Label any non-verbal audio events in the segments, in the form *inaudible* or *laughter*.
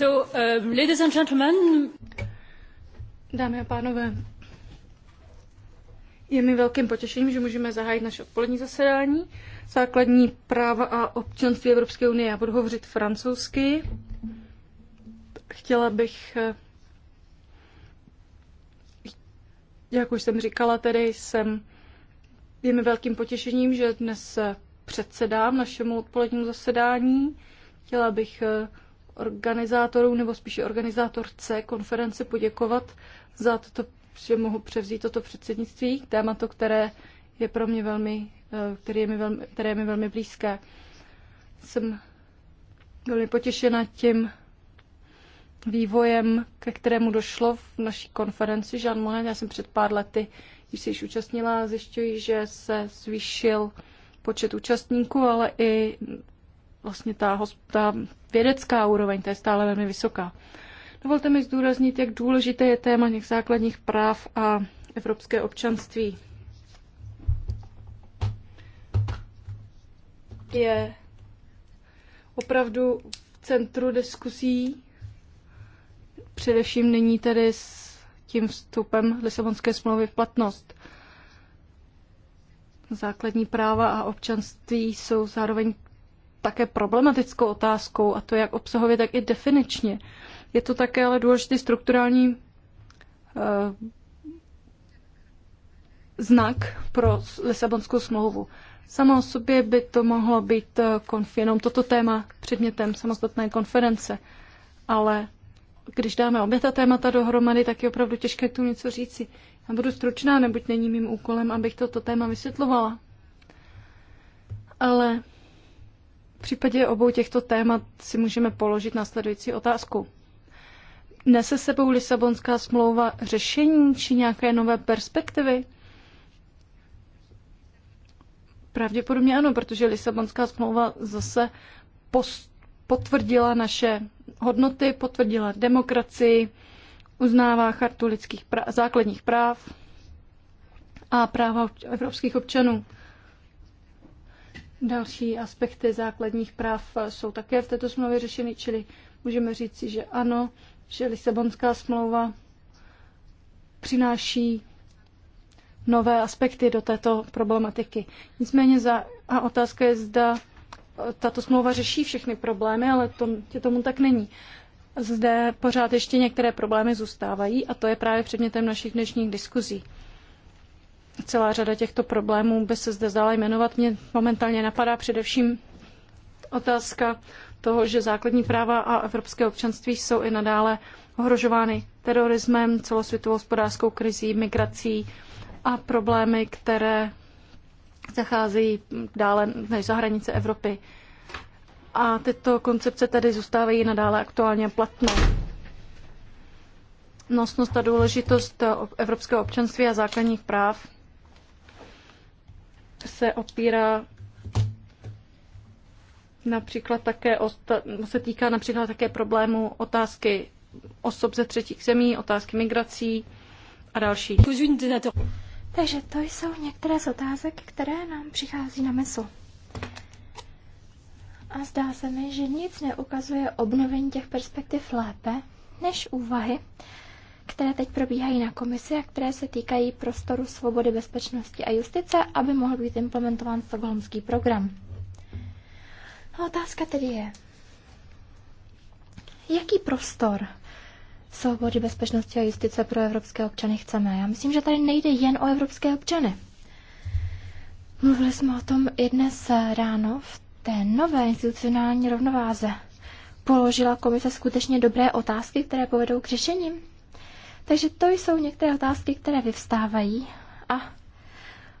So, um, ladies and gentlemen. Dámy a pánové, je mi velkým potěšením, že můžeme zahájit naše odpolední zasedání. Základní práva a občanství Evropské unie. Já budu hovořit francouzsky. Chtěla bych, eh, jak už jsem říkala, tedy jsem, je mi velkým potěšením, že dnes eh, předsedám našemu odpolednímu zasedání. Chtěla bych eh, organizátorů nebo spíše organizátorce konference poděkovat za toto, že mohu převzít toto předsednictví, to, které je pro mě velmi, eh, které je mi velmi, které je mi velmi blízké. Jsem velmi potěšena tím vývojem, ke kterému došlo v naší konferenci Jean Monnet. Já jsem před pár lety když se již účastnila, zjišťuji, že se zvýšil počet účastníků, ale i vlastně ta, ta vědecká úroveň, ta je stále velmi vysoká. Dovolte mi zdůraznit, jak důležité je téma těch základních práv a evropské občanství. Je opravdu v centru diskusí. Především nyní tedy s tím vstupem Lisabonské smlouvy v platnost. Základní práva a občanství jsou zároveň také problematickou otázkou, a to jak obsahově, tak i definičně. Je to také ale důležitý strukturální eh, znak pro Lisabonskou smlouvu. Samo o sobě by to mohlo být eh, konf, jenom toto téma předmětem samostatné konference, ale když dáme obě ta témata dohromady, tak je opravdu těžké k tomu něco říci. Já budu stručná, neboť není mým úkolem, abych toto téma vysvětlovala. Ale v případě obou těchto témat si můžeme položit následující otázku. Nese sebou Lisabonská smlouva řešení či nějaké nové perspektivy? Pravděpodobně ano, protože Lisabonská smlouva zase post- potvrdila naše hodnoty, potvrdila demokracii, uznává chartu lidských základních práv a práva evropských občanů. Další aspekty základních práv jsou také v této smlouvě řešeny, čili můžeme říci, že ano, že Lisabonská smlouva přináší nové aspekty do této problematiky. Nicméně za, a otázka je, zda tato smlouva řeší všechny problémy, ale to, tě tomu tak není. Zde pořád ještě některé problémy zůstávají a to je právě předmětem našich dnešních diskuzí celá řada těchto problémů by se zde zdala jmenovat. Mě momentálně napadá především otázka toho, že základní práva a evropské občanství jsou i nadále ohrožovány terorismem, celosvětovou hospodářskou krizí, migrací a problémy, které zacházejí dále než za hranice Evropy. A tyto koncepce tedy zůstávají nadále aktuálně platné. Nosnost a důležitost evropského občanství a základních práv se opírá například také se týká například také problému otázky osob ze třetích zemí, otázky migrací a další. Takže to jsou některé z otázek, které nám přichází na mysl. A zdá se mi, že nic neukazuje obnovení těch perspektiv lépe, než úvahy, které teď probíhají na komisi a které se týkají prostoru svobody, bezpečnosti a justice, aby mohl být implementován stokholmský program. A otázka tedy je, jaký prostor svobody, bezpečnosti a justice pro evropské občany chceme? Já myslím, že tady nejde jen o evropské občany. Mluvili jsme o tom i dnes ráno v té nové institucionální rovnováze. Položila komise skutečně dobré otázky, které povedou k řešením? Takže to jsou některé otázky, které vyvstávají a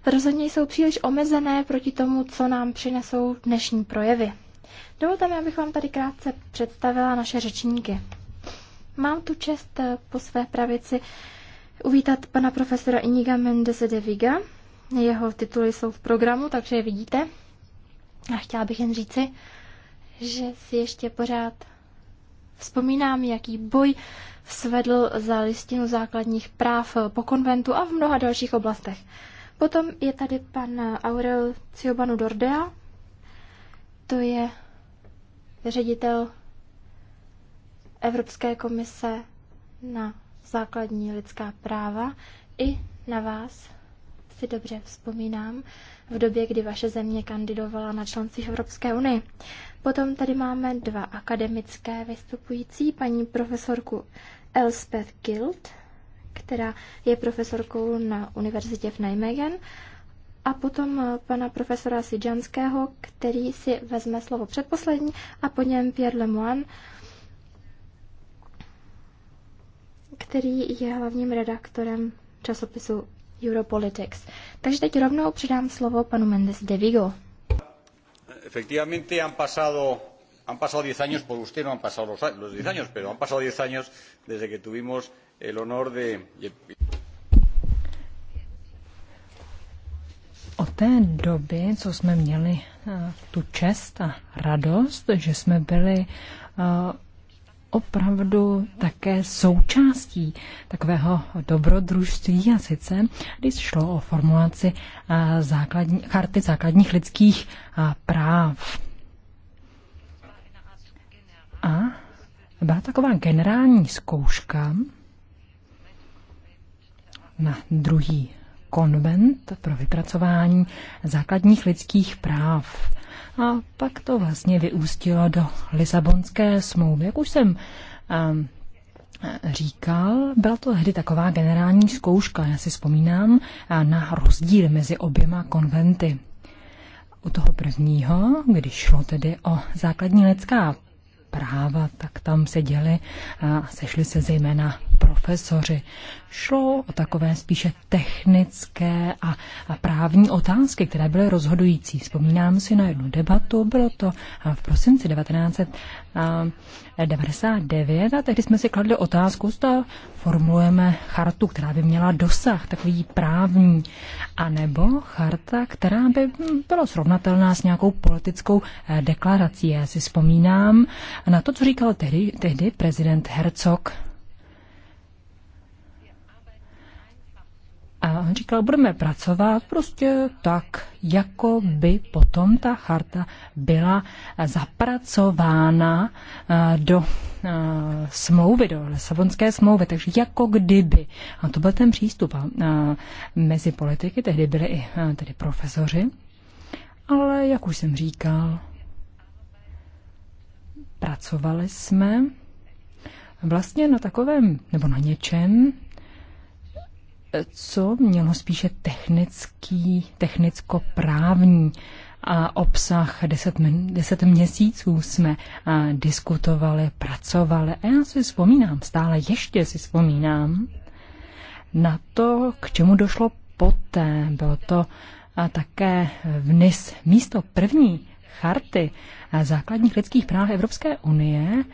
rozhodně jsou příliš omezené proti tomu, co nám přinesou dnešní projevy. Dovolte mi, abych vám tady krátce představila naše řečníky. Mám tu čest eh, po své pravici uvítat pana profesora Iniga Mendese de Viga. Jeho tituly jsou v programu, takže je vidíte. A chtěla bych jen říci, že si ještě pořád Vzpomínám, jaký boj svedl za listinu základních práv po konventu a v mnoha dalších oblastech. Potom je tady pan Aurel Ciobanu Dordea, to je ředitel Evropské komise na základní lidská práva. I na vás si dobře vzpomínám, v době, kdy vaše země kandidovala na členství Evropské unie. Potom tady máme dva akademické vystupující, paní profesorku Elspeth Guild, která je profesorkou na univerzitě v Nijmegen, a potom eh, pana profesora Sidžanského, který si vezme slovo předposlední, a po něm Pierre Lemoine, který je hlavním redaktorem časopisu Europolitics. Takže teď rovnou předám slovo panu Mendes de Vigo. Efectivamente han pasado han pasado 10 años por usted no han pasado los, los 10 años, pero han pasado 10 años desde que tuvimos el honor de Od té doby, co jsme měli uh, tu čest a radost, že jsme byli uh, opravdu také součástí takového dobrodružství a sice, když šlo o formulaci eh, základní, charty základních lidských eh, práv. A byla taková generální zkouška na druhý konvent pro vypracování základních lidských práv. A pak to vlastně vyústilo do Lisabonské smlouvy. Jak už jsem um, říkal, byla to tehdy taková generální zkouška, já si vzpomínám, na rozdíl mezi oběma konventy. U toho prvního, když šlo tedy o základní lidská práva, tak tam seděli a sešli se zejména profesoři. Šlo o takové spíše technické a, a právní otázky, které byly rozhodující. Vzpomínám si na jednu debatu, bylo to v prosinci 1999 a tehdy jsme si kladli otázku, zda formulujeme chartu, která by měla dosah takový právní, anebo charta, která by byla srovnatelná s nějakou politickou eh, deklarací. Já si vzpomínám na to, co říkal tehdy, tehdy prezident Herzog A on říkal, budeme pracovat prostě tak, jako by potom ta charta byla eh, zapracována eh, do eh, smlouvy, do Lisabonské smlouvy, takže jako kdyby. A to byl ten přístup. A mezi politiky tehdy byli i tedy profesoři, ale jak už jsem říkal, pracovali jsme vlastně na takovém, nebo na něčem, co mělo spíše technický, technicko-právní a obsah 10, 10 měsíců jsme a, diskutovali, pracovali a já si vzpomínám, stále ještě si vzpomínám na to, k čemu došlo poté. Bylo to a, také vnes místo první charty základních lidských práv Evropské unie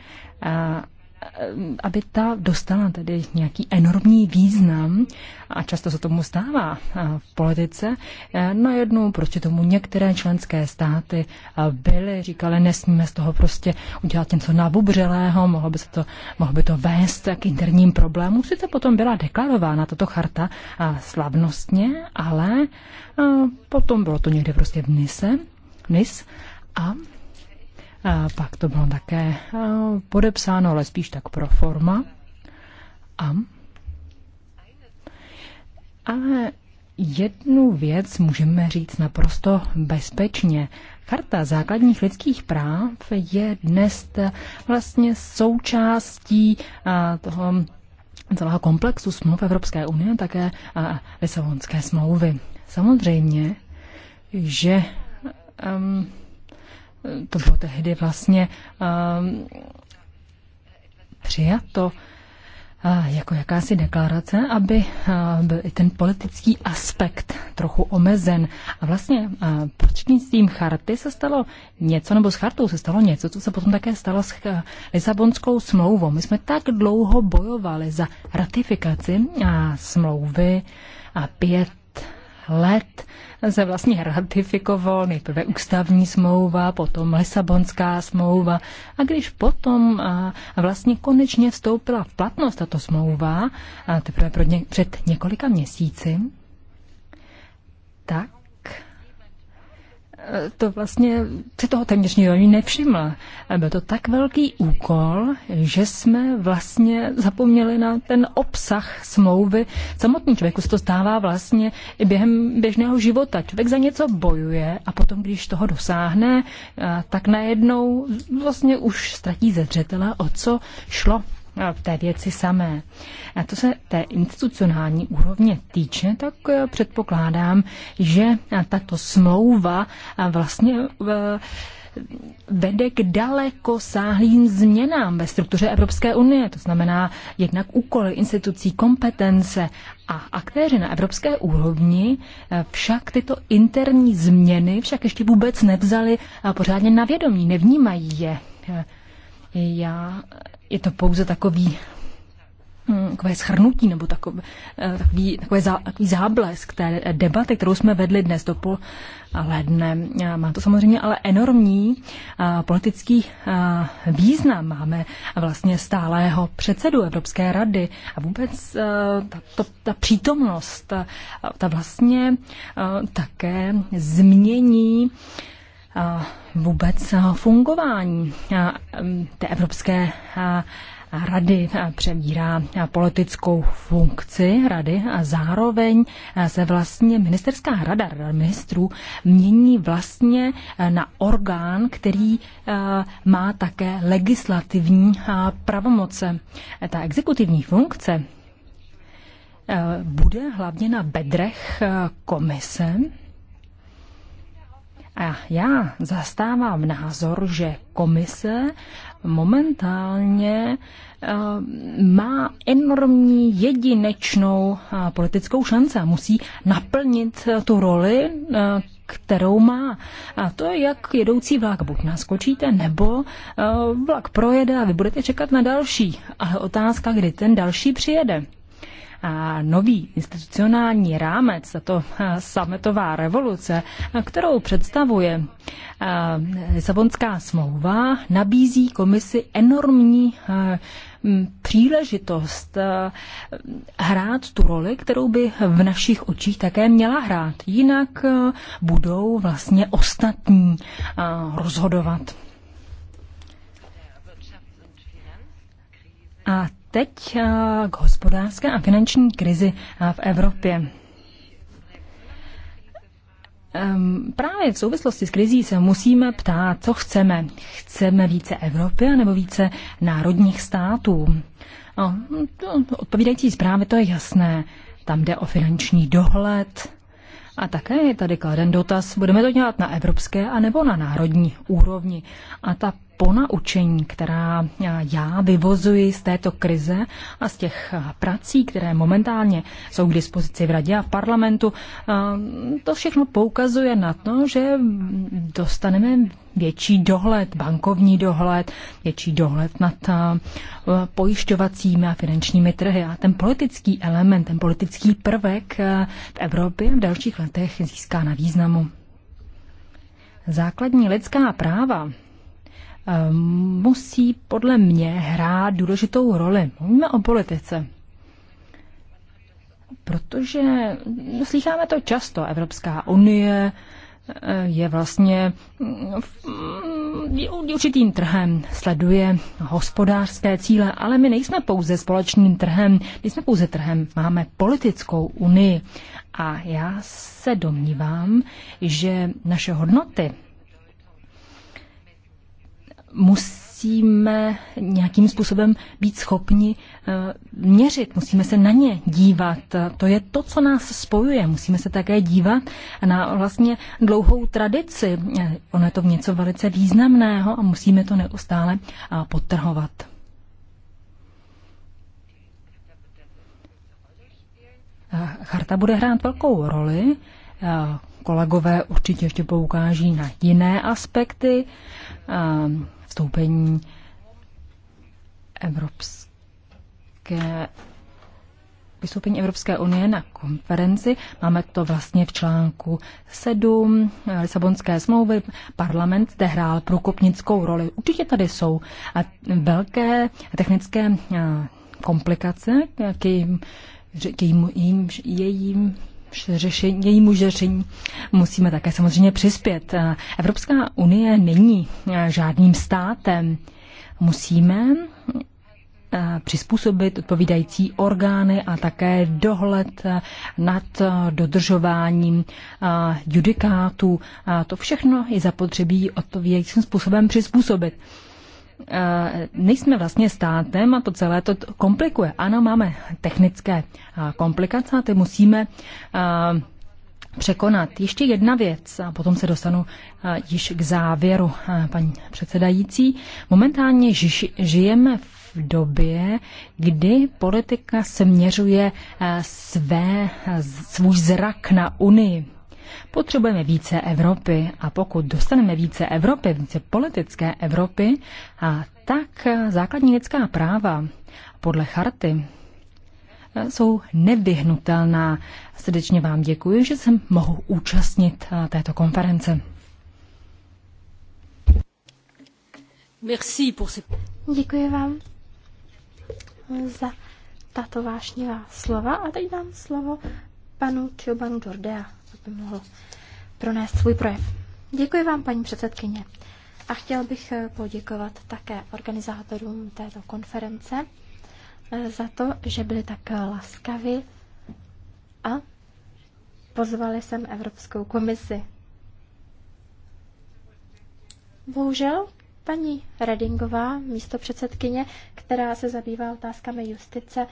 a, Eh, aby ta dostala tedy nějaký enormní význam, a často se tomu stává eh, v politice, eh, najednou prostě tomu některé členské státy byly, říkali, nesmíme z toho prostě udělat něco nabubřelého, mohlo by, se to, mohlo by to vést k interním problémům. Sice potom byla deklarována tato charta slavnostně, ale potom bylo to někde prostě v Nise, Nis, a a pak to bylo také eh, podepsáno, ale spíš tak pro forma. A, ale jednu věc můžeme říct naprosto bezpečně. Charta základních lidských práv je dnes eh, vlastně součástí eh, toho celého komplexu smluv Evropské unie, také Lisabonské smlouvy. Samozřejmě, že um, to bylo tehdy vlastně ehm, přijato eh, jako jakási deklarace, aby eh, byl i ten politický aspekt trochu omezen. A vlastně eh, prostřednictvím charty se stalo něco, nebo s chartou se stalo něco, co se potom také stalo s Lisabonskou smlouvou. My jsme tak dlouho bojovali za ratifikaci a smlouvy a pět let se vlastně ratifikoval nejprve ústavní smlouva, potom Lisabonská smlouva a když potom vlastně konečně vstoupila v platnost tato smlouva, teprve před několika měsíci, tak to vlastně se toho téměř nikdo ani nevšiml. Byl to tak velký úkol, že jsme vlastně zapomněli na ten obsah smlouvy. Samotný člověku se to stává vlastně i během běžného života. Člověk za něco bojuje a potom, když toho dosáhne, eh, tak najednou vlastně už ztratí ze zřetele, o co šlo v té věci samé. A to se té institucionální úrovně týče, tak eh, předpokládám, že eh, tato smlouva eh, vlastně vede k daleko sáhlým změnám ve struktuře Evropské unie. To znamená jednak úkoly institucí, kompetence a aktéři na evropské úrovni však tyto interní změny však ještě vůbec nevzali pořádně na vědomí, nevnímají je. Já je to pouze takový hm, takové schrnutí nebo eh, takový, takový, zá, takový záblesk té debaty, kterou jsme vedli dnes do půl ledne. Eh, má to samozřejmě ale enormní eh, politický význam. Máme vlastně stálého předsedu Evropské rady a vůbec ta, to, ta přítomnost, ta, ta vlastně také změní vůbec fungování té Evropské rady přebírá politickou funkci rady a zároveň se vlastně ministerská rada, rada ministrů mění vlastně na orgán, který má také legislativní pravomoce. Ta exekutivní funkce bude hlavně na bedrech komise, a já zastávám názor, že komise momentálně eh, má enormní jedinečnou eh, politickou šanci a musí naplnit eh, tu roli, kterou má. A to je jak jedoucí vlak. Buď naskočíte, nebo vlak projede a vy budete čekat na další. Ale otázka, kdy ten další přijede nový institucionální rámec, tato eh, sametová revoluce, eh, kterou představuje eh, Lisabonská smlouva, nabízí komisi enormní příležitost hrát tu roli, kterou by v našich očích také měla hrát. Jinak budou vlastně ostatní rozhodovat. A teď eh, k hospodářské a finanční krizi eh, v Evropě. Ehm, právě v souvislosti s krizí se musíme ptát, co chceme. Chceme více Evropy nebo více národních států? No, odpovídající zprávy to je jasné. Tam jde o finanční dohled. A také je tady kladen dotaz, budeme to dělat na evropské a nebo na národní úrovni. A ta ponaučení, která eh, já vyvozuji z této krize a z těch eh, prací, které momentálně jsou k dispozici v radě a v parlamentu, eh, to všechno poukazuje na to, že dostaneme větší dohled, bankovní dohled, větší dohled nad pojišťovacími a finančními trhy. A ten politický element, ten politický prvek v Evropě v dalších letech získá na významu. Základní lidská práva Ehm, musí podle mě hrát důležitou roli. Mluvíme o politice. Protože no, slycháme to často. Evropská unie eh, je vlastně mm, mm, je určitým trhem, sleduje hospodářské cíle, ale my nejsme pouze společným trhem, jsme pouze trhem, máme politickou unii. A já se domnívám, že naše hodnoty, musíme nějakým způsobem být schopni eh, měřit, musíme se na ně dívat. To je to, co nás spojuje. Musíme se také dívat na vlastně dlouhou tradici. Ono je to v něco velice významného a musíme to neustále eh, podtrhovat. Eh, Charta bude hrát velkou roli kolegové určitě ještě poukáží na jiné aspekty vstoupení Evropské vystoupení Evropské unie na konferenci. Máme to vlastně v článku 7 Lisabonské smlouvy. Parlament zde hrál průkopnickou roli. Určitě tady jsou velké technické komplikace, k jejím, jejím, jejím řešení, jejímu řešení musíme také samozřejmě přispět. Eh, Evropská unie není eh, žádným státem. Musíme eh, přizpůsobit odpovídající orgány a také dohled nad dodržováním judikátů. To všechno je zapotřebí odpovídajícím způsobem přizpůsobit. Eh, nejsme vlastně státem a to celé to komplikuje. Ano, máme technické eh, komplikace a ty musíme eh, překonat. Ještě jedna věc a potom se dostanu již k závěru, paní předsedající. Momentálně žijeme v době, kdy politika směřuje své, svůj zrak na Unii. Potřebujeme více Evropy a pokud dostaneme více Evropy, více politické Evropy, a tak základní lidská práva podle charty eh, jsou nevyhnutelná. Srdečně vám děkuji, že jsem mohu účastnit eh, této konference. Merci pour Děkuji vám eh, za tato vášnivá slova a teď dám slovo panu Čobanu Dordea by mohl pronést svůj projev. Děkuji vám, paní předsedkyně. A chtěl bych eh, poděkovat také organizátorům této konference eh, za to, že byli tak laskavi a pozvali jsem Evropskou komisi. Bohužel paní Redingová, místo předsedkyně, která se zabývá otázkami justice,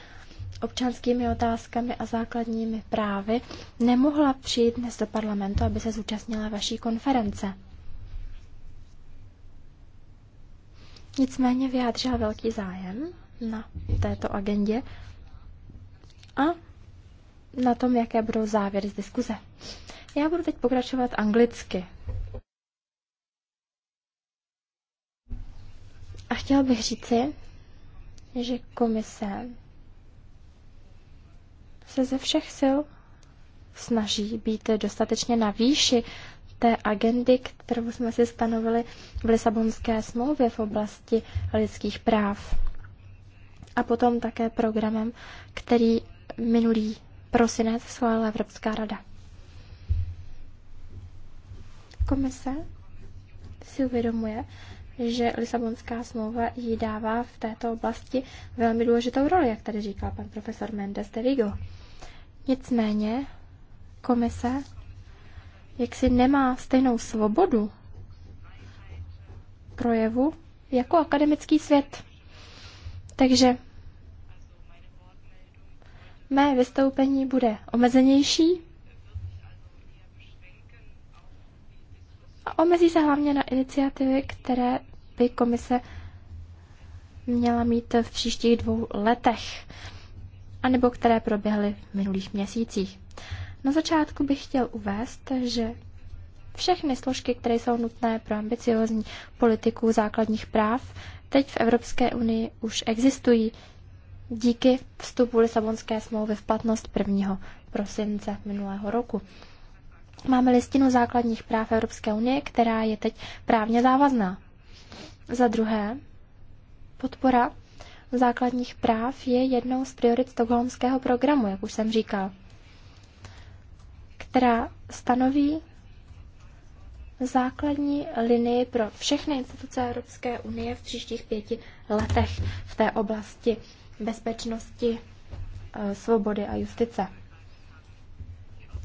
občanskými otázkami a základními právy, nemohla přijít dnes do parlamentu, aby se zúčastnila vaší konference. Nicméně vyjádřila velký zájem na této agendě a na tom, jaké budou závěry z diskuze. Já budu teď pokračovat anglicky. A chtěla bych říci, že komise se ze všech sil snaží být dostatečně na výši té agendy, kterou jsme si stanovili v Lisabonské smlouvě v oblasti lidských práv. A potom také programem, který minulý prosinec schválila Evropská rada. Komise si uvědomuje, že Lisabonská smlouva jí dává v této oblasti velmi důležitou roli, jak tady říkal pan profesor Mendes de Vigo. Nicméně komise jaksi nemá stejnou svobodu projevu jako akademický svět. Takže mé vystoupení bude omezenější, A omezí se hlavně na iniciativy, které by komise měla mít v příštích dvou letech, anebo které proběhly v minulých měsících. Na začátku bych chtěl uvést, že všechny složky, které jsou nutné pro ambiciozní politiku základních práv, teď v Evropské unii už existují díky vstupu Lisabonské smlouvy v platnost 1. prosince minulého roku. Máme listinu základních práv Evropské unie, která je teď právně závazná. Za druhé, podpora základních práv je jednou z priorit stokholmského programu, jak už jsem říkal, která stanoví základní linii pro všechny instituce Evropské unie v příštích pěti letech v té oblasti bezpečnosti, eh, svobody a justice.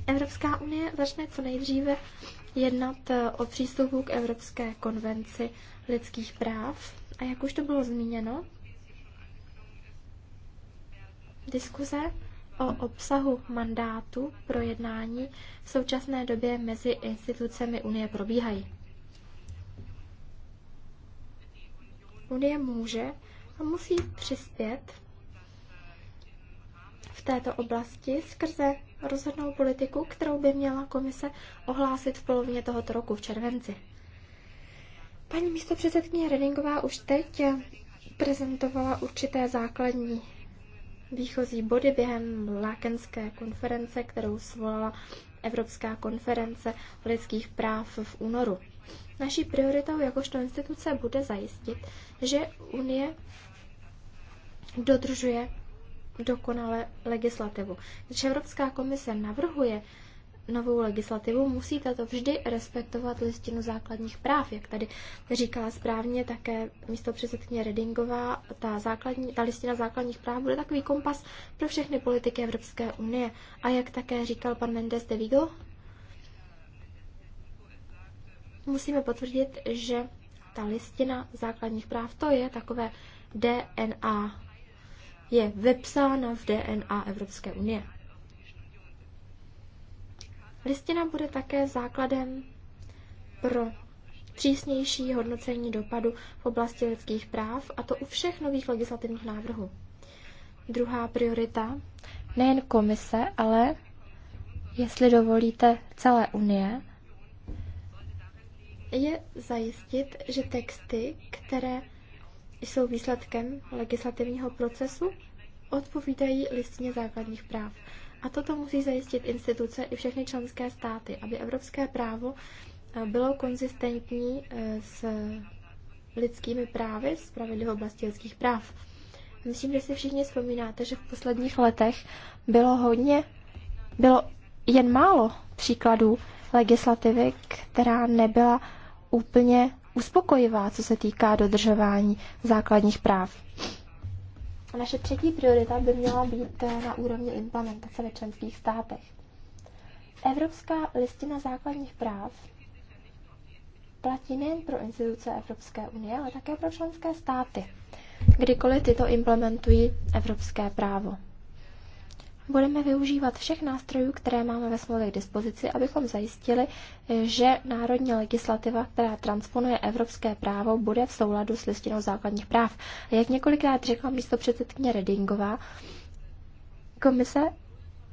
Evropská unie začne co nejdříve jednat eh, o přístupu k Evropské konvenci lidských práv. A jak už to bylo zmíněno, diskuze o obsahu mandátu pro jednání v současné době mezi institucemi Unie probíhají. Unie může a musí přispět v této oblasti skrze rozhodnou politiku, kterou by měla komise ohlásit v polovině tohoto roku v červenci. Paní místo předsedkyně Redingová už teď prezentovala určité základní výchozí body během Lákenské konference, kterou svolala Evropská konference lidských práv v únoru. Naší prioritou jakožto instituce bude zajistit, že Unie dodržuje dokonale legislativu. Když Evropská komise navrhuje novou legislativu, musí tato vždy respektovat listinu základních práv, jak tady říkala správně také místo předsedkyně Redingová, ta, základní, ta listina základních práv bude takový kompas pro všechny politiky Evropské unie. A jak také říkal pan Mendes de Vigo, musíme potvrdit, že ta listina základních práv to je takové DNA je vepsána v DNA Evropské unie. Listina bude také základem pro přísnější hodnocení dopadu v oblasti lidských práv, a to u všech nových legislativních návrhů. Druhá priorita nejen komise, ale, jestli dovolíte, celé Unie, je zajistit, že texty, které jsou výsledkem legislativního procesu, odpovídají listině základních práv. A toto musí zajistit instituce i všechny členské státy, aby evropské právo eh, bylo konzistentní eh, s lidskými právy, s pravidly v oblasti lidských práv. Myslím, že si všichni vzpomínáte, že v posledních letech bylo hodně, bylo jen málo příkladů legislativy, která nebyla úplně uspokojivá, co se týká dodržování základních práv. naše třetí priorita by měla být eh, na úrovni implementace ve členských státech. Evropská listina základních práv platí nejen pro instituce Evropské unie, ale také pro členské státy, kdykoliv tyto implementují evropské právo budeme využívat všech nástrojů, které máme ve smlouvě k dispozici, abychom zajistili, že národní legislativa, která transponuje evropské právo, bude v souladu s listinou základních práv. A jak několikrát řekla místo předsedkyně Redingová, komise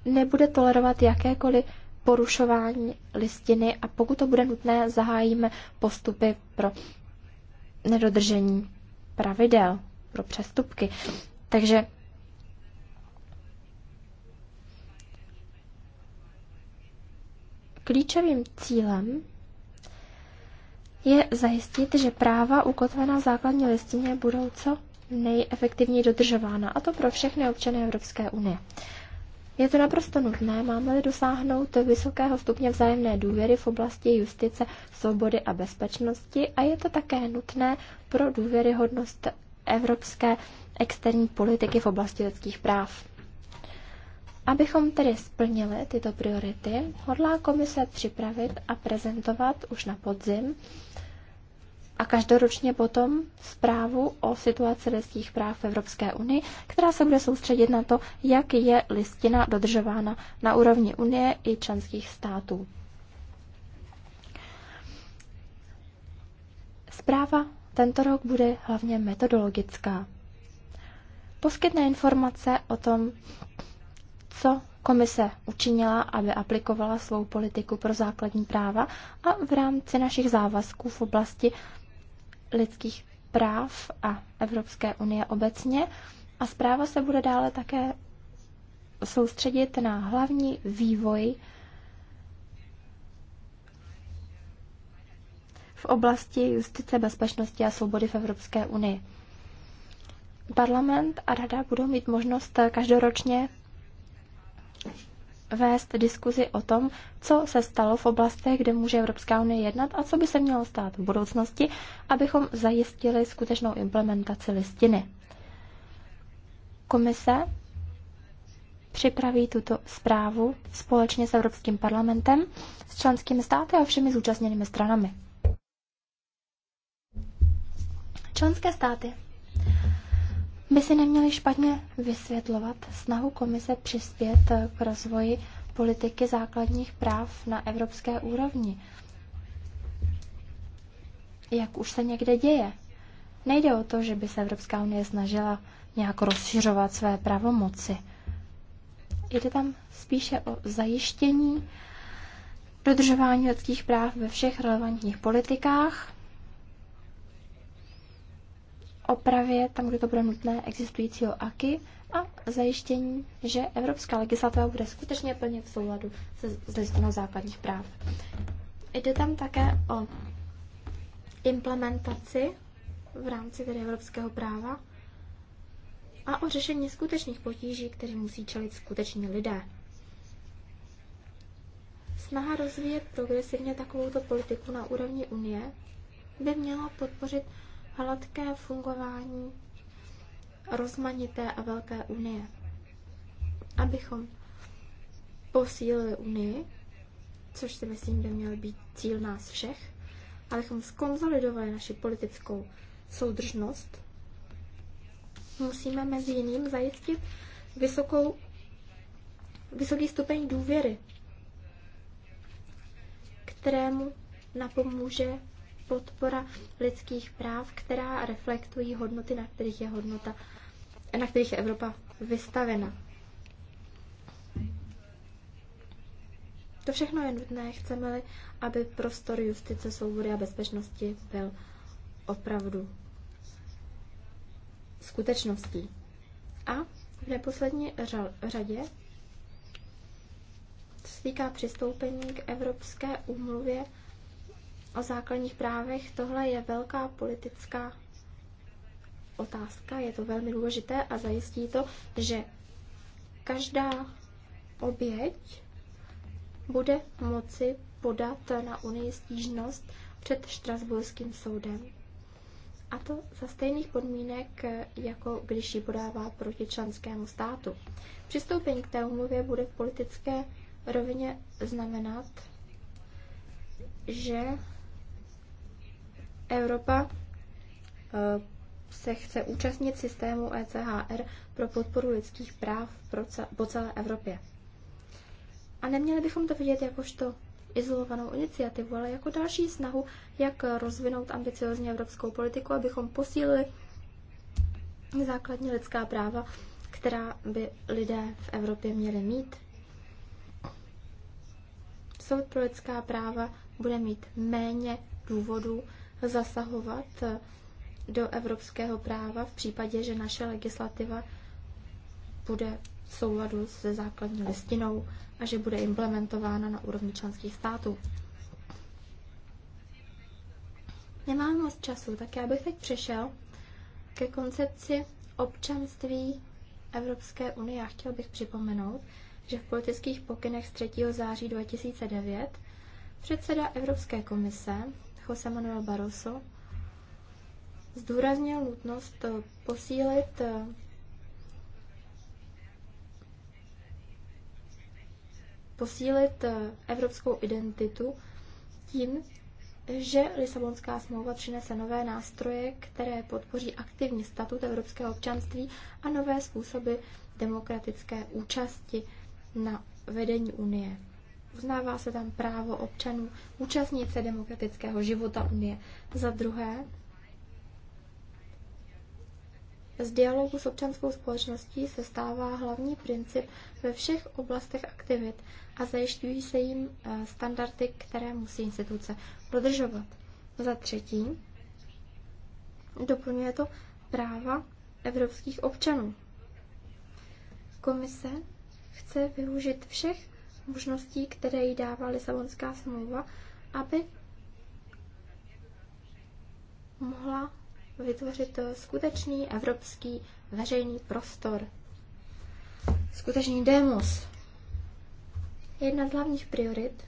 nebude tolerovat jakékoliv porušování listiny a pokud to bude nutné, zahájíme postupy pro nedodržení pravidel pro přestupky. Takže Klíčovým cílem je zajistit, že práva ukotvená v základní listině budou co nejefektivněji dodržována, a to pro všechny občany Evropské unie. Je to naprosto nutné, máme-li dosáhnout vysokého stupně vzájemné důvěry v oblasti justice, svobody a bezpečnosti a je to také nutné pro důvěryhodnost evropské externí politiky v oblasti lidských práv. Abychom tedy splnili tyto priority, hodlá komise připravit a prezentovat už na podzim a každoročně potom zprávu o situaci lidských práv v Evropské unii, která se bude soustředit na to, jak je listina dodržována na úrovni Unie i členských států. Zpráva tento rok bude hlavně metodologická. Poskytne informace o tom, co komise učinila, aby aplikovala svou politiku pro základní práva a v rámci našich závazků v oblasti lidských práv a Evropské unie obecně. A zpráva se bude dále také soustředit na hlavní vývoj v oblasti justice, bezpečnosti a svobody v Evropské unii. Parlament a rada budou mít možnost každoročně vést diskuzi o tom, co se stalo v oblastech, kde může Evropská unie jednat a co by se mělo stát v budoucnosti, abychom zajistili skutečnou implementaci listiny. Komise připraví tuto zprávu společně s Evropským parlamentem, s členskými státy a všemi zúčastněnými stranami. Členské státy by si neměli špatně vysvětlovat snahu komise přispět k rozvoji politiky základních práv na evropské úrovni. Jak už se někde děje. Nejde o to, že by se Evropská unie snažila nějak rozšiřovat své pravomoci. Jde tam spíše o zajištění dodržování lidských práv ve všech relevantních politikách opravě tam, kde to bude nutné, existujícího AKI a zajištění, že evropská legislativa bude skutečně plně v souladu se s listinou základních práv. Jde tam také o implementaci v rámci tedy evropského práva a o řešení skutečných potíží, které musí čelit skuteční lidé. Snaha rozvíjet progresivně takovouto politiku na úrovni Unie by měla podpořit hladké fungování rozmanité a velké unie. Abychom posílili unii, což si myslím by měl být cíl nás všech, abychom skonzolidovali naši politickou soudržnost, musíme mezi jiným zajistit vysokou, vysoký stupeň důvěry, kterému napomůže podpora lidských práv, která reflektují hodnoty, na kterých je hodnota, na kterých je Evropa vystavena. To všechno je nutné, chceme-li, aby prostor justice, svobody a bezpečnosti byl opravdu skutečností. A v neposlední řadě se týká přistoupení k Evropské úmluvě o základních právech, tohle je velká politická otázka, je to velmi důležité a zajistí to, že každá oběť bude moci podat na Unii stížnost před Štrasburským soudem. A to za stejných podmínek, jako když ji podává proti členskému státu. Přistoupení k té umluvě bude v politické rovině znamenat, že Evropa eh, se chce účastnit systému ECHR pro podporu lidských práv po celé Evropě. A neměli bychom to vidět jakožto izolovanou iniciativu, ale jako další snahu, jak rozvinout ambiciozně evropskou politiku, abychom posílili základní lidská práva, která by lidé v Evropě měli mít. Soud pro lidská práva bude mít méně důvodů zasahovat eh, do evropského práva v případě, že naše legislativa bude v souladu se základní listinou a že bude implementována na úrovni členských států. Nemám moc času, tak já bych teď přešel ke koncepci občanství Evropské unie. Já chtěl bych připomenout, že v politických pokynech z 3. září 2009 předseda Evropské komise Jose Manuel Barroso zdůraznil nutnost eh, posílit eh, posílit eh, evropskou identitu tím, že Lisabonská smlouva přinese nové nástroje, které podpoří aktivní statut evropského občanství a nové způsoby demokratické účasti na vedení Unie. Uznává se tam právo občanů účastnit se demokratického života Unie. Za druhé, z dialogu s občanskou společností se stává hlavní princip ve všech oblastech aktivit a zajišťují se jim eh, standardy, které musí instituce dodržovat. Za třetí, doplňuje to práva evropských občanů. Komise chce využít všech možností, které jí dává Lisabonská smlouva, aby mohla vytvořit eh, skutečný evropský veřejný prostor. Skutečný demos. Jedna z hlavních priorit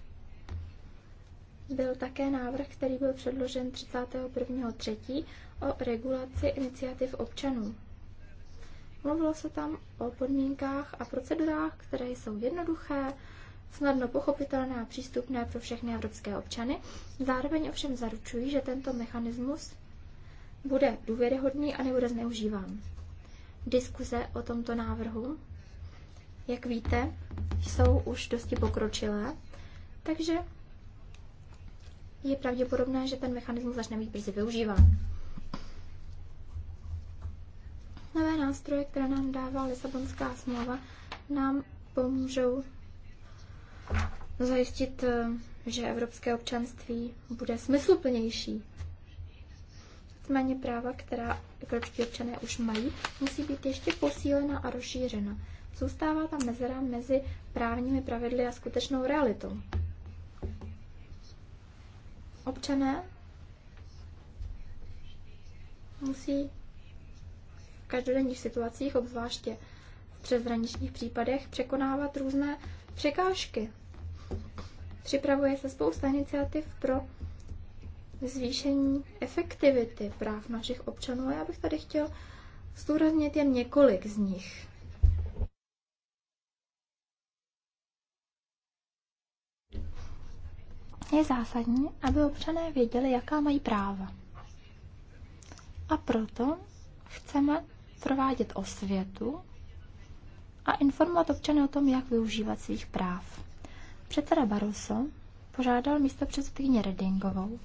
byl také návrh, který byl předložen 31.3. o regulaci iniciativ občanů. Mluvilo se tam o podmínkách a procedurách, které jsou jednoduché, snadno pochopitelné a přístupné pro všechny evropské občany, zároveň ovšem zaručují, že tento mechanismus bude důvěryhodný a nebude zneužíván. Diskuze o tomto návrhu, jak víte, jsou už dosti pokročilé, takže je pravděpodobné, že ten mechanismus začne být brzy využíván. Nové nástroje, které nám dává Lisabonská smlouva, nám pomůžou zajistit, eh, že evropské občanství bude smysluplnější. Nicméně práva, která evropští občané už mají, musí být ještě posílena a rozšířena. Zůstává tam mezera mezi právními pravidly a skutečnou realitou. Občané musí v každodenních situacích, obzvláště v přeshraničních případech, překonávat různé překážky, Připravuje se spousta iniciativ pro zvýšení efektivity práv našich občanů a já bych tady chtěl zdůraznit jen několik z nich. Je zásadní, aby občané věděli, jaká mají práva. A proto chceme provádět osvětu a informovat občany o tom, jak využívat svých práv. Předseda Barroso požádal místo předsedkyně Redingovou,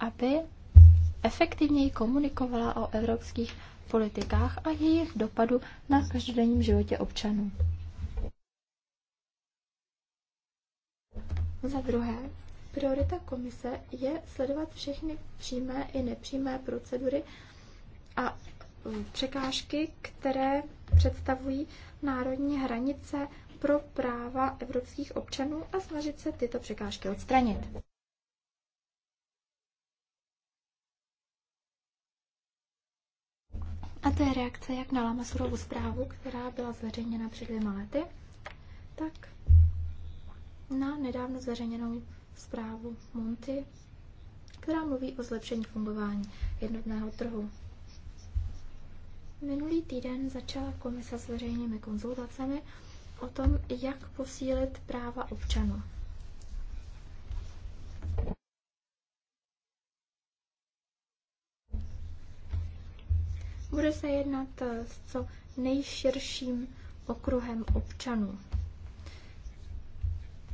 aby efektivněji komunikovala o evropských politikách a jejich dopadu na každodenním životě občanů. Za druhé, priorita komise je sledovat všechny přímé i nepřímé procedury a e, překážky, které představují národní hranice pro práva evropských občanů a snažit se tyto překážky odstranit. A to je reakce jak na Lamasurovu zprávu, která byla zveřejněna před dvěma lety, tak na nedávno zveřejněnou zprávu Monty, která mluví o zlepšení fungování jednotného trhu. Minulý týden začala komisa s veřejnými konzultacemi o tom, jak posílit práva občana. Bude se jednat s co nejširším okruhem občanů,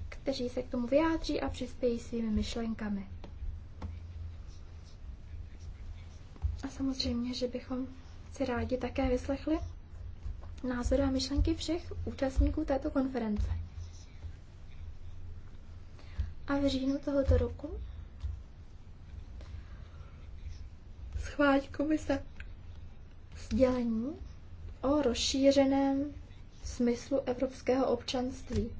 kteří se k tomu vyjádří a přispějí svými myšlenkami. A samozřejmě, že bychom si rádi také vyslechli názory a myšlenky všech účastníků této konference. A v říjnu tohoto roku schválí komise sdělení o rozšířeném smyslu evropského občanství.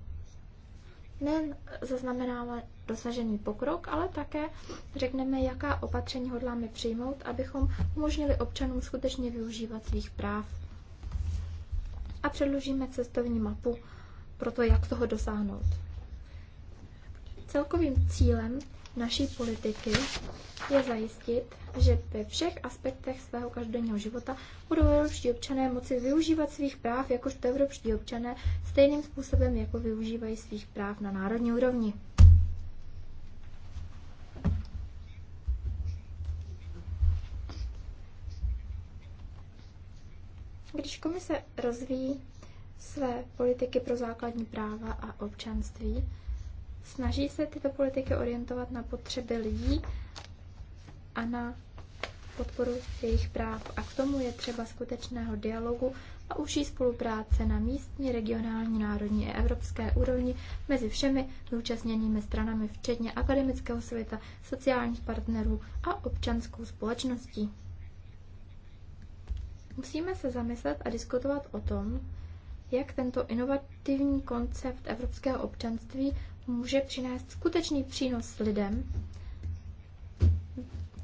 Nejen zaznamenává dosažený pokrok, ale také řekneme, jaká opatření hodláme přijmout, abychom umožnili občanům skutečně využívat svých práv a předložíme cestovní mapu pro to, jak toho dosáhnout. Celkovým cílem naší politiky je zajistit, že ve všech aspektech svého každodenního života budou evropští občané moci využívat svých práv jakožto evropští občané stejným způsobem, jako využívají svých práv na národní úrovni. Když komise rozvíjí své politiky pro základní práva a občanství, snaží se tyto politiky orientovat na potřeby lidí a na podporu jejich práv. A k tomu je třeba skutečného dialogu a užší spolupráce na místní, regionální, národní a evropské úrovni mezi všemi zúčastněnými stranami, včetně akademického světa, sociálních partnerů a občanskou společností. Musíme se zamyslet a diskutovat o tom, jak tento inovativní koncept evropského občanství může přinést skutečný přínos lidem,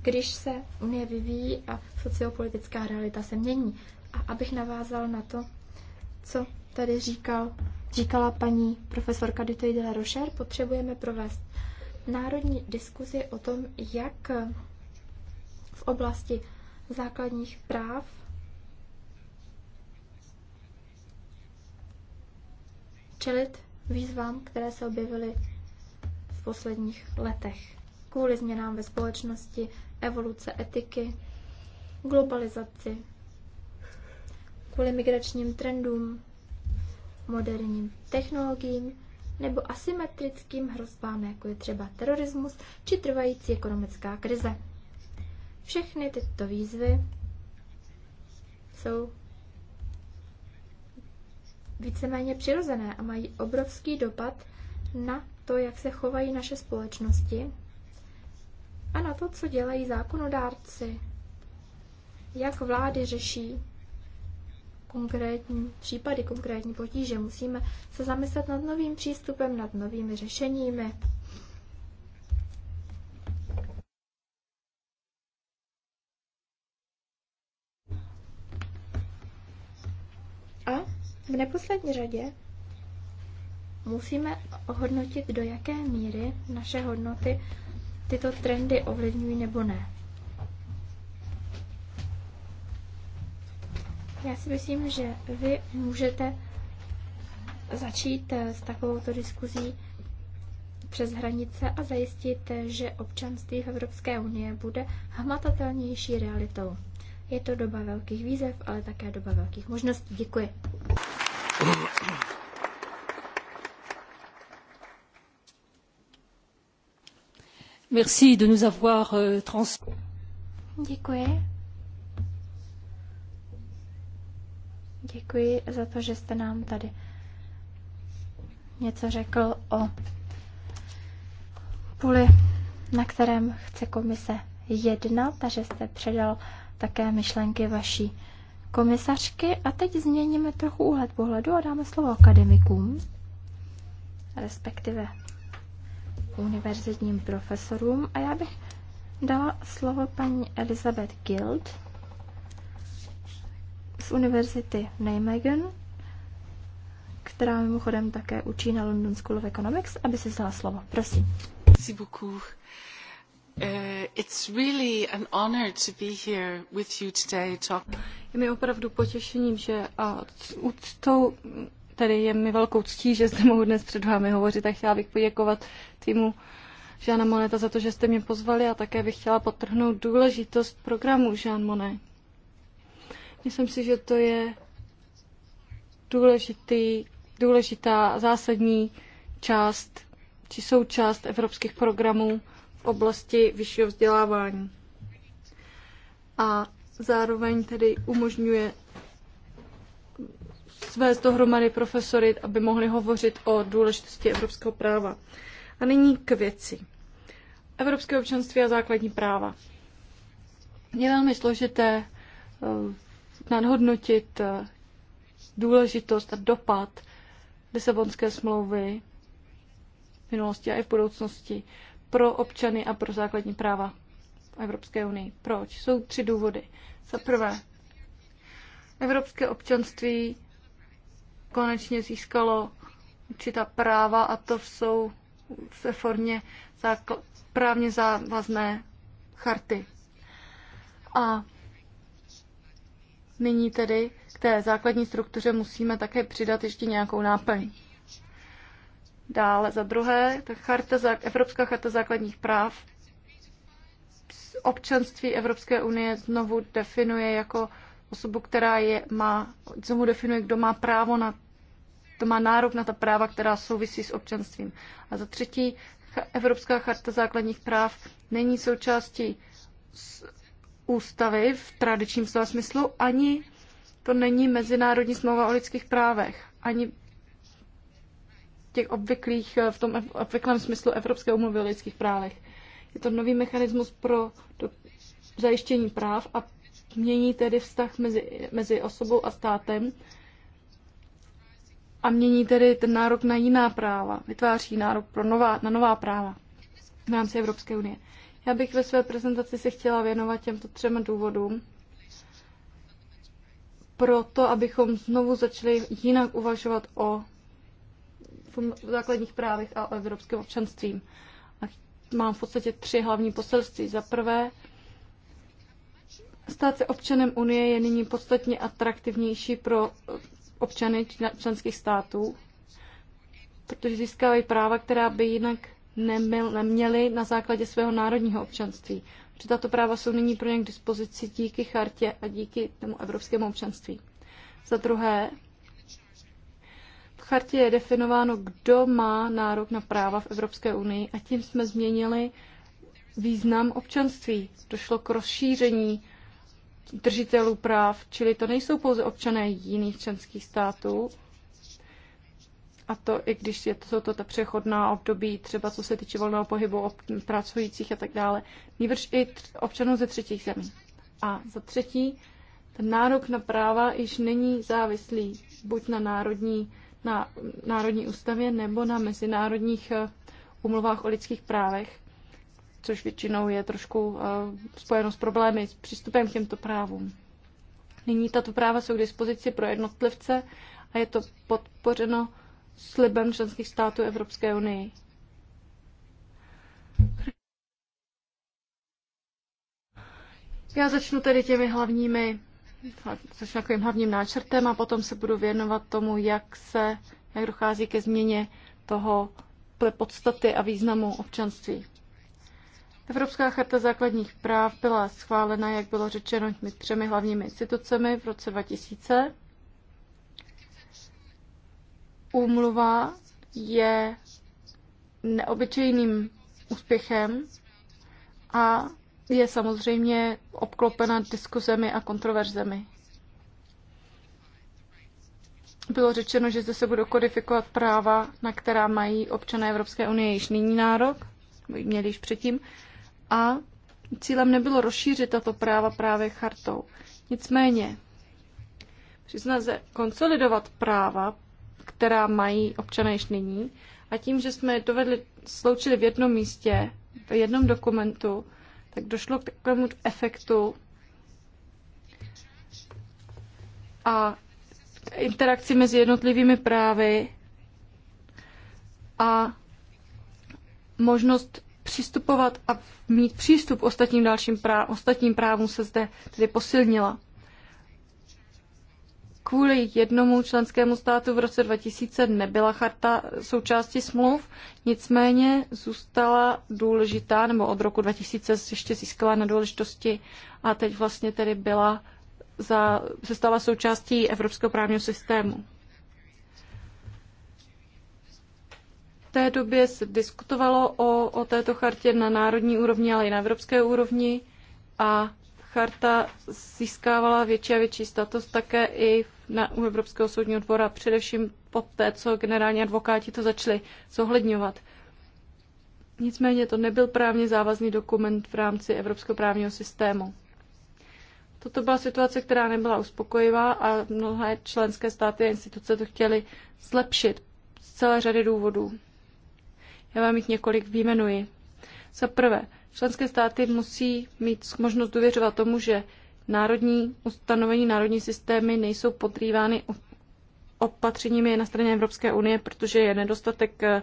když se Unie vyvíjí a sociopolitická realita se mění. A abych navázal na to, co tady říkal, říkala paní profesorka Dutoy de la Rocher, potřebujeme provést národní diskuzi o tom, jak v oblasti základních práv čelit výzvám, které se objevily v posledních letech. Kvůli změnám ve společnosti, evoluce etiky, globalizaci, kvůli migračním trendům, moderním technologiím nebo asymetrickým hrozbám, jako je třeba terorismus či trvající ekonomická krize. Všechny tyto výzvy jsou víceméně přirozené a mají obrovský dopad na to, jak se chovají naše společnosti a na to, co dělají zákonodárci, jak vlády řeší konkrétní případy, konkrétní potíže. Musíme se zamyslet nad novým přístupem, nad novými řešeními. V neposlední řadě musíme ohodnotit, do jaké míry naše hodnoty tyto trendy ovlivňují nebo ne. Já si myslím, že vy můžete začít eh, s takovouto diskuzí přes hranice a zajistit, eh, že občanství v Evropské unie bude hmatatelnější realitou. Je to doba velkých výzev, ale také doba velkých možností. Děkuji. Merci de nous avoir euh, trans... Děkuji. Děkuji za to, že jste nám tady něco řekl o půli, na kterém chce komise jednat a že jste předal také myšlenky vaší komisařky a teď změníme trochu úhled pohledu a dáme slovo akademikům, respektive univerzitním profesorům. A já bych dala slovo paní Elizabeth Guild z univerzity Nijmegen, která mimochodem také učí na London School of Economics, aby si vzala slovo. Prosím. Merci beaucoup. Uh, really an to be here with you today Je mi opravdu potěšením, že a úctou, tedy je mi velkou ctí, že zde mohu dnes před vámi hovořit a chtěla bych poděkovat týmu Žána Moneta za to, že jste mě pozvali a také bych chtěla potrhnout důležitost programu Žán Monet. Myslím si, že to je důležitý, důležitá zásadní část či součást evropských programů v oblasti vyššího vzdělávání. A zároveň tedy umožňuje svést dohromady profesory, aby mohli hovořit o důležitosti evropského práva. A nyní k věci. Evropské občanství a základní práva. Je velmi složité eh, nadhodnotit eh, důležitost a dopad Lisabonské smlouvy v minulosti a i v budoucnosti pro občany a pro základní práva v Evropské unii. Proč? Jsou tři důvody. Za prvé, evropské občanství konečně získalo určitá práva a to jsou ve formě zákl- právně závazné charty. A nyní tedy k té základní struktuře musíme také přidat ještě nějakou náplň. Dále za druhé, ta charta, Evropská charta základních práv občanství Evropské unie znovu definuje jako osobu, která je, má, znovu definuje, kdo má právo na, to má nárok na ta práva, která souvisí s občanstvím. A za třetí, Evropská charta základních práv není součástí ústavy v tradičním slova smyslu, ani to není mezinárodní smlouva o lidských právech, ani těch obvyklých, eh, v tom obvyklém smyslu Evropské umluvy o lidských právech. Je to nový mechanismus pro do, zajištění práv a mění tedy vztah mezi, mezi osobou a státem a mění tedy ten nárok na jiná práva, vytváří nárok pro nová, na nová práva v rámci Evropské unie. Já bych ve své prezentaci se chtěla věnovat těmto třem důvodům, proto abychom znovu začali jinak uvažovat o v základních právech a o evropském občanství. A mám v podstatě tři hlavní poselství. Za prvé, stát se občanem Unie je nyní podstatně atraktivnější pro občany členských států, protože získávají práva, která by jinak neměli na základě svého národního občanství. Protože tato práva jsou nyní pro ně k dispozici díky chartě a díky tomu evropskému občanství. Za druhé, chartě je definováno, kdo má nárok na práva v Evropské unii a tím jsme změnili význam občanství. Došlo k rozšíření držitelů práv, čili to nejsou pouze občané jiných členských států, a to i když je to, jsou to ta přechodná období, třeba co se týče volného pohybu ob, pracujících a tak dále, nýbrž i tř, občanů ze třetích zemí. A za třetí, ten nárok na práva již není závislý buď na národní na Národní ústavě nebo na mezinárodních umluvách eh, o lidských právech, což většinou je trošku eh, spojeno s problémy s přístupem k těmto právům. Nyní tato práva jsou k dispozici pro jednotlivce a je to podpořeno slibem členských států Evropské unii. Já začnu tedy těmi hlavními což je takovým hlavním náčrtem, a potom se budu věnovat tomu, jak se, jak dochází ke změně toho podstaty a významu občanství. Evropská charta základních práv byla schválena, jak bylo řečeno, těmi třemi hlavními institucemi v roce 2000. Úmluva je neobyčejným úspěchem a je samozřejmě obklopena diskuzemi a kontroverzemi. Bylo řečeno, že zde se budou kodifikovat práva, na která mají občané Evropské unie již nyní nárok, měli již předtím, a cílem nebylo rozšířit tato práva právě chartou. Nicméně, při snaze konsolidovat práva, která mají občané již nyní, a tím, že jsme je dovedli, sloučili v jednom místě, v jednom dokumentu, tak došlo k takovému efektu a interakci mezi jednotlivými právy a možnost přistupovat a mít přístup ostatním dalším práv, ostatním právům se zde tedy posilnila kvůli jednomu členskému státu v roce 2000 nebyla charta součástí smluv, nicméně zůstala důležitá, nebo od roku 2000 ještě získala na důležitosti a teď vlastně tedy byla za, se stala součástí evropského právního systému. V té době se diskutovalo o, o této chartě na národní úrovni, ale i na evropské úrovni a charta získávala větší a větší status také i na, u Evropského soudního dvora, především po té, co generální advokáti to začali zohledňovat. Nicméně to nebyl právně závazný dokument v rámci evropského právního systému. Toto byla situace, která nebyla uspokojivá a mnohé členské státy a instituce to chtěly zlepšit z celé řady důvodů. Já vám jich několik výjmenuji. Za prvé, členské státy musí mít možnost důvěřovat tomu, že národní ustanovení, národní systémy nejsou potrývány opatřeními na straně Evropské unie, protože je nedostatek eh,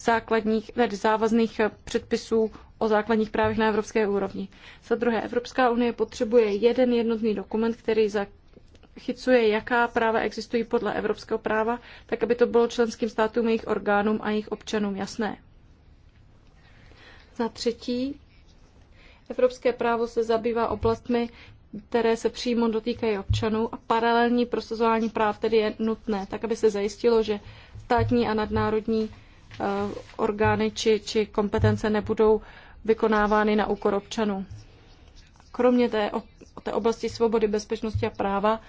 základních, tedy eh, závazných eh, předpisů o základních právech na evropské úrovni. Za druhé, Evropská unie potřebuje jeden jednotný dokument, který zachycuje, jaká práva existují podle evropského práva, tak aby to bylo členským státům, jejich orgánům a jejich občanům jasné. Za třetí, evropské právo se zabývá oblastmi, které se přímo dotýkají občanů a paralelní prosazování práv tedy je nutné, tak aby se zajistilo, že státní a nadnárodní eh, orgány či, či kompetence nebudou vykonávány na úkor občanů. Kromě té, té oblasti svobody, bezpečnosti a práva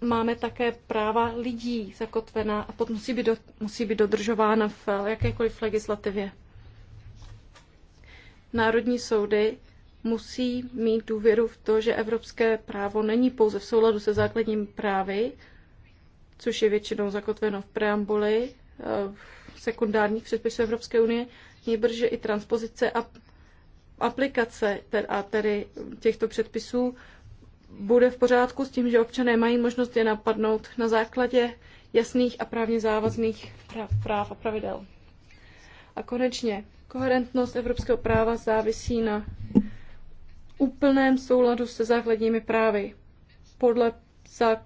máme také práva lidí zakotvená a potom musí být, do, musí být dodržována v jakékoliv legislativě. Národní soudy musí mít důvěru v to, že evropské právo není pouze v souladu se základním právy, což je většinou zakotveno v preambuli eh, v sekundárních předpisů Evropské unie, nejbrž, že i transpozice a aplikace a tedy těchto předpisů bude v pořádku s tím, že občané mají možnost je napadnout na základě jasných a právně závazných práv, práv a pravidel. A konečně, koherentnost evropského práva závisí na úplném souladu se základními právy podle,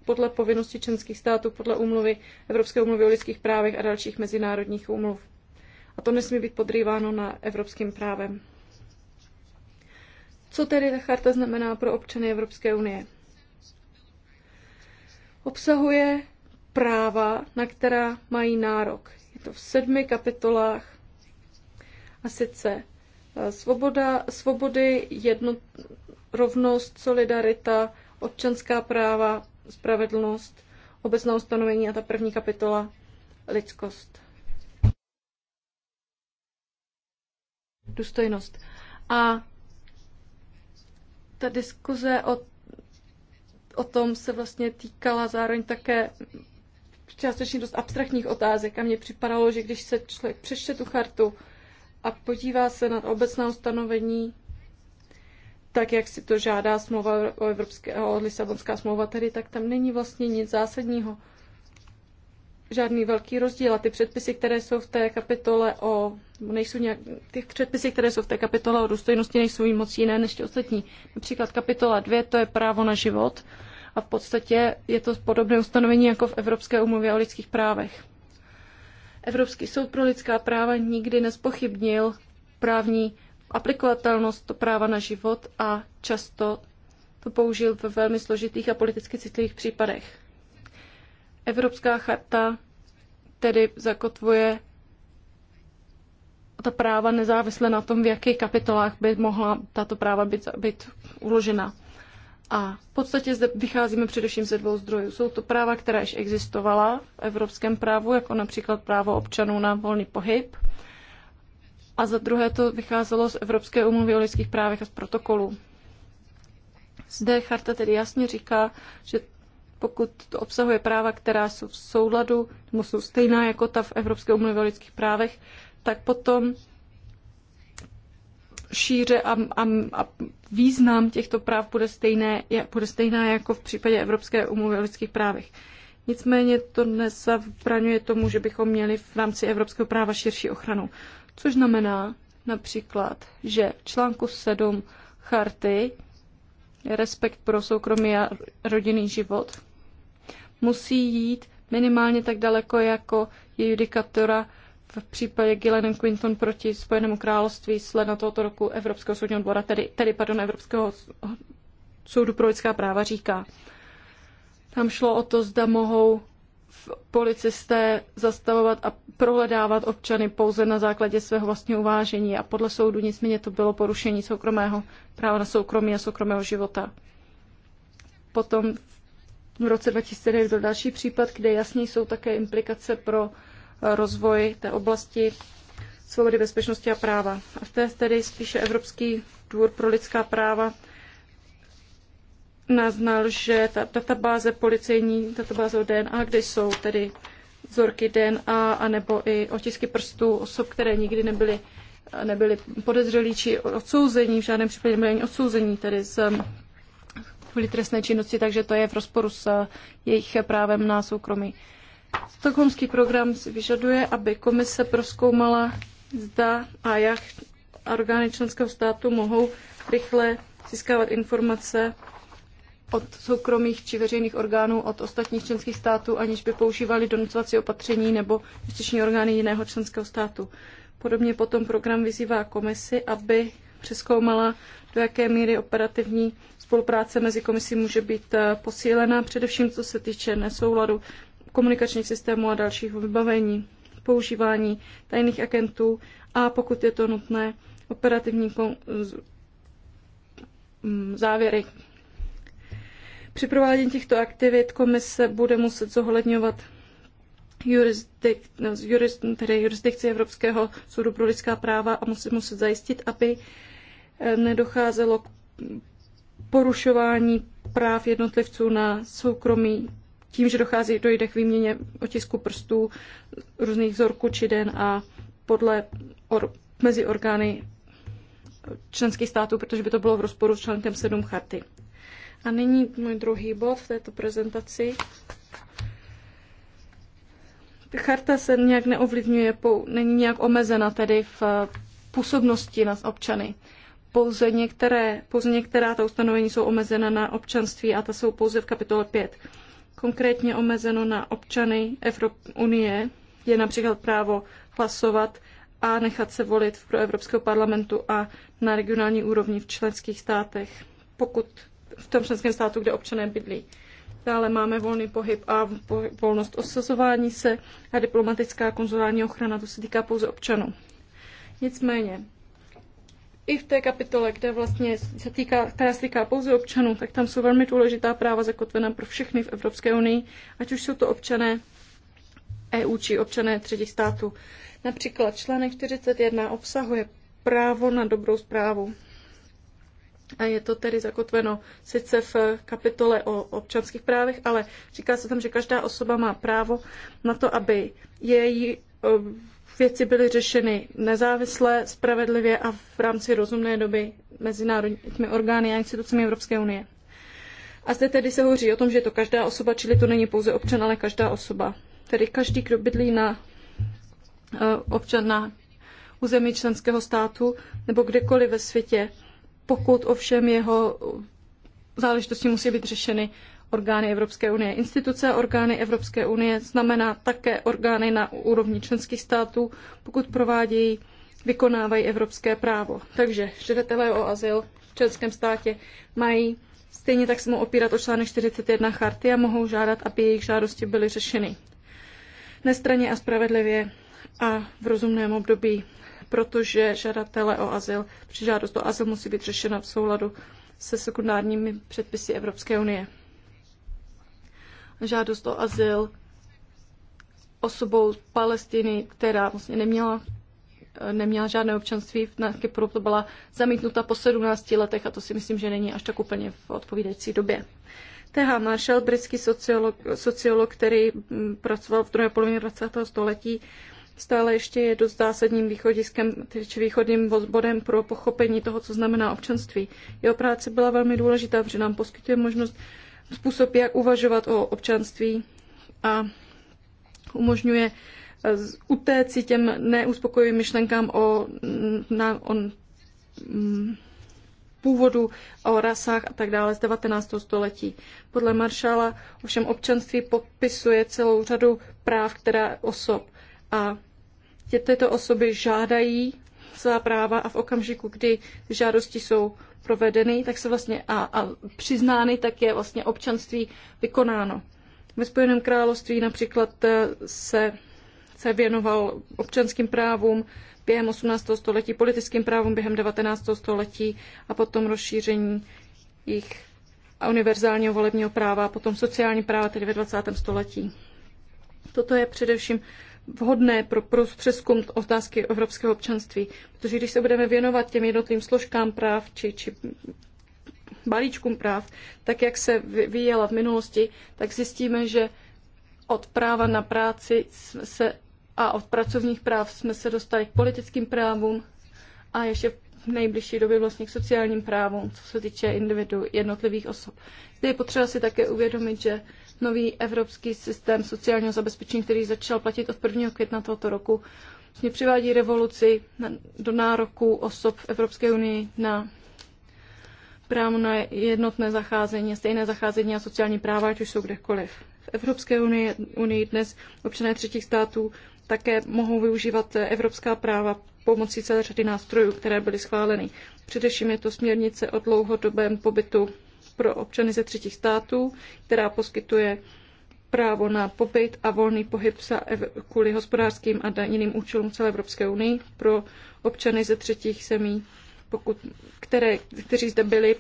podle povinností členských států, podle úmluvy Evropské úmluvy o lidských právech a dalších mezinárodních úmluv. A to nesmí být podrýváno na evropským právem. Co tedy ta charta znamená pro občany Evropské unie? Obsahuje práva, na která mají nárok. Je to v sedmi kapitolách. A sice Eh, svoboda, svobody, jedno, rovnost, solidarita, občanská práva, spravedlnost, obecná ustanovení a ta první kapitola lidskost. Důstojnost. A ta diskuze o, o tom se vlastně týkala zároveň také částečně dost abstraktních otázek a mně připadalo, že když se člověk přečte tu chartu, a podívá se na obecná ustanovení, tak jak si to žádá smlouva o Evropské, o Lisabonská smlouva tedy, tak tam není vlastně nic zásadního. Žádný velký rozdíl a ty předpisy, které jsou v té kapitole o, nejsou nějak, ty předpisy, které jsou v té kapitole o důstojnosti, nejsou moc jiné než ty ostatní. Například kapitola 2, to je právo na život a v podstatě je to podobné ustanovení jako v Evropské umluvě o lidských právech. Evropský soud pro lidská práva nikdy nespochybnil právní aplikovatelnost to práva na život a často to použil ve velmi složitých a politicky citlivých případech. Evropská charta tedy zakotvuje ta práva nezávisle na tom, v jakých kapitolách by mohla tato práva být, být uložena. A v podstatě zde vycházíme především ze dvou zdrojů. Jsou to práva, která již existovala v evropském právu, jako například právo občanů na volný pohyb. A za druhé to vycházelo z Evropské umluvy o lidských právech a z protokolu. Zde charta tedy jasně říká, že pokud to obsahuje práva, která jsou v souladu nebo jsou stejná jako ta v Evropské umluvě o lidských právech, tak potom šíře a, a, a význam těchto práv bude, stejné, je bude stejná jako v případě Evropské umluvy o lidských právech. Nicméně to nezabraňuje tomu, že bychom měli v rámci evropského práva širší ochranu. Což znamená například, že v článku 7 charty respekt pro soukromý a rodinný život musí jít minimálně tak daleko, jako je judikatura v případě Gillen Quinton proti Spojenému království z ledna tohoto roku Evropského soudního dvora, tedy, tedy pardon, Evropského soudu pro lidská práva říká. Tam šlo o to, zda mohou policisté zastavovat a prohledávat občany pouze na základě svého vlastního uvážení a podle soudu nicméně to bylo porušení soukromého práva na soukromí a soukromého života. Potom v roce 2009 byl další případ, kde jasně jsou také implikace pro rozvoj té oblasti svobody, bezpečnosti a práva. A v té tedy spíše Evropský dvůr pro lidská práva naznal, že ta databáze policejní, databáze o DNA, kde jsou tedy vzorky DNA nebo i otisky prstů osob, které nikdy nebyly, nebyly podezřelí či odsouzení, v žádném případě nebyly ani odsouzení tedy z um, kvůli trestné činnosti, takže to je v rozporu s uh, jejich právem na soukromí. Stockholmský program si vyžaduje, aby komise proskoumala, zda a jak orgány členského státu mohou rychle získávat informace od soukromých či veřejných orgánů od ostatních členských států, aniž by používali donucovací opatření nebo justiční orgány jiného členského státu. Podobně potom program vyzývá komisi, aby přeskoumala, do jaké míry operativní spolupráce mezi komisí může být eh, posílena, především co se týče nesouladu komunikačních systémů a dalšího vybavení, používání tajných agentů a pokud je to nutné, operativní mm, závěry. Při provádění těchto aktivit komise bude muset zohledňovat jurisdik, no, juris, tedy jurisdikci Evropského soudu pro lidská práva a musí muset zajistit, aby eh, nedocházelo k porušování práv jednotlivců na soukromí tím, že dochází, dojde k výměně otisku prstů, různých vzorků či den a podle or, mezi orgány členských států, protože by to bylo v rozporu s článkem 7 charty. A nyní můj druhý bod v této prezentaci. Charta se nějak neovlivňuje, není nějak omezena tedy v působnosti na občany. Pouze, některé, pouze některá ta ustanovení jsou omezena na občanství a ta jsou pouze v kapitole 5 konkrétně omezeno na občany Evropské unie, je například právo hlasovat a nechat se volit v Evropského parlamentu a na regionální úrovni v členských státech, pokud v tom členském státu, kde občané bydlí. Dále máme volný pohyb a volnost osazování se a diplomatická konzulární ochrana, to se týká pouze občanů. Nicméně, i v té kapitole, kde vlastně se týká, která se týká pouze občanů, tak tam jsou velmi důležitá práva zakotvená pro všechny v Evropské unii, ať už jsou to občané EU či občané třetích států. Například článek 41 obsahuje právo na dobrou zprávu. A je to tedy zakotveno sice v kapitole o občanských právech, ale říká se tam, že každá osoba má právo na to, aby její věci byly řešeny nezávisle, spravedlivě a v rámci rozumné doby mezinárodními orgány a institucemi Evropské unie. A zde tedy se hovoří o tom, že je to každá osoba, čili to není pouze občan, ale každá osoba. Tedy každý, kdo bydlí na eh, občan na území členského státu nebo kdekoliv ve světě, pokud ovšem jeho záležitosti musí být řešeny orgány Evropské unie. Instituce orgány Evropské unie znamená také orgány na úrovni členských států, pokud provádějí, vykonávají evropské právo. Takže žadatelé o azyl v členském státě mají stejně tak se mohou opírat o článek 41 charty a mohou žádat, aby jejich žádosti byly řešeny nestranně a spravedlivě a v rozumném období, protože žadatelé o azyl při žádost o azyl musí být řešena v souladu se sekundárními předpisy Evropské unie žádost o azyl osobou z Palestiny, která vlastně neměla, neměla žádné občanství, na Kypru to byla zamítnuta po 17 letech a to si myslím, že není až tak úplně v odpovídající době. T.H. Marshall, britský sociolog, sociolog, který mm, pracoval v druhé polovině 20. století, stále ještě je dost zásadním východiskem, či východním bodem pro pochopení toho, co znamená občanství. Jeho práce byla velmi důležitá, protože nám poskytuje možnost způsob, jak uvažovat o občanství a umožňuje eh, utéct si těm neuspokojivým myšlenkám o, mm, na, o mm, původu, o rasách a tak dále z 19. století. Podle Maršála ovšem občanství popisuje celou řadu práv, která osob a tyto osoby žádají svá práva a v okamžiku, kdy žádosti jsou provedený, tak se vlastně a, a přiznány, tak je vlastně občanství vykonáno. Ve Spojeném království například eh, se, se věnoval občanským právům během 18. století, politickým právům během 19. století a potom rozšíření jejich univerzálního volebního práva a potom sociální práva tedy ve 20. století. Toto je především vhodné pro, pro přeskum otázky evropského občanství. Protože když se budeme věnovat těm jednotlivým složkám práv či, či balíčkům práv, tak jak se vyjela v minulosti, tak zjistíme, že od práva na práci se, a od pracovních práv jsme se dostali k politickým právům a ještě v nejbližší době vlastně k sociálním právům, co se týče individu jednotlivých osob. Zde je potřeba si také uvědomit, že nový evropský systém sociálního zabezpečení, který začal platit od 1. května tohoto roku, vlastně přivádí revoluci do nároku osob v Evropské unii na právo na jednotné zacházení, stejné zacházení a sociální práva, ať už jsou kdekoliv. V Evropské unii, unii dnes občané třetích států také mohou využívat evropská práva pomocí celé řady nástrojů, které byly schváleny. Především je to směrnice o dlouhodobém pobytu pro občany ze třetích států, která poskytuje právo na pobyt a volný pohyb kvůli hospodářským a jiným účelům celé Evropské unii pro občany ze třetích zemí, pokud, které, kteří zde byli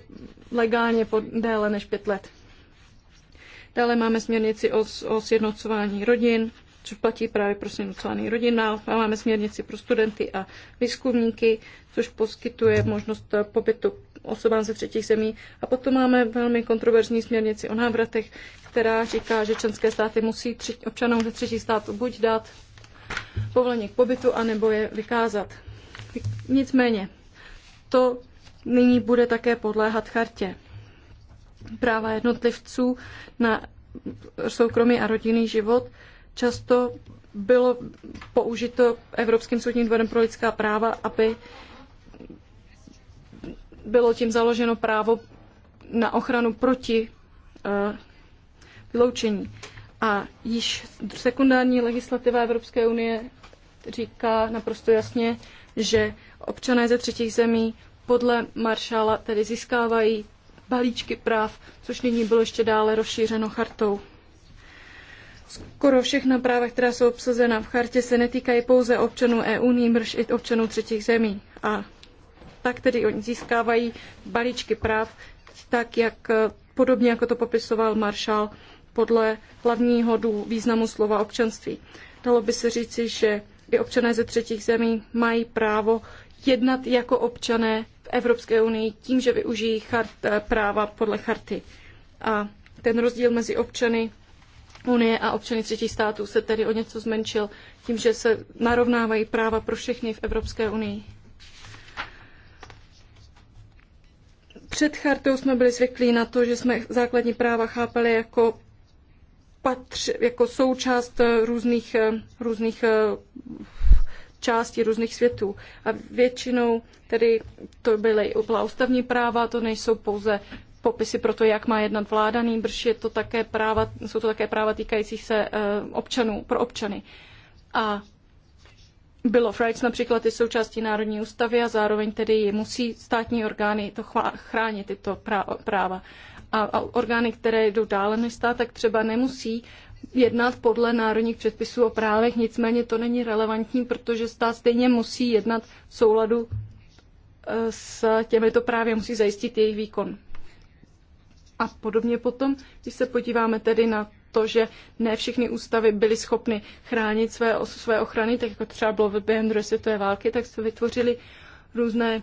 legálně po déle než pět let. Dále máme směrnici o, o sjednocování rodin, což platí právě pro sjednocený rodina. Máme směrnici pro studenty a výzkumníky, což poskytuje možnost pobytu osobám ze třetích zemí. A potom máme velmi kontroverzní směrnici o návratech, která říká, že členské státy musí tři, občanům ze třetích států buď dát povolení k pobytu, anebo je vykázat. Nicméně, to nyní bude také podléhat chartě. Práva jednotlivců na soukromý a rodinný život – často bylo použito Evropským soudním dvorem pro lidská práva, aby bylo tím založeno právo na ochranu proti uh, vyloučení. A již sekundární legislativa Evropské unie říká naprosto jasně, že občané ze třetích zemí podle maršála tedy získávají balíčky práv, což nyní bylo ještě dále rozšířeno chartou. Skoro všechna práva, která jsou obsazena v chartě, se netýkají pouze občanů EU, nýbrž i občanů třetích zemí. A tak tedy oni získávají balíčky práv, tak jak eh, podobně jako to popisoval Marshall podle hlavního významu slova občanství. Dalo by se říci, že i občané ze třetích zemí mají právo jednat jako občané v Evropské unii tím, že využijí chart, eh, práva podle charty. A ten rozdíl mezi občany unie a občany třetích států se tedy o něco zmenšil tím, že se narovnávají práva pro všechny v Evropské unii. Před chartou jsme byli zvyklí na to, že jsme základní práva chápali jako, patř, jako součást různých, různých částí různých světů. A většinou tedy to byly úplná ústavní práva, to nejsou pouze popisy pro to, jak má jednat vláda, nýbrž je to také práva, jsou to také práva týkající se eh, občanů, pro občany. A Bill of Rights například je součástí Národní ústavy a zároveň tedy musí státní orgány to chránit, tyto práva. A, a orgány, které jdou dále než stát, tak třeba nemusí jednat podle národních předpisů o právech, nicméně to není relevantní, protože stát stejně musí jednat v souladu eh, s těmito právy, musí zajistit jejich výkon a podobně potom, když se podíváme tedy na to, že ne všechny ústavy byly schopny chránit své, své ochrany, tak jako třeba bylo během druhé světové války, tak se vytvořily různé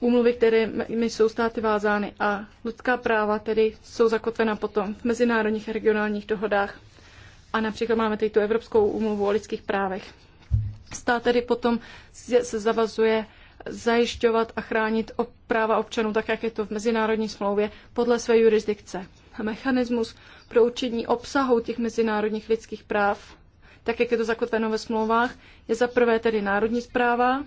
úmluvy, které my jsou státy vázány a lidská práva tedy jsou zakotvena potom v mezinárodních a regionálních dohodách. A například máme tady tu Evropskou úmluvu o lidských právech. Stát tedy potom se zavazuje zajišťovat a chránit práva občanů, tak jak je to v mezinárodní smlouvě, podle své jurisdikce. Mechanismus pro určení obsahu těch mezinárodních lidských práv, tak jak je to zakotveno ve smlouvách, je za prvé tedy národní zpráva,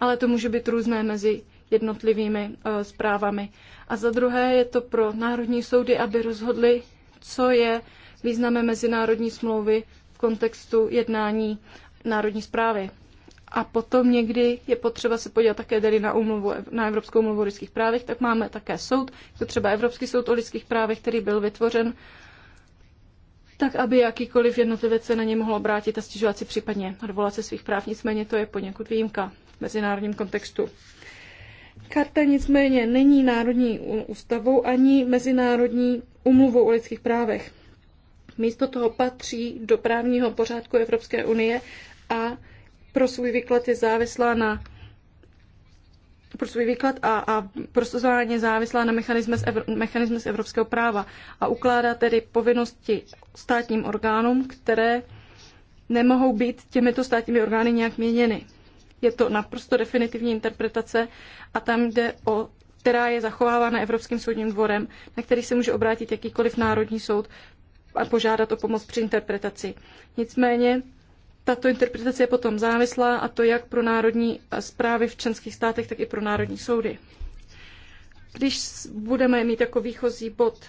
ale to může být různé mezi jednotlivými e, zprávami. A za druhé je to pro národní soudy, aby rozhodli, co je významem mezinárodní smlouvy v kontextu jednání národní zprávy. A potom někdy je potřeba se podívat také tedy na, umluvu, na Evropskou umluvu o lidských právech, tak máme také soud, jako třeba Evropský soud o lidských právech, který byl vytvořen tak, aby jakýkoliv jednotlivec se na ně mohl obrátit a stěžovat si případně odvolat se svých práv. Nicméně to je poněkud výjimka v mezinárodním kontextu. Karta nicméně není národní ústavou ani mezinárodní umluvou o lidských právech. Místo toho patří do právního pořádku Evropské unie a pro svůj výklad je závislá na pro svůj výklad a, a prostozování závislá na mechanismech Evro, evropského práva a ukládá tedy povinnosti státním orgánům, které nemohou být těmito státními orgány nějak měněny. Je to naprosto definitivní interpretace a tam jde o která je zachovávána Evropským soudním dvorem, na který se může obrátit jakýkoliv národní soud a požádat o pomoc při interpretaci. Nicméně tato interpretace je potom závislá, a to jak pro národní zprávy v členských státech, tak i pro národní soudy. Když budeme mít jako výchozí bod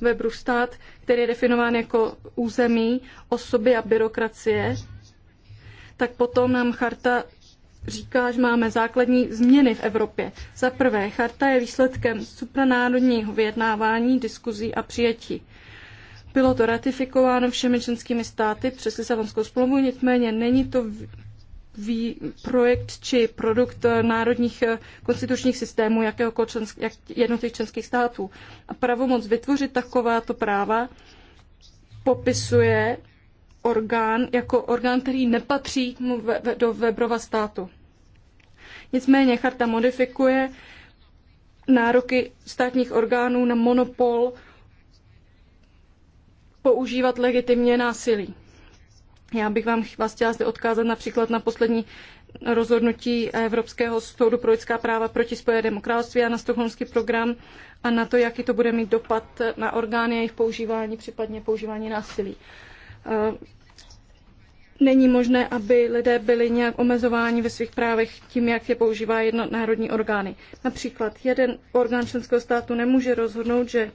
Webru stát, který je definován jako území, osoby a byrokracie, tak potom nám charta říká, že máme základní změny v Evropě. Za prvé, charta je výsledkem supranárodního vyjednávání, diskuzí a přijetí. Bylo to ratifikováno všemi členskými státy přes Lisabonskou smlouvu, nicméně není to vý, projekt či produkt eh, národních eh, konstitučních systémů jakéhokoliv člensk, jak jednotlivých členských států. A pravomoc vytvořit takováto práva popisuje orgán jako orgán, který nepatří mu ve, ve, do Webrova státu. Nicméně charta modifikuje nároky státních orgánů na monopol používat legitimně násilí. Já bych vám vás chtěla zde odkázat například na poslední rozhodnutí Evropského soudu pro lidská práva proti spojené království a na stokholmský program a na to, jaký to bude mít dopad na orgány a jejich používání, případně používání násilí. Eh, není možné, aby lidé byli nějak omezováni ve svých právech tím, jak je používá jedno národní orgány. Například jeden orgán členského státu nemůže rozhodnout, že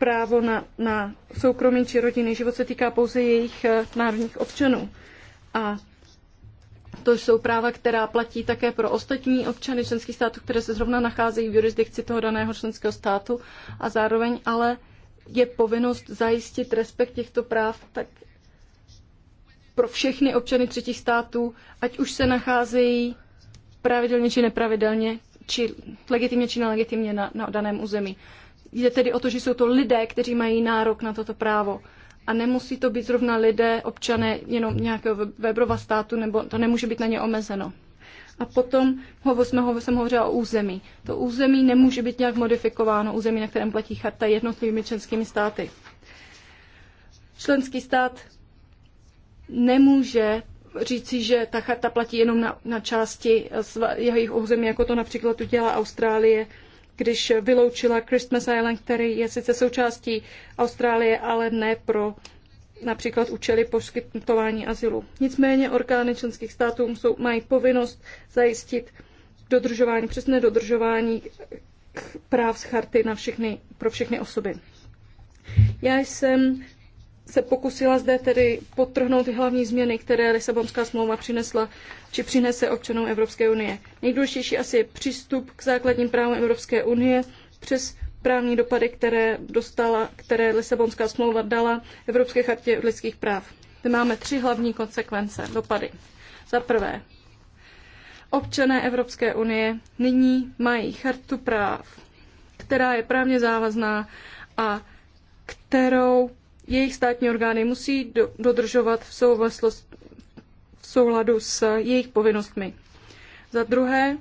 právo na, na soukromý či rodinný život se týká pouze jejich eh, národních občanů. A to jsou práva, která platí také pro ostatní občany členských států, které se zrovna nacházejí v jurisdikci toho daného členského státu a zároveň ale je povinnost zajistit respekt těchto práv tak pro všechny občany třetích států, ať už se nacházejí pravidelně či nepravidelně, či legitimně či nelegitimně na, na daném území. Jde tedy o to, že jsou to lidé, kteří mají nárok na toto právo. A nemusí to být zrovna lidé, občané jenom nějakého Weberova státu, nebo to nemůže být na ně omezeno. A potom hovo, jsme, hovo, jsem hovořila o území. To území nemůže být nějak modifikováno, území, na kterém platí charta jednotlivými členskými státy. Členský stát nemůže říci, že ta charta platí jenom na, na části jeho území, jako to například udělá Austrálie když vyloučila Christmas Island, který je sice součástí Austrálie, ale ne pro například účely poskytování azylu. Nicméně orgány členských států jsou, mají povinnost zajistit dodržování, přesné dodržování práv z charty na všechny, pro všechny osoby. Já jsem se pokusila zde tedy podtrhnout ty hlavní změny, které Lisabonská smlouva přinesla či přinese občanům Evropské unie. Nejdůležitější asi je přístup k základním právům Evropské unie přes právní dopady, které dostala, které Lisabonská smlouva dala Evropské chartě lidských práv. Zde máme tři hlavní konsekvence, dopady. Za prvé, občané Evropské unie nyní mají chartu práv, která je právně závazná a kterou jejich státní orgány musí do, dodržovat v, souvislost, v souladu s jejich povinnostmi. Za druhé,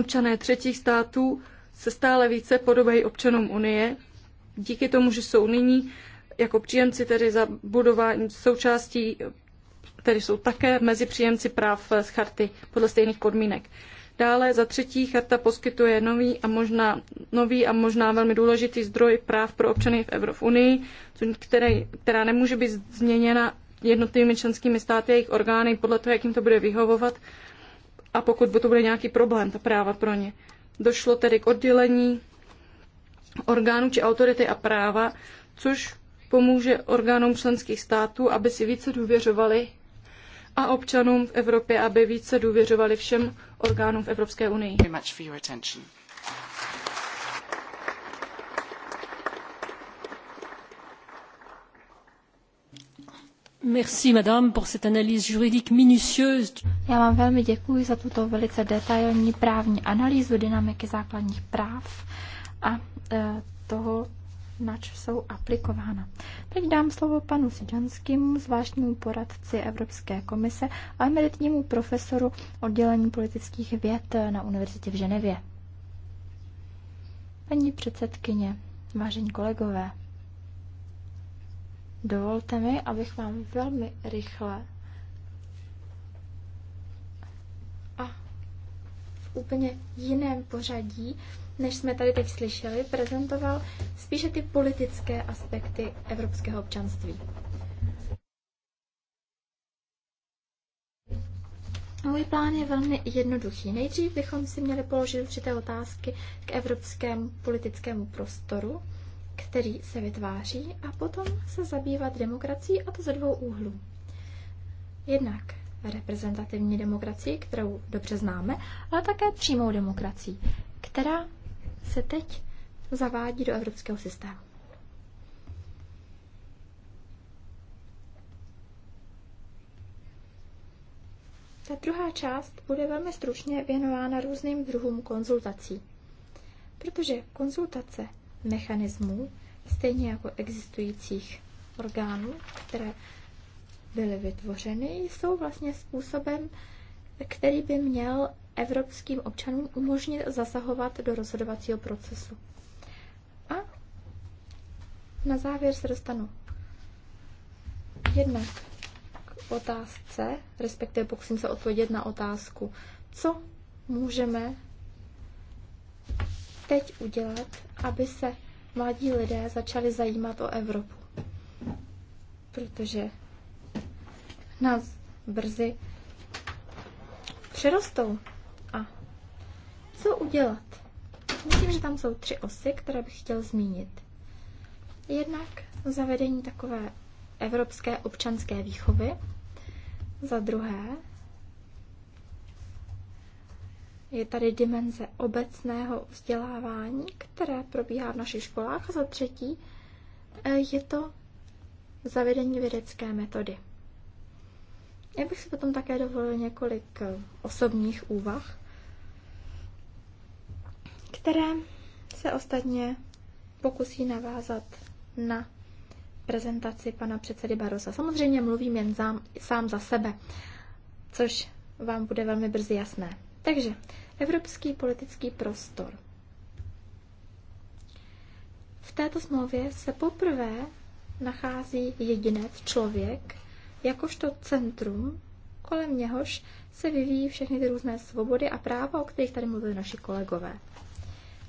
občané třetích států se stále více podobají občanům Unie, díky tomu, že jsou nyní jako příjemci tedy za budování součástí, tedy jsou také mezi příjemci práv z charty podle stejných podmínek. Dále za třetí charta poskytuje nový a možná, nový a možná velmi důležitý zdroj práv pro občany v Evropunii, který, která nemůže být změněna jednotlivými členskými státy a jejich orgány podle toho, jak jim to bude vyhovovat a pokud by to bude nějaký problém, ta práva pro ně. Došlo tedy k oddělení orgánů či autority a práva, což pomůže orgánům členských států, aby si více důvěřovali a občanům v Evropě, aby více důvěřovali všem orgánům v Evropské unii. Merci, madame, pour cette analyse juridique minutieuse. Já vám velmi děkuji za tuto velice detailní právní analýzu dynamiky základních práv a e, toho, nač jsou aplikována. Teď dám slovo panu Sidžanskému, zvláštnímu poradci Evropské komise a emeritnímu profesoru oddělení politických věd na Univerzitě v Ženevě. Paní předsedkyně, vážení kolegové, dovolte mi, abych vám velmi rychle a v úplně jiném pořadí než jsme tady teď slyšeli, prezentoval spíše ty politické aspekty evropského občanství. Můj plán je velmi jednoduchý. Nejdřív bychom si měli položit určité otázky k evropskému politickému prostoru, který se vytváří, a potom se zabývat demokracií, a to ze dvou úhlů. Jednak reprezentativní demokracii, kterou dobře známe, ale také přímou demokracii, která se teď zavádí do evropského systému. Ta druhá část bude velmi stručně věnována různým druhům konzultací, protože konzultace mechanismů, stejně jako existujících orgánů, které byly vytvořeny, jsou vlastně způsobem, který by měl evropským občanům umožnit zasahovat do rozhodovacího procesu. A na závěr se dostanu jednak k otázce, respektive pokusím se odpovědět na otázku, co můžeme teď udělat, aby se mladí lidé začali zajímat o Evropu. Protože nás brzy přerostou co udělat? Myslím, že tam jsou tři osy, které bych chtěl zmínit. Jednak zavedení takové evropské občanské výchovy, za druhé je tady dimenze obecného vzdělávání, které probíhá v našich školách. A za třetí eh, je to zavedení vědecké metody. Já bych si potom také dovolil několik eh, osobních úvah které se ostatně pokusí navázat na prezentaci pana předsedy Barosa. Samozřejmě mluvím jen zám, sám za sebe, což vám bude velmi brzy jasné. Takže evropský politický prostor. V této smlouvě se poprvé nachází jedinec, člověk, jakožto centrum, kolem něhož se vyvíjí všechny ty různé svobody a práva, o kterých tady mluvili naši kolegové.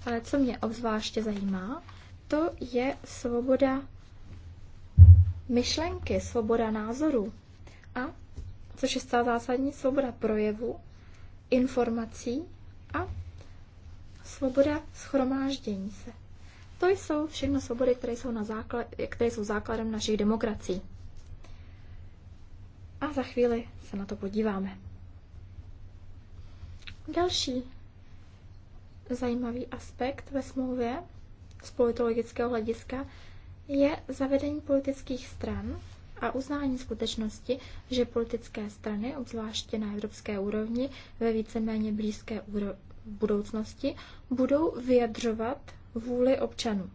Ale co mě obzvláště zajímá, to je svoboda myšlenky, svoboda názoru. A což je stále zásadní, svoboda projevu, informací a svoboda schromáždění se. To jsou všechno svobody, které jsou, na základ, které jsou základem našich demokracií. A za chvíli se na to podíváme. Další zajímavý aspekt ve smlouvě z politologického hlediska je zavedení politických stran a uznání skutečnosti, že politické strany, obzvláště na evropské úrovni, ve víceméně blízké budoucnosti, budou vyjadřovat vůli občanů.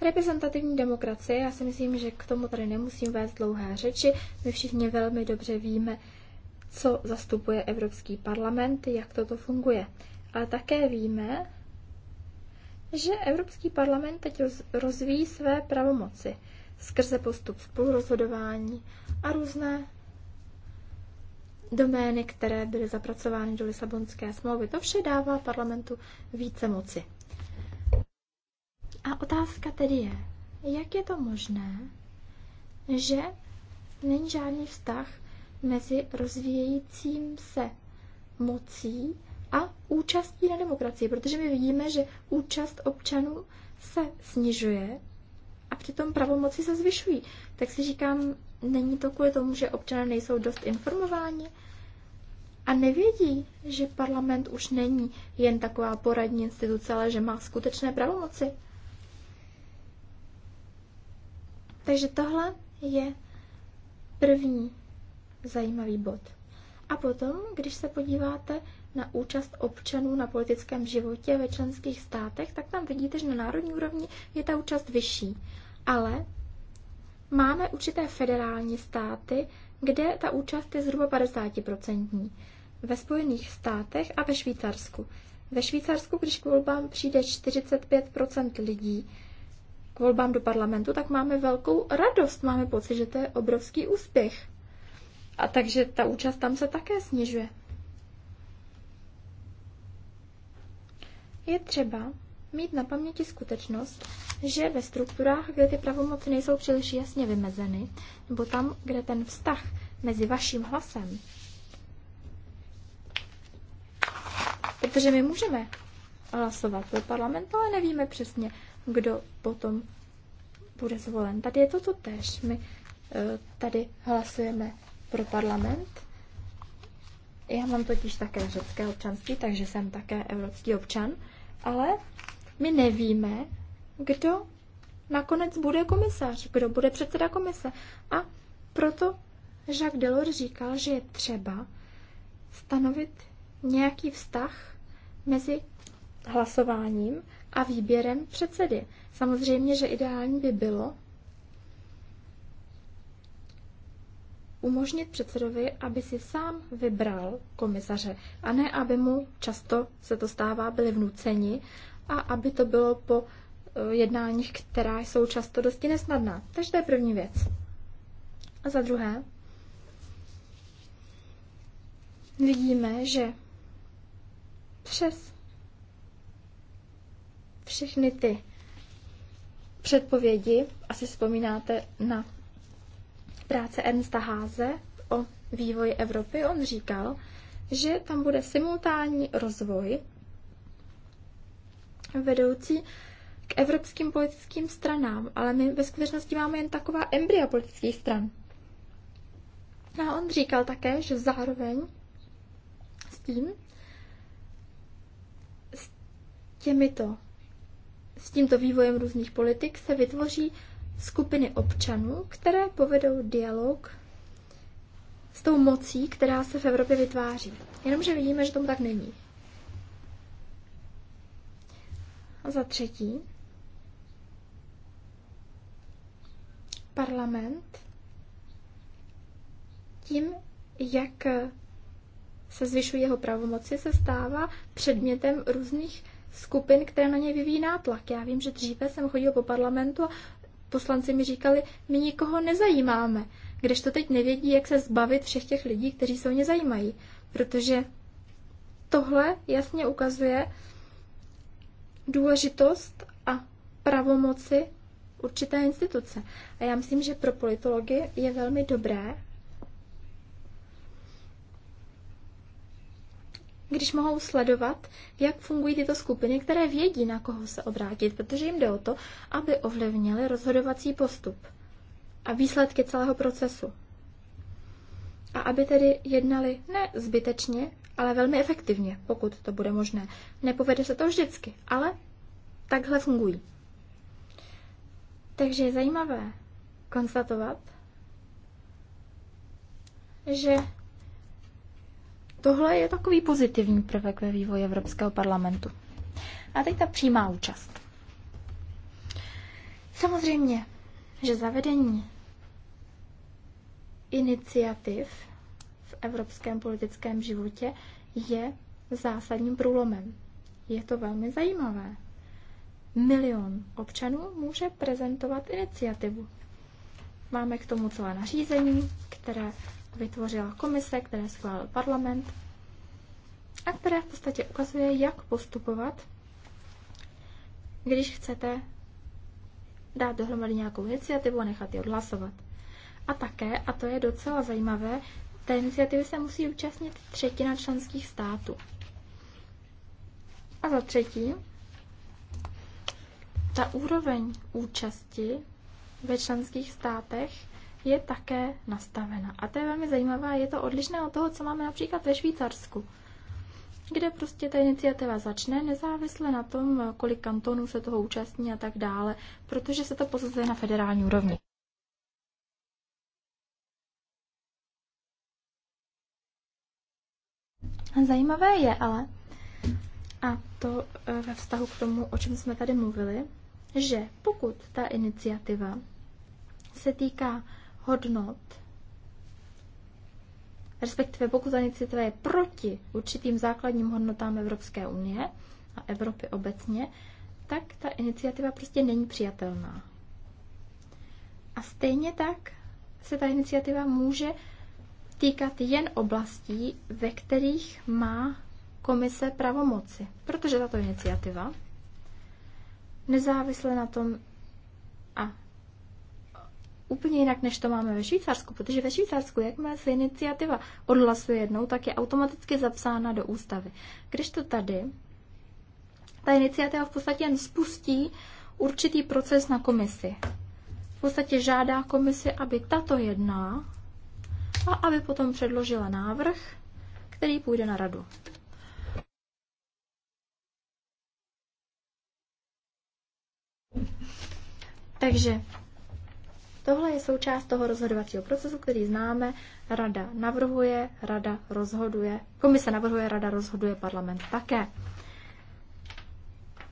Reprezentativní demokracie, já si myslím, že k tomu tady nemusím vést dlouhé řeči. My všichni velmi dobře víme, co zastupuje Evropský parlament, jak toto funguje. Ale také víme, že Evropský parlament teď rozvíjí své pravomoci skrze postup spolurozhodování a různé domény, které byly zapracovány do Lisabonské smlouvy. To vše dává parlamentu více moci. A otázka tedy je, jak je to možné, že není žádný vztah mezi rozvíjejícím se mocí a účastí na demokracii, protože my vidíme, že účast občanů se snižuje a přitom pravomoci se zvyšují. Tak si říkám, není to kvůli tomu, že občané nejsou dost informováni a nevědí, že parlament už není jen taková poradní instituce, ale že má skutečné pravomoci. Takže tohle je první zajímavý bod. A potom, když se podíváte na účast občanů na politickém životě ve členských státech, tak tam vidíte, že na národní úrovni je ta účast vyšší. Ale máme určité federální státy, kde ta účast je zhruba 50%. Ve Spojených státech a ve Švýcarsku. Ve Švýcarsku, když k volbám přijde 45% lidí, k volbám do parlamentu, tak máme velkou radost, máme pocit, že to je obrovský úspěch. A takže ta účast tam se také snižuje. Je třeba mít na paměti skutečnost, že ve strukturách, kde ty pravomoci nejsou příliš jasně vymezeny, nebo tam, kde ten vztah mezi vaším hlasem, protože my můžeme hlasovat pro parlament, ale nevíme přesně, kdo potom bude zvolen. Tady je to to tež. My eh, tady hlasujeme pro parlament. Já mám totiž také řecké občanství, takže jsem také evropský občan, ale my nevíme, kdo nakonec bude komisař, kdo bude předseda komise. A proto Jacques Delors říkal, že je třeba stanovit nějaký vztah mezi hlasováním a výběrem předsedy. Samozřejmě, že ideální by bylo, umožnit předsedovi, aby si sám vybral komisaře a ne, aby mu často se to stává, byli vnuceni a aby to bylo po eh, jednáních, která jsou často dosti nesnadná. Takže to je první věc. A za druhé, vidíme, že přes všechny ty předpovědi, asi vzpomínáte na práce Ernsta Háze o vývoji Evropy, on říkal, že tam bude simultánní rozvoj vedoucí k evropským politickým stranám, ale my ve skutečnosti máme jen taková embrya politických stran. A on říkal také, že zároveň s tím, s těmito, s tímto vývojem různých politik se vytvoří skupiny občanů, které povedou dialog s tou mocí, která se v Evropě vytváří. Jenomže vidíme, že tomu tak není. A za třetí, parlament tím, jak se zvyšují jeho pravomoci, se stává předmětem různých skupin, které na něj vyvíjí nátlak. Já vím, že dříve jsem chodil po parlamentu a poslanci mi říkali, my nikoho nezajímáme, když to teď nevědí, jak se zbavit všech těch lidí, kteří se o ně zajímají. Protože tohle jasně ukazuje důležitost a pravomoci určité instituce. A já myslím, že pro politology je velmi dobré když mohou sledovat, jak fungují tyto skupiny, které vědí, na koho se obrátit, protože jim jde o to, aby ovlivnili rozhodovací postup a výsledky celého procesu. A aby tedy jednali ne zbytečně, ale velmi efektivně, pokud to bude možné. Nepovede se to vždycky, ale takhle fungují. Takže je zajímavé konstatovat, že Tohle je takový pozitivní prvek ve vývoji Evropského parlamentu. A teď ta přímá účast. Samozřejmě, že zavedení iniciativ v evropském politickém životě je zásadním průlomem. Je to velmi zajímavé. Milion občanů může prezentovat iniciativu. Máme k tomu celé nařízení, které vytvořila komise, které schválil parlament a která v podstatě ukazuje, jak postupovat, když chcete dát dohromady nějakou iniciativu a nechat ji odhlasovat. A také, a to je docela zajímavé, té iniciativy se musí účastnit třetina členských států. A za třetí, ta úroveň účasti ve členských státech je také nastavena. A to je velmi zajímavé, je to odlišné od toho, co máme například ve Švýcarsku, kde prostě ta iniciativa začne nezávisle na tom, kolik kantonů se toho účastní a tak dále, protože se to posazuje na federální úrovni. Zajímavé je ale, a to e, ve vztahu k tomu, o čem jsme tady mluvili, že pokud ta iniciativa se týká hodnot, respektive pokud ani je proti určitým základním hodnotám Evropské unie a Evropy obecně, tak ta iniciativa prostě není přijatelná. A stejně tak se ta iniciativa může týkat jen oblastí, ve kterých má komise pravomoci. Protože tato iniciativa, nezávisle na tom, a úplně jinak, než to máme ve Švýcarsku, protože ve Švýcarsku, jakmile se iniciativa odhlasuje jednou, tak je automaticky zapsána do ústavy. Když to tady, ta iniciativa v podstatě jen spustí určitý proces na komisi. V podstatě žádá komisi, aby tato jedná a aby potom předložila návrh, který půjde na radu. Takže Tohle je součást toho rozhodovacího procesu, který známe. Rada navrhuje, rada rozhoduje, komise navrhuje, rada rozhoduje, parlament také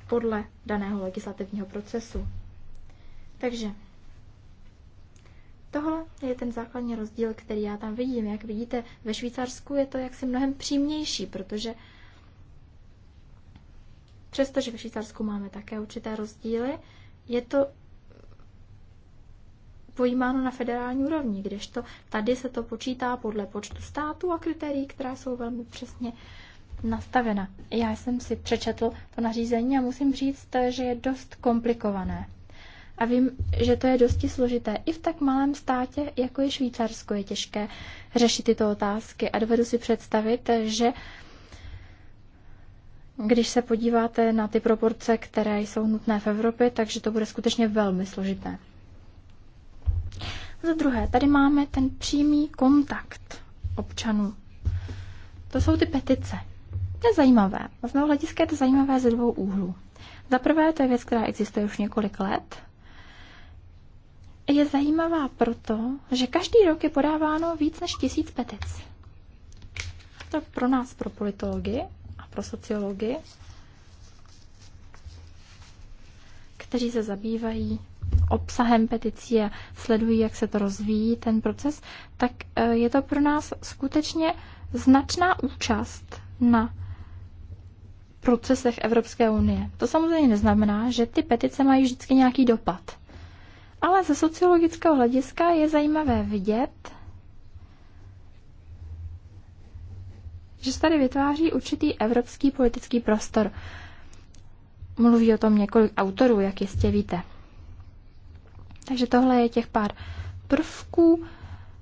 podle daného legislativního procesu. Takže tohle je ten základní rozdíl, který já tam vidím. Jak vidíte, ve Švýcarsku je to jaksi mnohem přímější, protože přestože ve Švýcarsku máme také určité rozdíly, je to pojímáno na federální úrovni, kdežto tady se to počítá podle počtu států a kritérií, která jsou velmi přesně nastavena. Já jsem si přečetl to nařízení a musím říct, že je dost komplikované. A vím, že to je dosti složité. I v tak malém státě, jako je Švýcarsko, je těžké řešit tyto otázky. A dovedu si představit, že když se podíváte na ty proporce, které jsou nutné v Evropě, takže to bude skutečně velmi složité. Za druhé, tady máme ten přímý kontakt občanů. To jsou ty petice. To je zajímavé. Z mého hlediska je to zajímavé ze dvou úhlů. Za prvé, to je věc, která existuje už několik let. Je zajímavá proto, že každý rok je podáváno víc než tisíc petic. To pro nás, pro politology a pro sociology, kteří se zabývají obsahem petici a sledují, jak se to rozvíjí, ten proces, tak e, je to pro nás skutečně značná účast na procesech Evropské unie. To samozřejmě neznamená, že ty petice mají vždycky nějaký dopad. Ale ze sociologického hlediska je zajímavé vidět, že se tady vytváří určitý evropský politický prostor. Mluví o tom několik autorů, jak jistě víte. Takže tohle je těch pár prvků.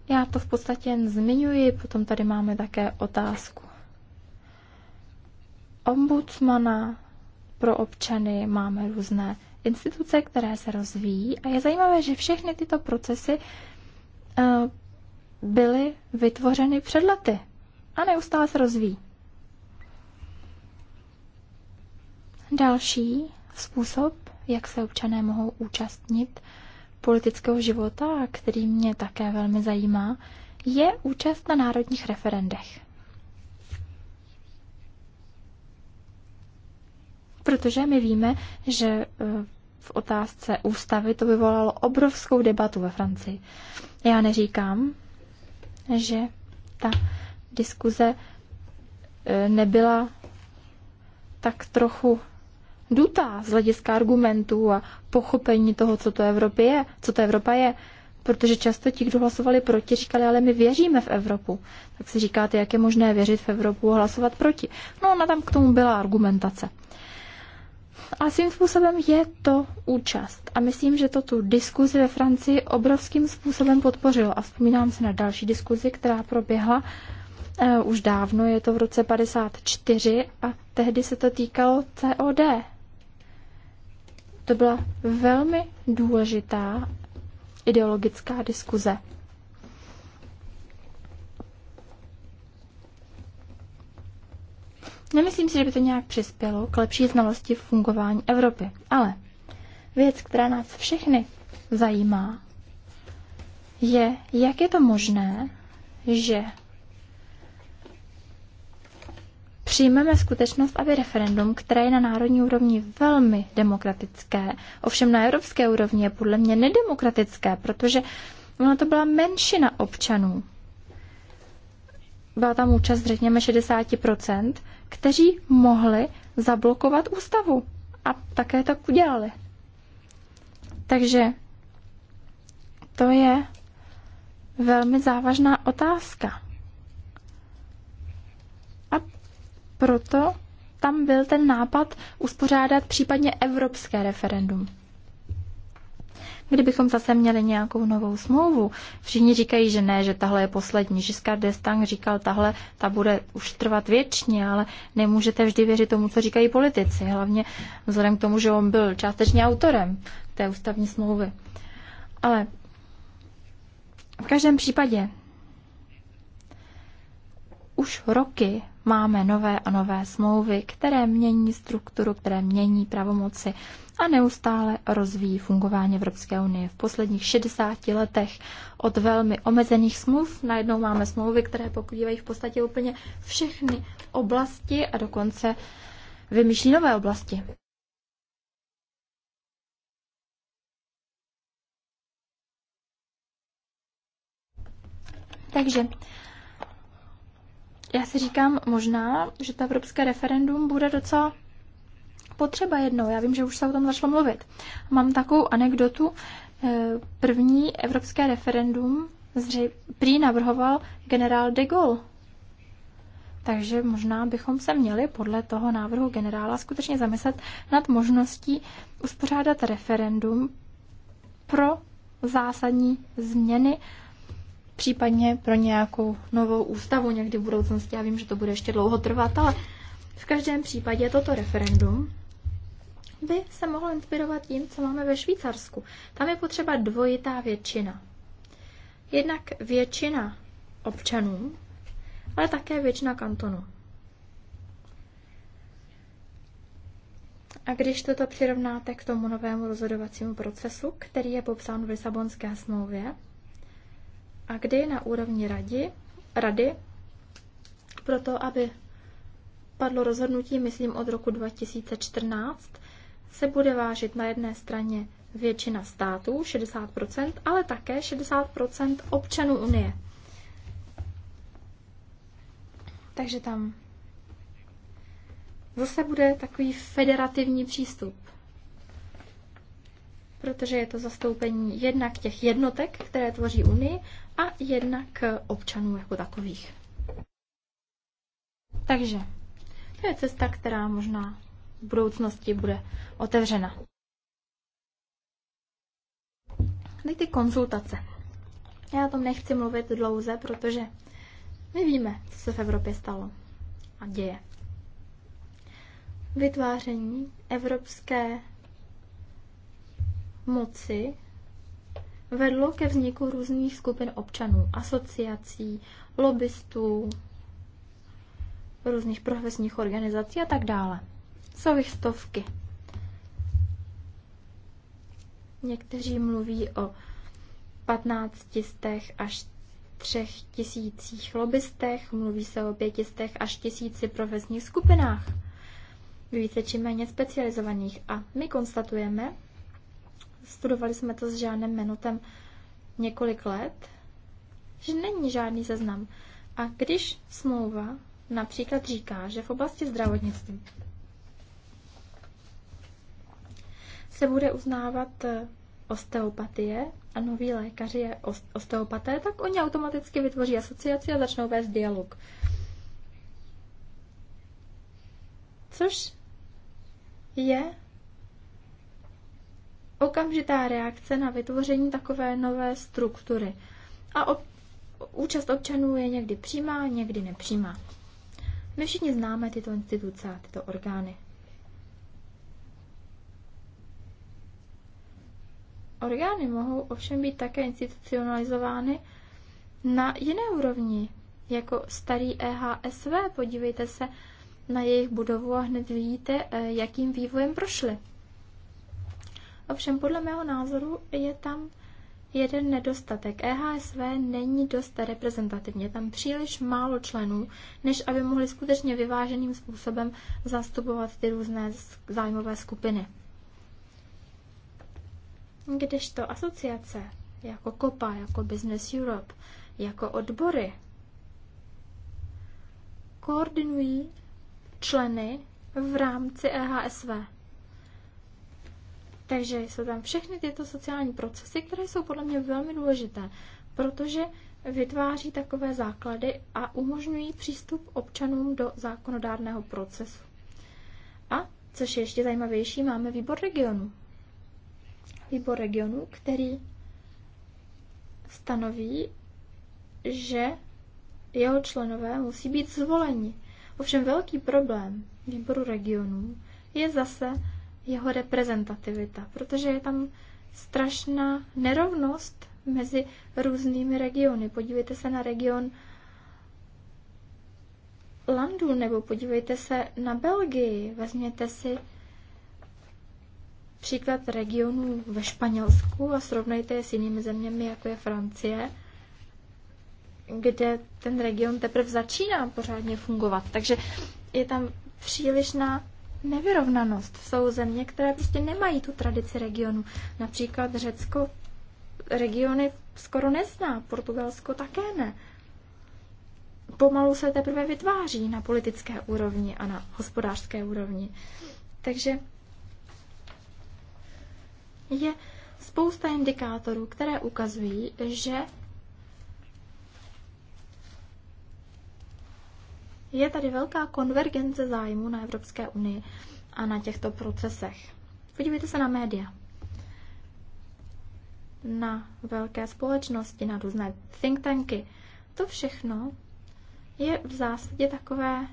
Já to v podstatě jen zmiňuji, potom tady máme také otázku ombudsmana pro občany, máme různé instituce, které se rozvíjí a je zajímavé, že všechny tyto procesy eh, byly vytvořeny před lety a neustále se rozvíjí. Další způsob, jak se občané mohou účastnit politického života, a který mě také velmi zajímá, je účast na národních referendech. Protože my víme, že eh, v otázce ústavy to vyvolalo obrovskou debatu ve Francii. Já neříkám, že ta diskuze eh, nebyla tak trochu dutá z hlediska argumentů a pochopení toho, co to Evropa je, co to Evropa je. Protože často ti, kdo hlasovali proti, říkali, ale my věříme v Evropu. Tak si říkáte, jak je možné věřit v Evropu a hlasovat proti. No ona tam k tomu byla argumentace. A svým způsobem je to účast. A myslím, že to tu diskuzi ve Francii obrovským způsobem podpořilo. A vzpomínám se na další diskuzi, která proběhla eh, už dávno, je to v roce 54 a tehdy se to týkalo COD, to byla velmi důležitá ideologická diskuze. Nemyslím si, že by to nějak přispělo k lepší znalosti fungování Evropy, ale věc, která nás všechny zajímá, je, jak je to možné, že přijmeme skutečnost, aby referendum, které je na národní úrovni velmi demokratické, ovšem na evropské úrovni je podle mě nedemokratické, protože ona to byla menšina občanů. Byla tam účast, řekněme, 60%, kteří mohli zablokovat ústavu. A také tak udělali. Takže to je velmi závažná otázka. proto tam byl ten nápad uspořádat případně evropské referendum. Kdybychom zase měli nějakou novou smlouvu, všichni říkají, že ne, že tahle je poslední. Žiskard Destang říkal, tahle ta bude už trvat věčně, ale nemůžete vždy věřit tomu, co říkají politici, hlavně vzhledem k tomu, že on byl částečně autorem té ústavní smlouvy. Ale v každém případě už roky máme nové a nové smlouvy, které mění strukturu, které mění pravomoci a neustále rozvíjí fungování Evropské unie. V posledních 60 letech od velmi omezených smluv najednou máme smlouvy, které pokrývají v podstatě úplně všechny oblasti a dokonce vymýšlí nové oblasti. Takže já si říkám možná, že to evropské referendum bude docela potřeba jednou. Já vím, že už se o tom začalo mluvit. Mám takovou anekdotu. Eh, první evropské referendum zřejmě prý navrhoval generál de Gaulle. Takže možná bychom se měli podle toho návrhu generála skutečně zamyslet nad možností uspořádat referendum pro zásadní změny případně pro nějakou novou ústavu někdy v budoucnosti. Já vím, že to bude ještě dlouho trvat, ale v každém případě toto referendum by se mohlo inspirovat tím, co máme ve Švýcarsku. Tam je potřeba dvojitá většina. Jednak většina občanů, ale také většina kantonů. A když toto přirovnáte k tomu novému rozhodovacímu procesu, který je popsán v Lisabonské smlouvě, a kdy na úrovni rady, pro proto, aby padlo rozhodnutí, myslím od roku 2014, se bude vážit na jedné straně většina států, 60%, ale také 60% občanů Unie. Takže tam zase bude takový federativní přístup. Protože je to zastoupení jednak těch jednotek, které tvoří Unii, a jednak občanů jako takových. Takže to je cesta, která možná v budoucnosti bude otevřena. Teď ty konzultace. Já o tom nechci mluvit dlouze, protože my víme, co se v Evropě stalo a děje. Vytváření evropské moci vedlo ke vzniku různých skupin občanů, asociací, lobbystů, různých profesních organizací a tak dále. Jsou jich stovky. Někteří mluví o 1500 až třech tisících lobbystech, mluví se o pětistech až tisíci profesních skupinách, více či méně specializovaných. A my konstatujeme, studovali jsme to s žádným minutem několik let, že není žádný seznam. A když smlouva například říká, že v oblasti zdravotnictví se bude uznávat eh, osteopatie a noví lékaři je osteopaté, tak oni automaticky vytvoří asociaci a začnou vést dialog. Což je okamžitá reakce na vytvoření takové nové struktury. A ob- účast občanů je někdy přímá, někdy nepřímá. My všichni známe tyto instituce a tyto orgány. Orgány mohou ovšem být také institucionalizovány na jiné úrovni, jako starý EHSV. Podívejte se na jejich budovu a hned vidíte, eh, jakým vývojem prošly. Ovšem podle mého názoru je tam jeden nedostatek. EHSV není dost reprezentativně, tam příliš málo členů, než aby mohli skutečně vyváženým způsobem zastupovat ty různé zájmové skupiny. Kdežto asociace jako COPA, jako Business Europe, jako odbory koordinují členy v rámci EHSV. Takže jsou tam všechny tyto sociální procesy, které jsou podle mě velmi důležité, protože vytváří takové základy a umožňují přístup občanům do zákonodárného procesu. A, což je ještě zajímavější, máme výbor regionu. Výbor regionu, který stanoví, že jeho členové musí být zvoleni. Ovšem velký problém výboru regionů je zase jeho reprezentativita, protože je tam strašná nerovnost mezi různými regiony. Podívejte se na region Landu nebo podívejte se na Belgii. Vezměte si příklad regionů ve Španělsku a srovnejte je s jinými zeměmi, jako je Francie, kde ten region teprve začíná pořádně fungovat. Takže je tam přílišná nevyrovnanost. Jsou země, které prostě nemají tu tradici regionu. Například Řecko regiony skoro nezná, Portugalsko také ne. Pomalu se teprve vytváří na politické úrovni a na hospodářské úrovni. Takže je spousta indikátorů, které ukazují, že je tady velká konvergence zájmu na Evropské unii a na těchto procesech. Podívejte se na média, na velké společnosti, na různé think tanky. To všechno je v zásadě takové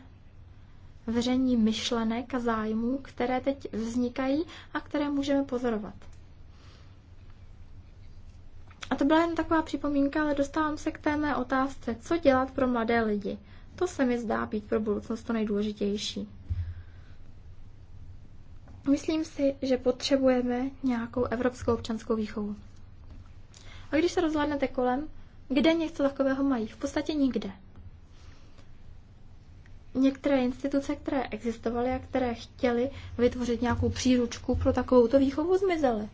vření myšlenek a zájmů, které teď vznikají a které můžeme pozorovat. A to byla jen taková připomínka, ale dostávám se k té mé otázce, co dělat pro mladé lidi. To se mi zdá být pro budoucnost to nejdůležitější. Myslím si, že potřebujeme nějakou evropskou občanskou výchovu. A když se rozhlédnete kolem, kde něco takového mají? V podstatě nikde. Některé instituce, které existovaly a které chtěly vytvořit nějakou příručku pro takovouto výchovu, zmizely.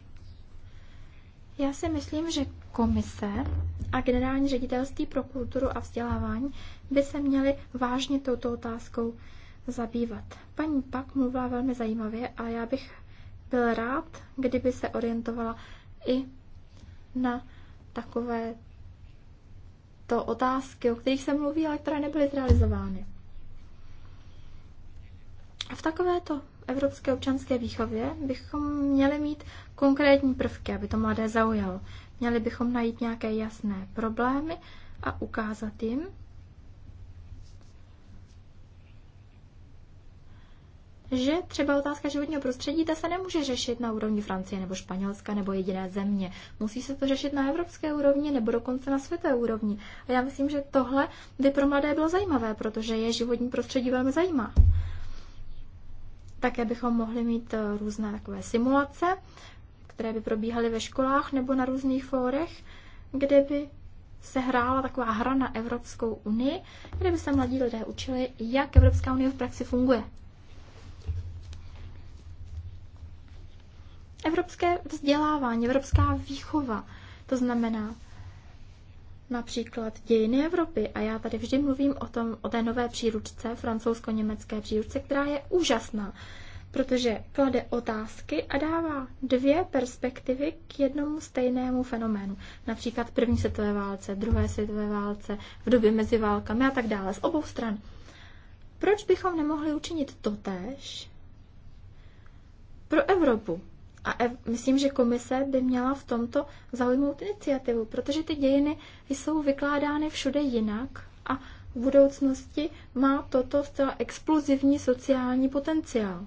Já si myslím, že komise a generální ředitelství pro kulturu a vzdělávání by se měly vážně touto otázkou zabývat. Paní Pak mluvila velmi zajímavě a já bych byl rád, kdyby se orientovala i na takové to otázky, o kterých se mluví, ale které nebyly zrealizovány. A v takovéto evropské občanské výchově bychom měli mít konkrétní prvky, aby to mladé zaujalo. Měli bychom najít nějaké jasné problémy a ukázat jim, že třeba otázka životního prostředí ta se nemůže řešit na úrovni Francie nebo Španělska nebo jediné země. Musí se to řešit na evropské úrovni nebo dokonce na světové úrovni. A já myslím, že tohle by pro mladé bylo zajímavé, protože je životní prostředí velmi zajímá. Také bychom mohli mít eh, různé takové simulace, které by probíhaly ve školách nebo na různých fórech, kde by se hrála taková hra na Evropskou unii, kde by se mladí lidé učili, jak Evropská unie v praxi funguje. Evropské vzdělávání, evropská výchova, to znamená například dějiny Evropy. A já tady vždy mluvím o, tom, o té nové příručce, francouzsko-německé příručce, která je úžasná protože klade otázky a dává dvě perspektivy k jednomu stejnému fenoménu. Například první světové válce, druhé světové válce, v době mezi válkami a tak dále, z obou stran. Proč bychom nemohli učinit totéž pro Evropu? A ev- myslím, že komise by měla v tomto zaujmout iniciativu, protože ty dějiny jsou vykládány všude jinak a v budoucnosti má toto zcela explozivní sociální potenciál.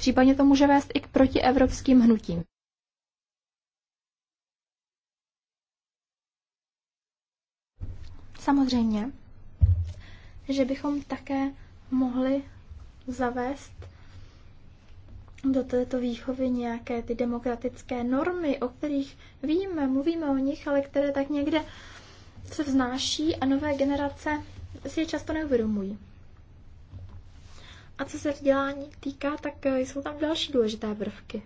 Případně to může vést i k protievropským hnutím. Samozřejmě, že bychom také mohli zavést do této výchovy nějaké ty demokratické normy, o kterých víme, mluvíme o nich, ale které tak někde se vznáší a nové generace si je často neuvědomují. A co se vzdělání týká, tak eh, jsou tam další důležité prvky.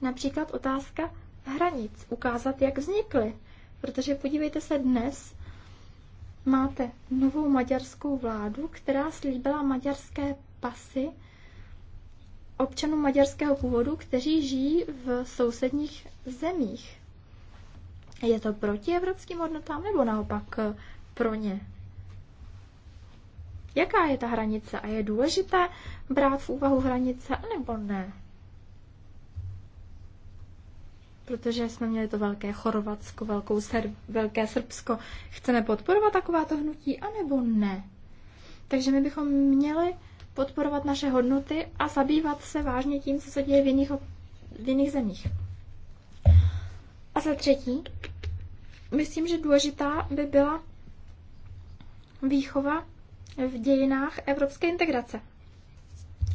Například otázka hranic, ukázat, jak vznikly. Protože podívejte se, dnes máte novou maďarskou vládu, která slíbila maďarské pasy občanům maďarského původu, kteří žijí v sousedních zemích. Je to proti evropským hodnotám nebo naopak eh, pro ně? Jaká je ta hranice a je důležité brát v úvahu hranice nebo ne? Protože jsme měli to velké Chorvatsko, velkou Ser- velké Srbsko. Chceme podporovat takováto hnutí anebo ne? Takže my bychom měli podporovat naše hodnoty a zabývat se vážně tím, co se děje v jiných, v jiných zemích. A za třetí, myslím, že důležitá by byla výchova v dějinách evropské integrace.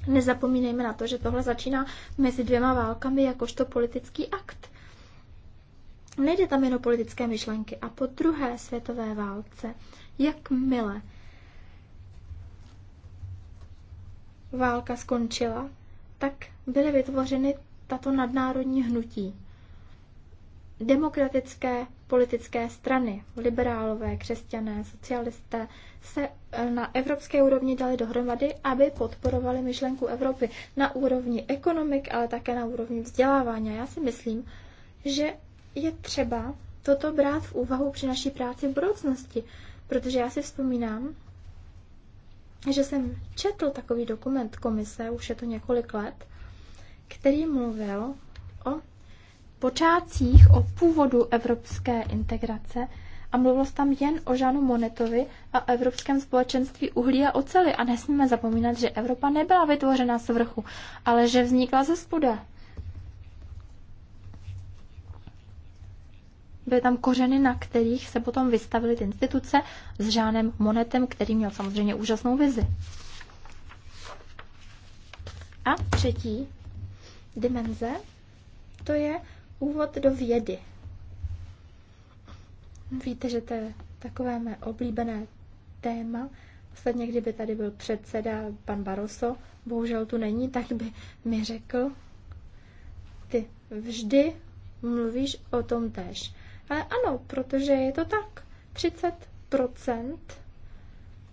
Nezapomínejme na to, že tohle začíná mezi dvěma válkami jakožto politický akt. Nejde tam jen o politické myšlenky. A po druhé světové válce, jakmile válka skončila, tak byly vytvořeny tato nadnárodní hnutí. Demokratické politické strany, liberálové, křesťané, socialisté, se e, na evropské úrovni dali dohromady, aby podporovali myšlenku Evropy na úrovni ekonomik, ale také na úrovni vzdělávání. Já si myslím, že je třeba toto brát v úvahu při naší práci v budoucnosti, protože já si vzpomínám, že jsem četl takový dokument komise, už je to několik let, který mluvil o počátcích, o původu evropské integrace a mluvilo se tam jen o Žanu Monetovi a Evropském společenství uhlí a ocely. A nesmíme zapomínat, že Evropa nebyla vytvořena z vrchu, ale že vznikla ze spoda. Byly tam kořeny, na kterých se potom vystavily ty instituce s Žánem Monetem, který měl samozřejmě úžasnou vizi. A třetí dimenze, to je Úvod do vědy. Víte, že to je takové mé oblíbené téma. Ostatně, kdyby tady byl předseda, pan Baroso, bohužel tu není, tak by mi řekl, ty vždy mluvíš o tom též. Ale ano, protože je to tak. 30%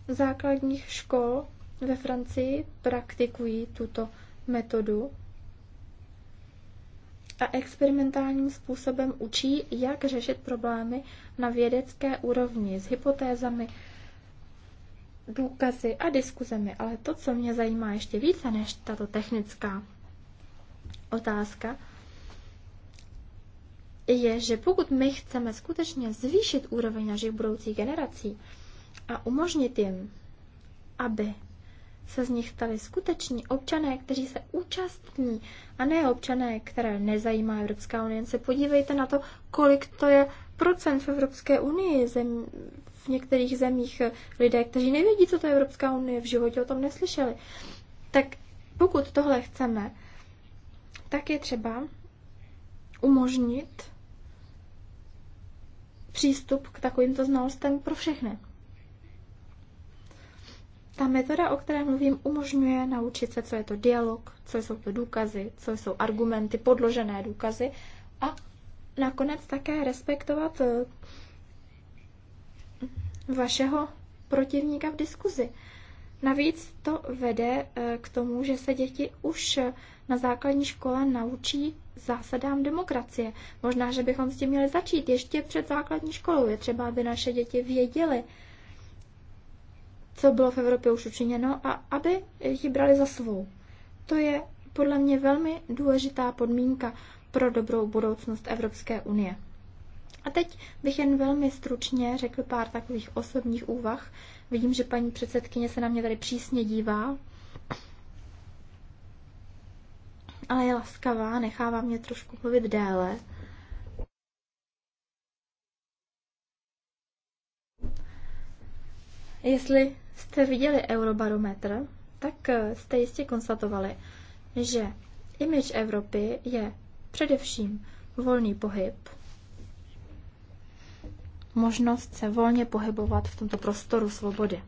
základních škol ve Francii praktikují tuto metodu a experimentálním způsobem učí, jak řešit problémy na vědecké úrovni s hypotézami, důkazy a diskuzemi. Ale to, co mě zajímá ještě více než tato technická otázka, je, že pokud my chceme skutečně zvýšit úroveň našich budoucích generací a umožnit jim, aby se z nich stali skuteční občané, kteří se účastní a ne občané, které nezajímá Evropská unie. Jen se podívejte na to, kolik to je procent v Evropské unii. Zem, v některých zemích lidé, kteří nevědí, co to je Evropská unie, v životě o tom neslyšeli. Tak pokud tohle chceme, tak je třeba umožnit přístup k takovýmto znalostem pro všechny. Ta metoda, o které mluvím, umožňuje naučit se, co je to dialog, co jsou to důkazy, co jsou argumenty, podložené důkazy a nakonec také respektovat eh, vašeho protivníka v diskuzi. Navíc to vede eh, k tomu, že se děti už na základní škole naučí zásadám demokracie. Možná, že bychom s tím měli začít ještě před základní školou. Je třeba, aby naše děti věděly, co bylo v Evropě už učiněno a aby ji brali za svou. To je podle mě velmi důležitá podmínka pro dobrou budoucnost Evropské unie. A teď bych jen velmi stručně řekl pár takových osobních úvah. Vidím, že paní předsedkyně se na mě tady přísně dívá, ale je laskavá, nechává mě trošku mluvit déle. Jestli jste viděli Eurobarometr, tak eh, jste jistě konstatovali, že image Evropy je především volný pohyb, možnost se volně pohybovat v tomto prostoru svobody.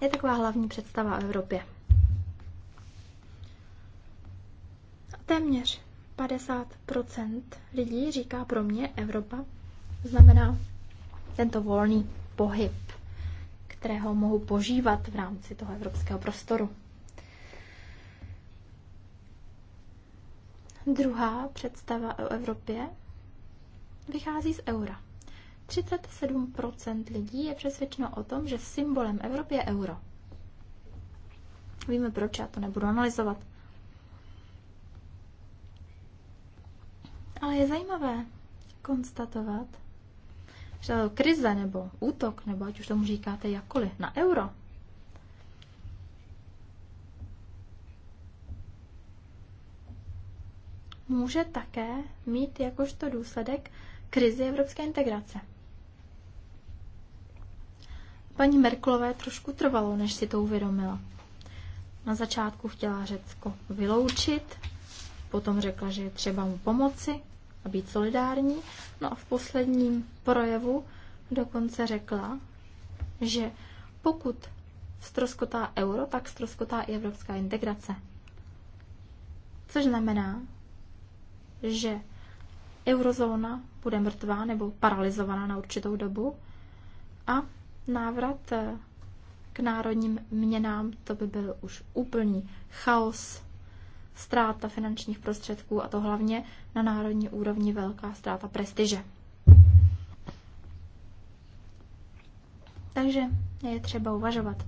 Je taková hlavní představa o Evropě. Téměř 50 lidí říká pro mě Evropa znamená tento volný pohyb, kterého mohu požívat v rámci toho evropského prostoru. Druhá představa o Evropě vychází z eura. 37% lidí je přesvědčeno o tom, že symbolem Evropy je euro. Víme proč, já to nebudu analyzovat. Ale je zajímavé konstatovat, krize nebo útok, nebo ať už tomu říkáte jakkoliv, na euro, může také mít jakožto důsledek krizi evropské integrace. Paní Merklové trošku trvalo, než si to uvědomila. Na začátku chtěla Řecko vyloučit, potom řekla, že je třeba mu pomoci, a být solidární. No a v posledním projevu dokonce řekla, že pokud stroskotá euro, tak stroskotá i evropská integrace. Což znamená, že eurozóna bude mrtvá nebo paralizovaná na určitou dobu a návrat eh, k národním měnám, to by byl už úplný chaos ztráta finančních prostředků a to hlavně na národní úrovni velká ztráta prestiže. Takže je třeba uvažovat.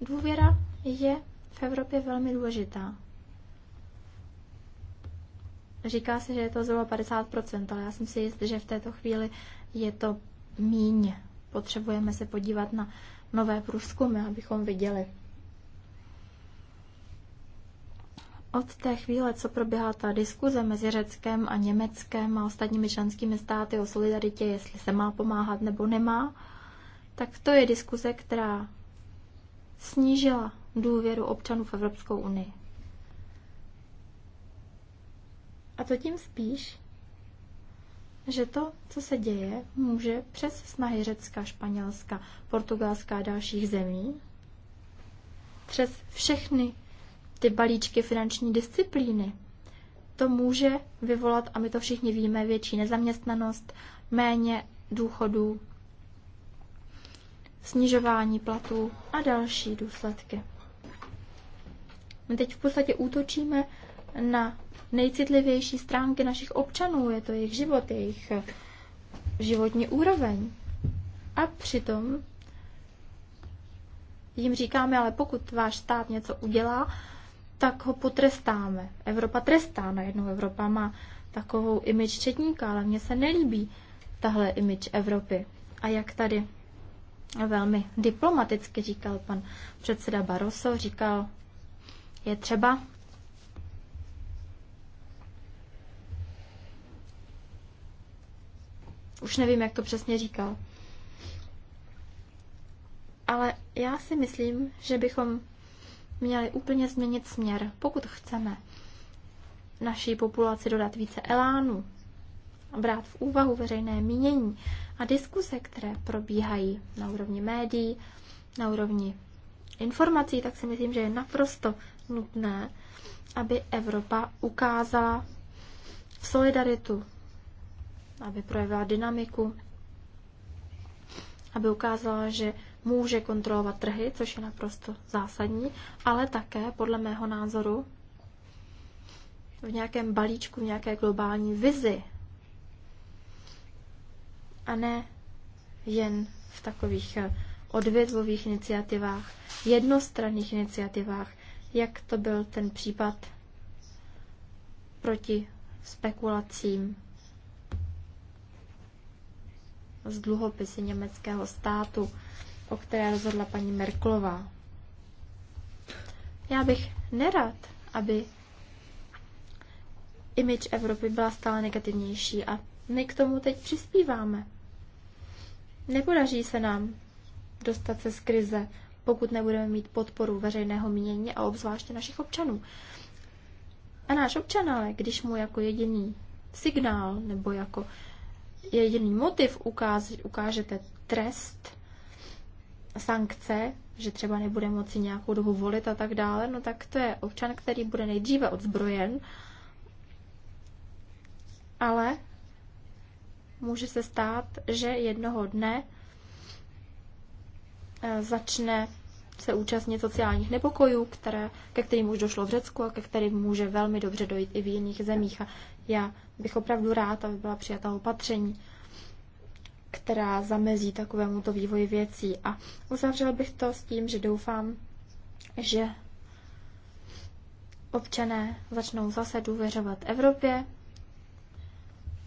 Důvěra je v Evropě velmi důležitá. Říká se, že je to zhruba 50%, ale já jsem si jistý, že v této chvíli je to míň. Potřebujeme se podívat na nové průzkumy, abychom viděli, Od té chvíle, co proběhla ta diskuze mezi Řeckem a Německem a ostatními členskými státy o solidaritě, jestli se má pomáhat nebo nemá, tak to je diskuze, která snížila důvěru občanů v Evropskou unii. A to tím spíš, že to, co se děje, může přes snahy Řecka, Španělska, Portugalska a dalších zemí, přes všechny ty balíčky finanční disciplíny, to může vyvolat, a my to všichni víme, větší nezaměstnanost, méně důchodů, snižování platů a další důsledky. My teď v podstatě útočíme na nejcitlivější stránky našich občanů, je to jejich život, jejich eh, životní úroveň. A přitom jim říkáme, ale pokud váš stát něco udělá, tak ho potrestáme. Evropa trestá, najednou Evropa má takovou imič četníka, ale mně se nelíbí tahle imič Evropy. A jak tady velmi diplomaticky říkal pan předseda Barroso, říkal, je třeba Už nevím, jak to přesně říkal. Ale já si myslím, že bychom měli úplně změnit směr. Pokud chceme naší populaci dodat více elánu, brát v úvahu veřejné mínění a diskuse, které probíhají na úrovni médií, na úrovni informací, tak si myslím, že je naprosto nutné, aby Evropa ukázala solidaritu, aby projevila dynamiku, aby ukázala, že může kontrolovat trhy, což je naprosto zásadní, ale také, podle mého názoru, v nějakém balíčku, v nějaké globální vizi. A ne jen v takových eh, odvětvových iniciativách, jednostranných iniciativách, jak to byl ten případ proti spekulacím z dluhopisy německého státu o které rozhodla paní Merklová. Já bych nerad, aby image Evropy byla stále negativnější a my k tomu teď přispíváme. Nepodaří se nám dostat se z krize, pokud nebudeme mít podporu veřejného mínění a obzvláště našich občanů. A náš občan ale, když mu jako jediný signál nebo jako jediný motiv ukáz, ukážete trest, sankce, že třeba nebude moci nějakou dobu volit a tak dále, no tak to je občan, který bude nejdříve odzbrojen, ale může se stát, že jednoho dne eh, začne se účastnit sociálních nepokojů, které, ke kterým už došlo v Řecku a ke kterým může velmi dobře dojít i v jiných zemích. A já bych opravdu rád, aby byla přijata opatření, která zamezí to vývoji věcí. A uzavřel bych to s tím, že doufám, že občané začnou zase důvěřovat Evropě,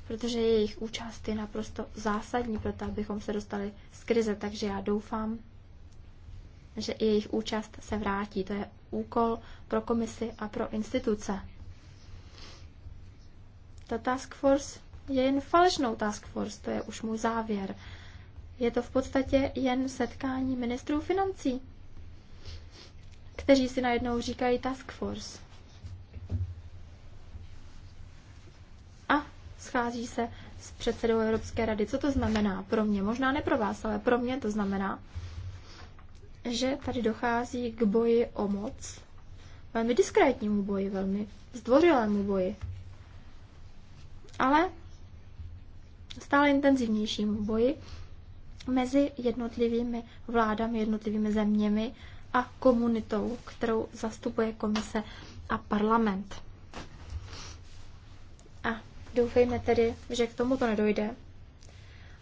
protože jejich účast je naprosto zásadní pro to, abychom se dostali z krize. Takže já doufám, že i jejich účast se vrátí. To je úkol pro komisi a pro instituce. Ta task force je jen falešnou task force, to je už můj závěr. Je to v podstatě jen setkání ministrů financí, kteří si najednou říkají task force. A schází se s předsedou Evropské rady. Co to znamená pro mě? Možná ne pro vás, ale pro mě to znamená, že tady dochází k boji o moc, velmi diskrétnímu boji, velmi zdvořilému boji. Ale stále intenzivnějším boji mezi jednotlivými vládami, jednotlivými zeměmi a komunitou, kterou zastupuje komise a parlament. A doufejme tedy, že k tomu to nedojde.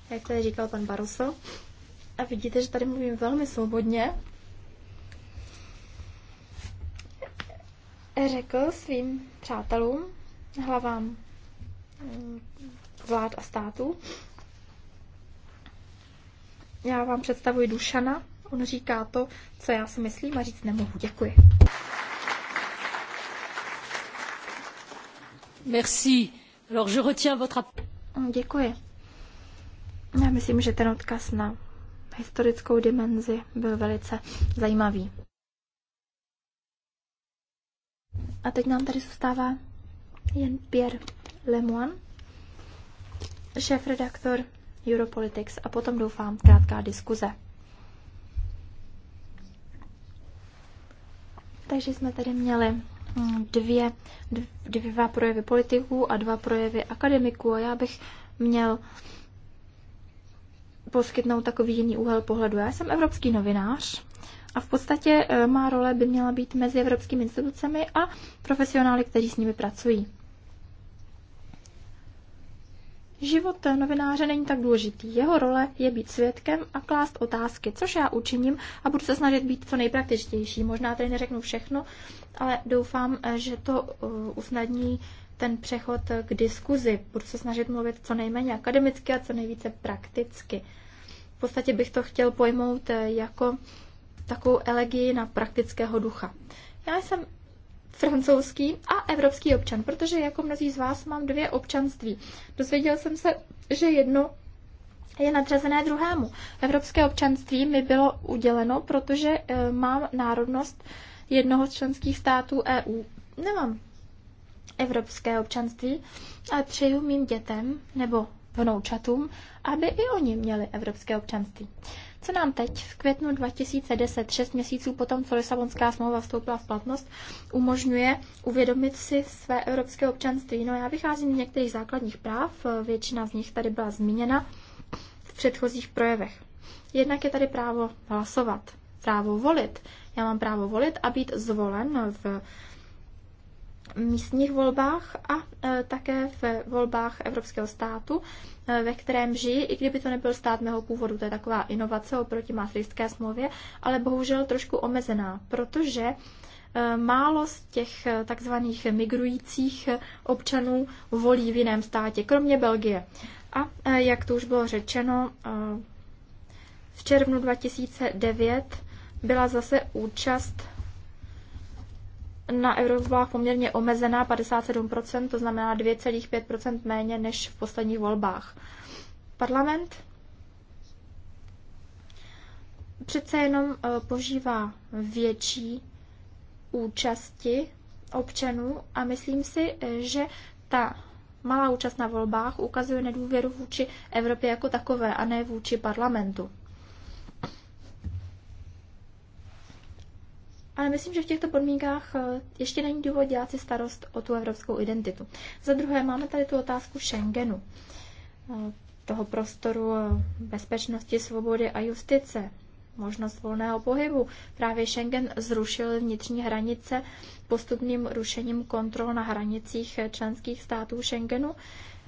Jak tady říkal pan Barroso. A vidíte, že tady mluvím velmi svobodně. Řekl svým přátelům, hlavám vlád a států. Já vám představuji Dušana. On říká to, co já si myslím a říct nemohu. Děkuji. Merci. Alors je retiens votre... Mm, děkuji. Já myslím, že ten odkaz na historickou dimenzi byl velice zajímavý. A teď nám tady zůstává jen Pierre Lemoine šéf-redaktor Europolitics a potom doufám krátká diskuze. Takže jsme tady měli hm, dvě, dvě, dva projevy politiků a dva projevy akademiků a já bych měl poskytnout takový jiný úhel pohledu. Já jsem evropský novinář a v podstatě eh, má role by měla být mezi evropskými institucemi a profesionály, kteří s nimi pracují. Život novináře není tak důležitý. Jeho role je být svědkem a klást otázky, což já učiním a budu se snažit být co nejpraktičtější. Možná tady neřeknu všechno, ale doufám, že to uh, usnadní ten přechod k diskuzi. Budu se snažit mluvit co nejméně akademicky a co nejvíce prakticky. V podstatě bych to chtěl pojmout eh, jako takovou elegii na praktického ducha. Já jsem francouzský a evropský občan, protože jako mnozí z vás mám dvě občanství. Dozvěděl jsem se, že jedno je nadřazené druhému. Evropské občanství mi bylo uděleno, protože eh, mám národnost jednoho z členských států EU. Nemám evropské občanství, a přeju mým dětem nebo vnoučatům, aby i oni měli evropské občanství. Co nám teď v květnu 2010, 6 měsíců potom, co Lisabonská smlouva vstoupila v platnost, umožňuje uvědomit si své evropské občanství? No já vycházím z některých základních práv, většina z nich tady byla zmíněna v předchozích projevech. Jednak je tady právo hlasovat, právo volit. Já mám právo volit a být zvolen v místních volbách a e, také v volbách Evropského státu, e, ve kterém žijí, i kdyby to nebyl stát mého původu. To je taková inovace oproti maastrichtské smlouvě, ale bohužel trošku omezená, protože e, málo z těch takzvaných migrujících občanů volí v jiném státě, kromě Belgie. A jak to už bylo řečeno, v červnu 2009 byla zase účast na eurovolbách poměrně omezená, 57%, to znamená 2,5% méně než v posledních volbách. Parlament přece jenom eh, požívá větší účasti občanů a myslím si, eh, že ta malá účast na volbách ukazuje nedůvěru vůči Evropě jako takové a ne vůči parlamentu. ale myslím, že v těchto podmínkách eh, ještě není důvod dělat si starost o tu evropskou identitu. Za druhé, máme tady tu otázku Schengenu, eh, toho prostoru eh, bezpečnosti, svobody a justice, možnost volného pohybu. Právě Schengen zrušil vnitřní hranice postupným rušením kontrol na hranicích členských států Schengenu,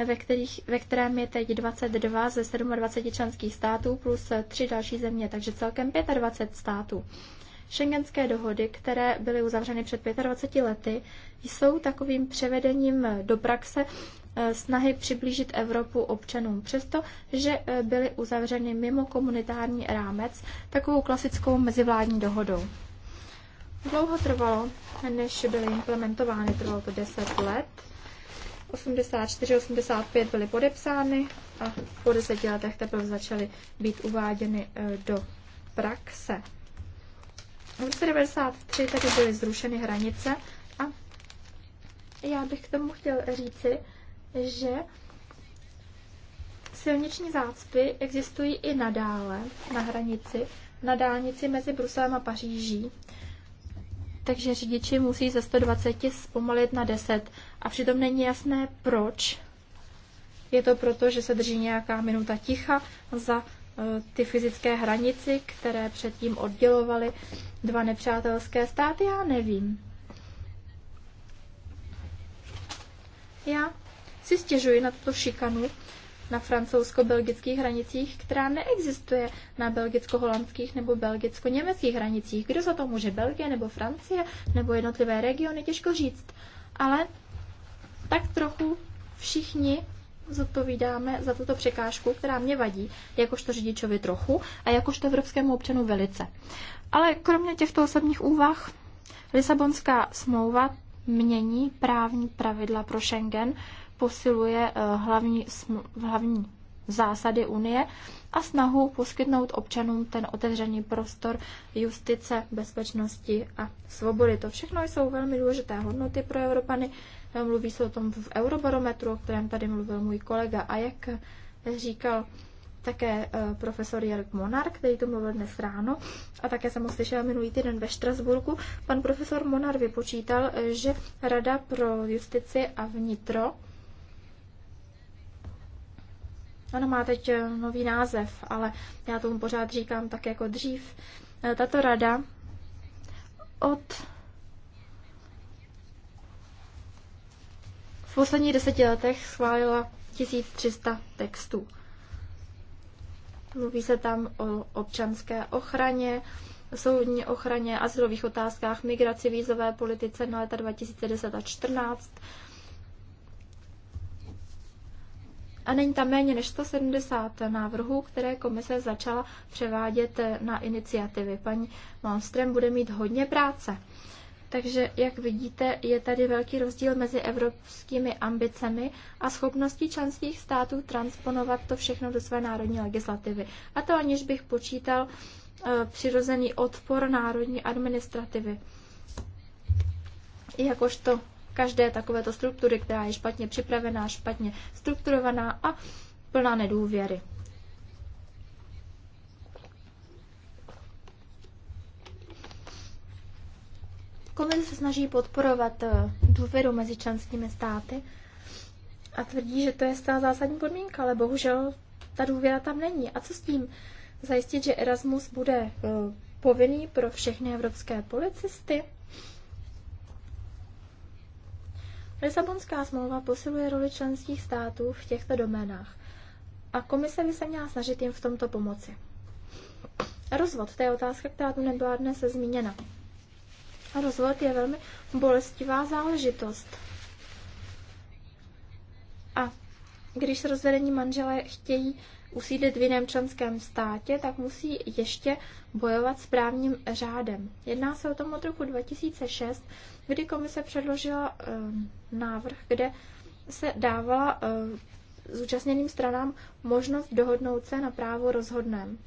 ve, kterých, ve kterém je teď 22 ze 27 členských států plus 3 další země, takže celkem 25 států. Schengenské dohody, které byly uzavřeny před 25 lety, jsou takovým převedením eh, do praxe eh, snahy přiblížit Evropu občanům, přestože eh, byly uzavřeny mimo komunitární rámec takovou klasickou mezivládní dohodou. Dlouho trvalo, než byly implementovány, trvalo to 10 let. 84-85 byly podepsány a po deseti letech teprve začaly být uváděny do praxe. V roce 1993 tedy byly zrušeny hranice a já bych k tomu chtěl říci, že silniční zácpy existují i nadále na hranici, na dálnici mezi Bruselem a Paříží. Takže řidiči musí ze 120 zpomalit na 10 a přitom není jasné proč. Je to proto, že se drží nějaká minuta ticha za Eh, ty fyzické hranici, které předtím oddělovaly dva nepřátelské státy, já nevím. Já si stěžuji na tuto šikanu na francouzsko-belgických hranicích, která neexistuje na belgicko-holandských nebo belgicko-německých hranicích. Kdo za to může? Belgie nebo Francie nebo jednotlivé regiony? Těžko říct. Ale tak trochu všichni zodpovídáme za tuto překážku, která mě vadí, jakožto řidičovi trochu a jakožto evropskému občanu velice. Ale kromě těchto osobních úvah, Lisabonská smlouva mění právní pravidla pro Schengen, posiluje eh, hlavní, hlavní zásady Unie a snahu poskytnout občanům ten otevřený prostor justice, bezpečnosti a svobody. To všechno jsou velmi důležité hodnoty pro Evropany, Mluví se o tom v Eurobarometru, o kterém tady mluvil můj kolega. A jak říkal také eh, profesor Jarek Monar, který to mluvil dnes ráno, a také jsem ho slyšela minulý týden ve Štrasburku. Pan profesor Monar vypočítal, eh, že Rada pro justici a vnitro Ano, má teď eh, nový název, ale já tomu pořád říkám tak jako dřív. Tato rada od V posledních deseti letech schválila 1300 textů. Mluví se tam o občanské ochraně, soudní ochraně, asilových otázkách, migraci, vízové politice na leta 2010 a 2014. A není tam méně než 170 návrhů, které komise začala převádět na iniciativy. Paní Malmström bude mít hodně práce. Takže, jak vidíte, je tady velký rozdíl mezi evropskými ambicemi a schopností členských států transponovat to všechno do své národní legislativy. A to aniž bych počítal eh, přirozený odpor národní administrativy. Jakožto každé takovéto struktury, která je špatně připravená, špatně strukturovaná a plná nedůvěry. Komise se snaží podporovat eh, důvěru mezi členskými státy a tvrdí, že to je stále zásadní podmínka, ale bohužel ta důvěra tam není. A co s tím? Zajistit, že Erasmus bude eh, povinný pro všechny evropské policisty? Lisabonská smlouva posiluje roli členských států v těchto doménách a komise by se měla snažit jim v tomto pomoci. Rozvod, to je otázka, která tu nebyla dnes zmíněna rozvod je velmi bolestivá záležitost. A když se rozvedení manželé chtějí usídlit v jiném členském státě, tak musí ještě bojovat s právním řádem. Jedná se o tom od roku 2006, kdy komise předložila e, návrh, kde se dávala e, zúčastněným stranám možnost dohodnout se na právo rozhodném.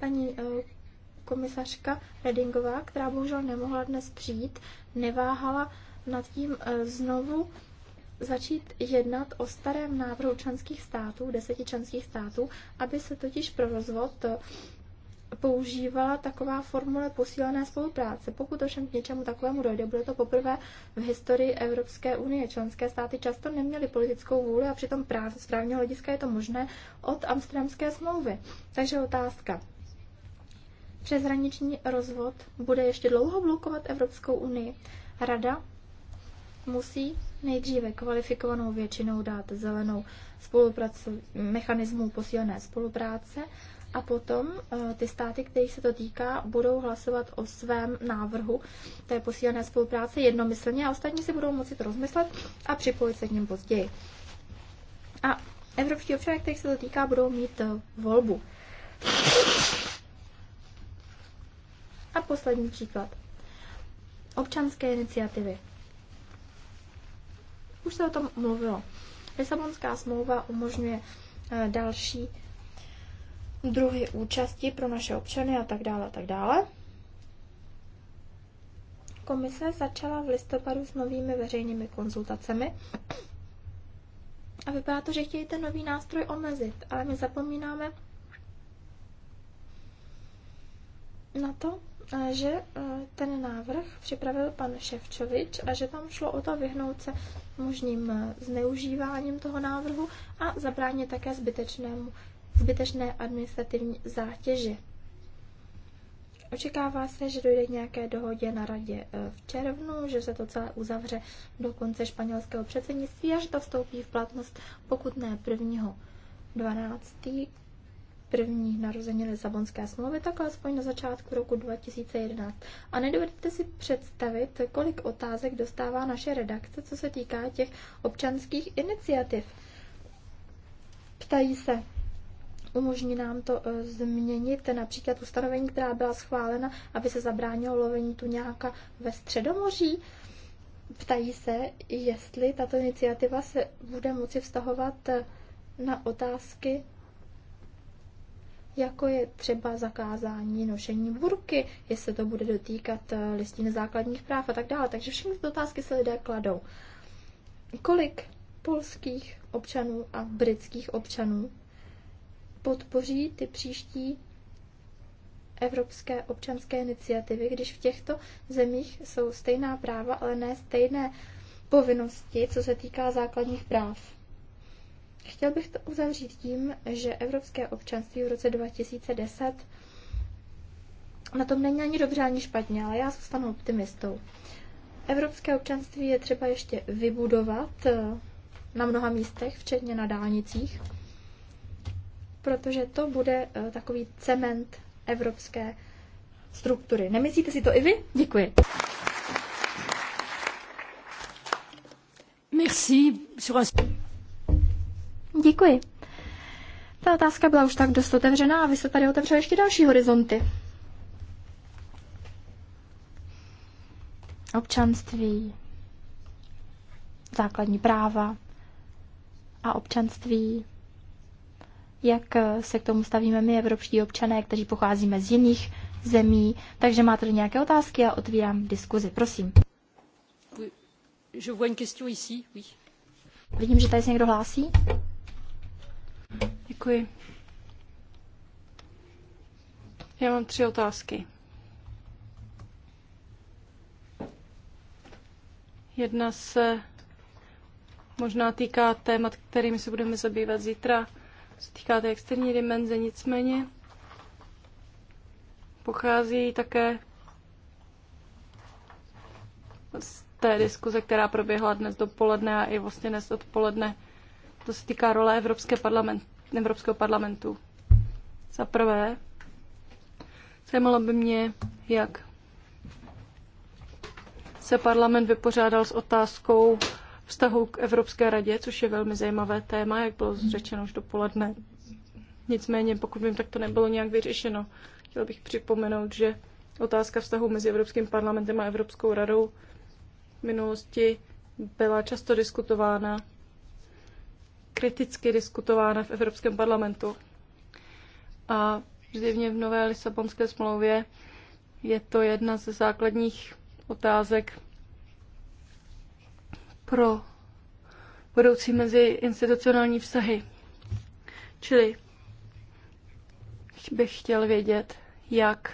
Paní eh, komisařka Redingová, která bohužel nemohla dnes přijít, neváhala nad tím eh, znovu začít jednat o starém návrhu členských států, deseti členských států, aby se totiž pro rozvod eh, používala taková formule posílené spolupráce. Pokud ovšem k něčemu takovému dojde, bude to poprvé v historii Evropské unie. Členské státy často neměly politickou vůli a přitom právě z právního hlediska je to možné od Amsterdamské smlouvy. Takže otázka. Přeshraniční rozvod bude ještě dlouho blokovat Evropskou unii. Rada musí nejdříve kvalifikovanou většinou dát zelenou spolupráci, mechanismu posílené spolupráce a potom eh, ty státy, kterých se to týká, budou hlasovat o svém návrhu té posílené spolupráce jednomyslně a ostatní si budou moci to rozmyslet a připojit se k ním později. A evropští občané, kterých se to týká, budou mít eh, volbu poslední příklad. Občanské iniciativy. Už se o tom mluvilo. Lisabonská smlouva umožňuje eh, další druhy účasti pro naše občany a tak dále a tak dále. Komise začala v listopadu s novými veřejnými konzultacemi a vypadá to, že chtějí ten nový nástroj omezit, ale my zapomínáme na to, že e, ten návrh připravil pan Ševčovič a že tam šlo o to vyhnout se možným e, zneužíváním toho návrhu a zabránit také zbytečnému, zbytečné administrativní zátěži. Očekává se, že dojde k nějaké dohodě na radě e, v červnu, že se to celé uzavře do konce španělského předsednictví a že to vstoupí v platnost, pokud ne 1. 12 první narození Lisabonské smlouvy, tak alespoň na začátku roku 2011. A nedovedete si představit, kolik otázek dostává naše redakce, co se týká těch občanských iniciativ. Ptají se, umožní nám to e, změnit například ustanovení, která byla schválena, aby se zabránilo lovení tu nějaká ve Středomoří. Ptají se, jestli tato iniciativa se bude moci vztahovat e, na otázky jako je třeba zakázání nošení burky, jestli to bude dotýkat eh, listin základních práv a tak dále. Takže všechny ty otázky se lidé kladou. Kolik polských občanů a britských občanů podpoří ty příští evropské občanské iniciativy, když v těchto zemích jsou stejná práva, ale ne stejné povinnosti, co se týká základních práv. Chtěl bych to uzavřít tím, že evropské občanství v roce 2010 na tom není ani dobře, ani špatně, ale já zůstanu optimistou. Evropské občanství je třeba ještě vybudovat eh, na mnoha místech, včetně na dálnicích, protože to bude eh, takový cement evropské struktury. Nemyslíte si to i vy? Děkuji. Merci. Děkuji. Ta otázka byla už tak dost otevřená a vy jste tady otevřeli ještě další horizonty. Občanství, základní práva a občanství. Jak se k tomu stavíme my, evropští občané, kteří pocházíme z jiných zemí. Takže máte tady nějaké otázky a otvírám diskuzi. Prosím. Je vois une question ici, oui. Vidím, že tady se někdo hlásí. Děkuji. Já mám tři otázky. Jedna se možná týká témat, kterými se budeme zabývat zítra. Se týká té externí dimenze, nicméně pochází také z té diskuze, která proběhla dnes dopoledne a i vlastně dnes odpoledne. To se týká role Evropské parlament, Evropského parlamentu. Za prvé, zajímalo by mě, jak se parlament vypořádal s otázkou vztahu k Evropské radě, což je velmi zajímavé téma, jak bylo řečeno už dopoledne. Nicméně, pokud vím, tak to nebylo nějak vyřešeno. Chtěl bych připomenout, že otázka vztahu mezi Evropským parlamentem a Evropskou radou v minulosti byla často diskutována kriticky diskutována v Evropském parlamentu. A zjevně v nové Lisabonské smlouvě je to jedna ze základních otázek pro budoucí mezi institucionální vztahy. Čili bych chtěl vědět, jak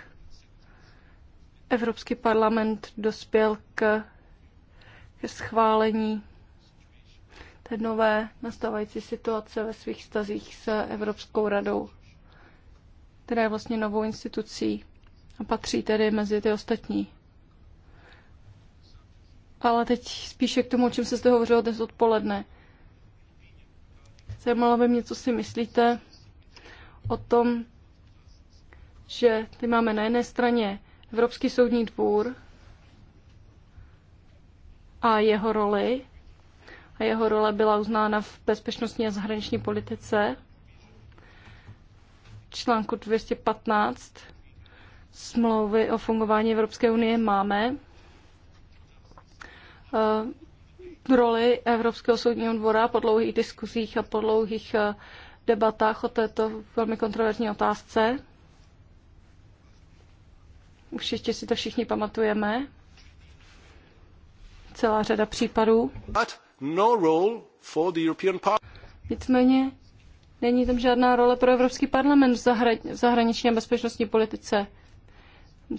Evropský parlament dospěl k schválení té nové nastávající situace ve svých stazích s Evropskou radou, která je vlastně novou institucí a patří tedy mezi ty ostatní. Ale teď spíše k tomu, o čem se zde hovořilo dnes odpoledne. Zajímalo by mě, co si myslíte o tom, že ty máme na jedné straně Evropský soudní dvůr a jeho roli a jeho role byla uznána v bezpečnostní a zahraniční politice. Článku 215 smlouvy o fungování Evropské unie máme. Eh, roli Evropského soudního dvora po dlouhých diskuzích a po dlouhých eh, debatách o této velmi kontroverzní otázce. ještě si to všichni pamatujeme. Celá řada případů. But no role for the European Nicméně není tam žádná role pro Evropský parlament v, zahra- v zahraniční a bezpečnostní politice.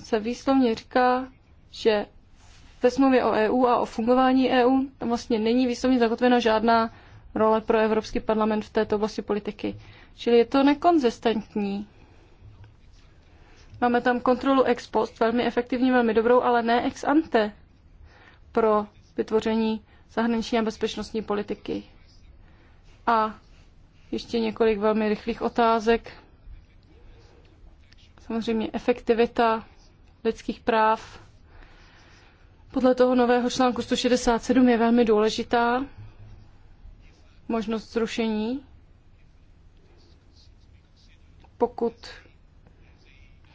Se výslovně říká, že ve smlouvě o EU a o fungování EU tam vlastně není výslovně zakotvena žádná role pro Evropský parlament v této oblasti politiky. Čili je to nekonzistentní. Máme tam kontrolu ex post, velmi efektivní, velmi dobrou, ale ne ex ante pro vytvoření zahraniční a bezpečnostní politiky. A ještě několik velmi rychlých otázek. Samozřejmě efektivita lidských práv podle toho nového článku 167 je velmi důležitá. Možnost zrušení, pokud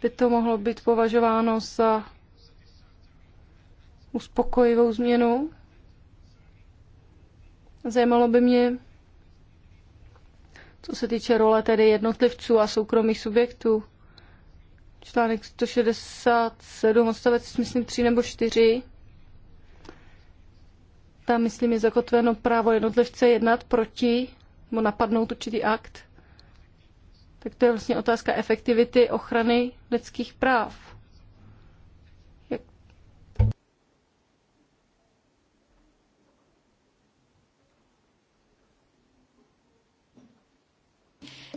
by to mohlo být považováno za uspokojivou změnu Zajímalo by mě, co se týče role tedy jednotlivců a soukromých subjektů. Článek 167, odstavec, myslím, 3 nebo 4. Tam, myslím, je zakotveno právo jednotlivce jednat proti nebo napadnout určitý akt. Tak to je vlastně otázka efektivity ochrany lidských práv.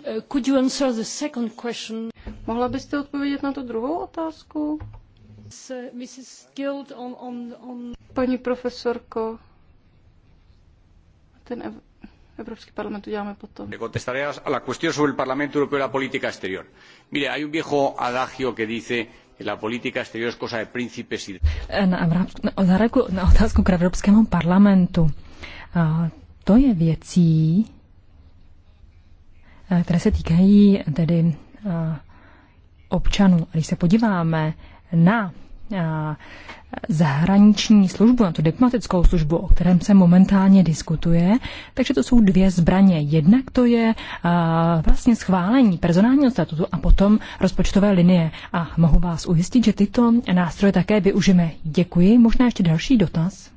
Uh, could you answer the second question? Mohla byste odpovědět na tu druhou otázku? Mrs. Uh, Guild on, on, on... Paní profesorko, ten ev... Evropský parlament uděláme potom. Le contestaré a la cuestión sobre el Parlamento Europeo y la política exterior. Mire, hay un viejo adagio que dice la política exterior es cosa de príncipes y... Eh, na, na, otázku k Evropskému parlamentu. Eh, to je věcí, Eh, které se týkají tedy eh, občanů. Když se podíváme na eh, zahraniční službu, na tu diplomatickou službu, o kterém se momentálně diskutuje. Takže to jsou dvě zbraně. Jednak to je vlastně schválení personálního statutu a potom rozpočtové linie. A mohu vás ujistit, že tyto nástroje také využijeme. Děkuji. Možná ještě další dotaz?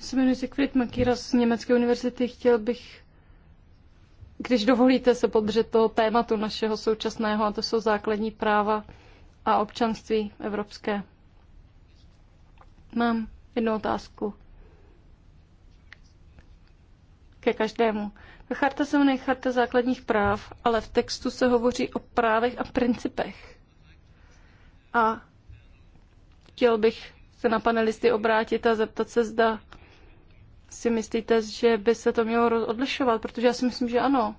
Se jmenuji Siegfried Makira z Německé univerzity. Chtěl bych, když dovolíte, se podržet toho tématu našeho současného, a to jsou základní práva a občanství evropské. Mám jednu otázku ke každému. Charta se jmenuje Charta základních práv, ale v textu se hovoří o právech a principech. A chtěl bych se na panelisty obrátit a zeptat se, zda si myslíte, že by se to mělo odlišovat, protože já si myslím, že ano.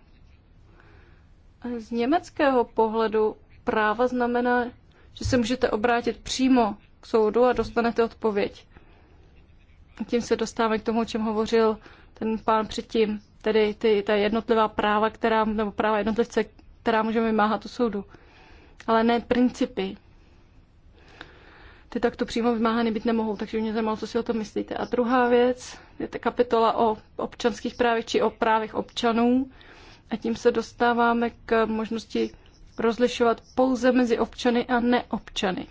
Z německého pohledu práva znamená, že se můžete obrátit přímo k soudu a dostanete odpověď. A tím se dostáváme k tomu, o čem hovořil ten pán předtím, tedy ty, ta jednotlivá práva, která, nebo práva jednotlivce, která můžeme vymáhat u soudu. Ale ne principy. Ty takto přímo vymáhány být nemohou, takže mě zajímalo, co si o tom myslíte. A druhá věc, je to kapitola o občanských právech či o právech občanů. A tím se dostáváme k možnosti rozlišovat pouze mezi občany a neobčany.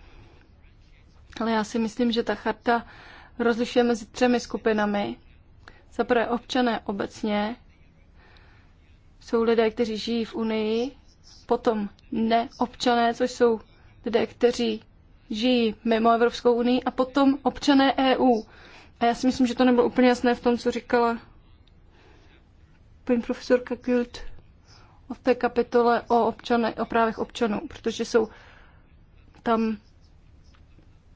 Ale já si myslím, že ta charta rozlišuje mezi třemi skupinami. Za prvé občané obecně jsou lidé, kteří žijí v Unii, potom neobčané, což jsou lidé, kteří žijí mimo Evropskou unii a potom občané EU, a já si myslím, že to nebylo úplně jasné v tom, co říkala paní profesorka Kult v té kapitole o, občane, o právech občanů, protože jsou tam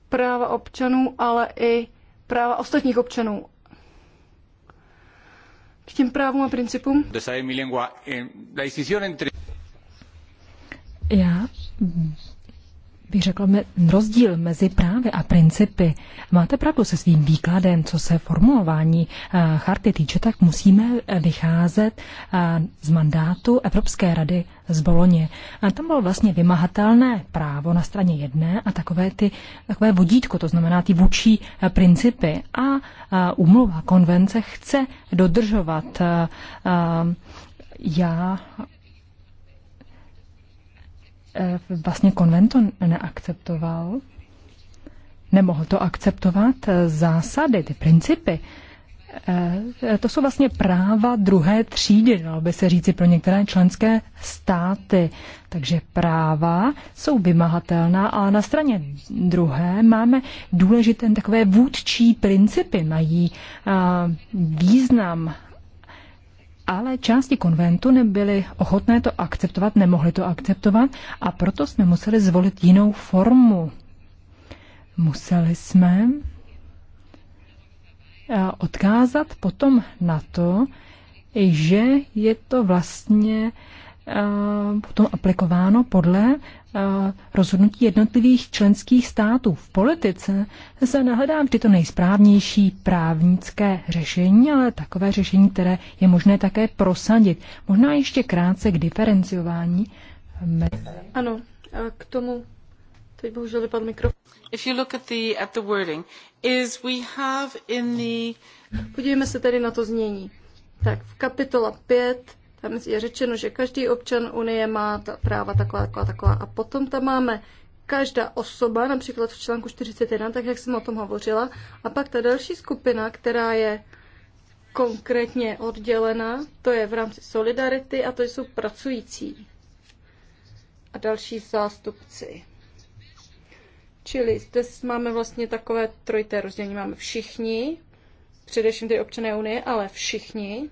práva občanů, ale i práva ostatních občanů. K těm právům a principům? Eh, já bych řekla, rozdíl mezi právy a principy. Máte pravdu se svým výkladem, co se formulování eh, charty týče, tak musíme eh, vycházet eh, z mandátu Evropské rady z Boloně. A tam bylo vlastně vymahatelné právo na straně jedné a takové, ty, takové vodítko, to znamená ty vůči principy. A úmluva konvence chce dodržovat. A, já Eh, vlastně konvent to neakceptoval. Nemohl to akceptovat eh, zásady, ty principy. Eh, to jsou vlastně práva druhé třídy, dalo by se říci pro některé členské státy. Takže práva jsou vymahatelná, ale na straně druhé máme důležité takové vůdčí principy, mají význam ale části konventu nebyly ochotné to akceptovat, nemohly to akceptovat a proto jsme museli zvolit jinou formu. Museli jsme eh, odkázat potom na to, že je to vlastně eh, potom aplikováno podle rozhodnutí jednotlivých členských států. V politice se nehledá vždy to nejsprávnější právnické řešení, ale takové řešení, které je možné také prosadit. Možná ještě krátce k diferenciování. Ano, k tomu teď bohužel vypadl mikrofon. If you look at the, at the wording, is we have in the... Podívejme se tedy na to znění. Tak v kapitola 5 tam je řečeno, že každý občan Unie má ta práva taková, taková, taková. A potom tam máme každá osoba, například v článku 41, tak jak jsem o tom hovořila. A pak ta další skupina, která je konkrétně oddělena, to je v rámci solidarity a to jsou pracující a další zástupci. Čili zde máme vlastně takové trojité rozdělení. Máme všichni, především ty občané Unie, ale všichni,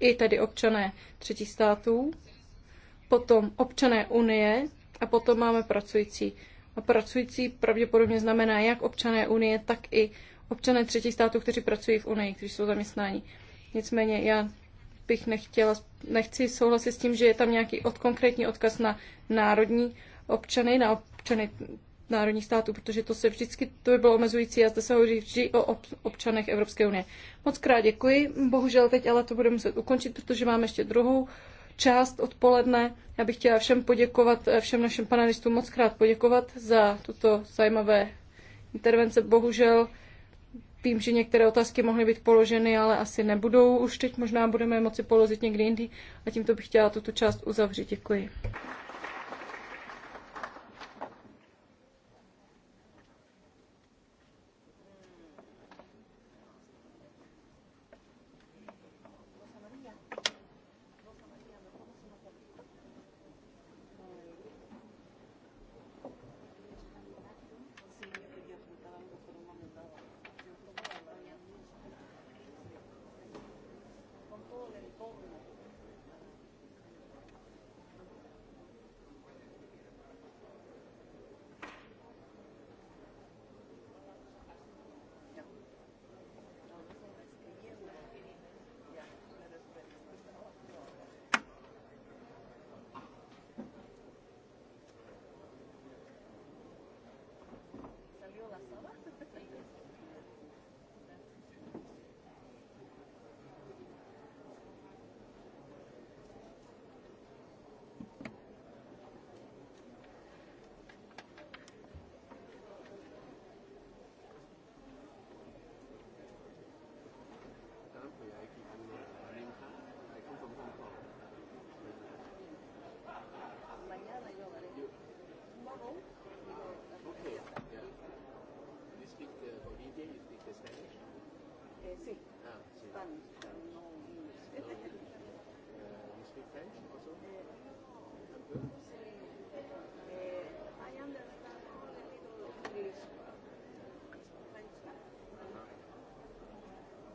i tedy občané třetí států, potom občané Unie a potom máme pracující. A pracující pravděpodobně znamená jak občané Unie, tak i občané třetí států, kteří pracují v Unii, kteří jsou zaměstnáni. Nicméně já bych nechtěla, nechci souhlasit s tím, že je tam nějaký od, konkrétní odkaz na národní občany, na občany národních států, protože to se vždycky, to by bylo omezující a zde se hovoří vždy o občanech Evropské unie. Moc krát děkuji, bohužel teď ale to budeme muset ukončit, protože máme ještě druhou část odpoledne. Já bych chtěla všem poděkovat, eh, všem našim panelistům moc krát poděkovat za tuto zajímavé intervence. Bohužel vím, že některé otázky mohly být položeny, ale asi nebudou už teď. Možná budeme moci položit někdy jindy. A tímto bych chtěla tuto část uzavřít. Děkuji. Ah, no. Eh, sì, ah, sì. Spanish, no English. No English. uh, you speak French also? Eh, Good. Sì. Eh, I understand a little English. French. Uh-huh.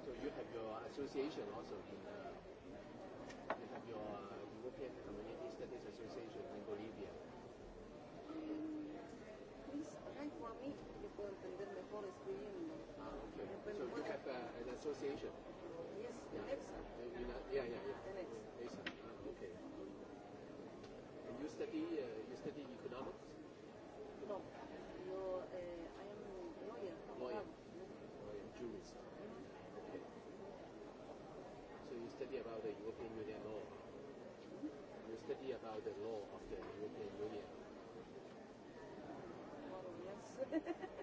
So you have your association also in uh, you have your uh, European Community Studies Association in Bolivia. Mm, please try for me, porque puedo entender mejor escribiendo. So you have uh, an association? Yes, the NEXA. Yeah, yeah, yeah. The NEXA. NEXA. Okay. And you study, uh, you study economics? No. No, uh, I am lawyer. Lawyer. Lawyer, jurist. Mm-hmm. Okay. So you study about the European Union law? Mm-hmm. You study about the law of the European Union? yes.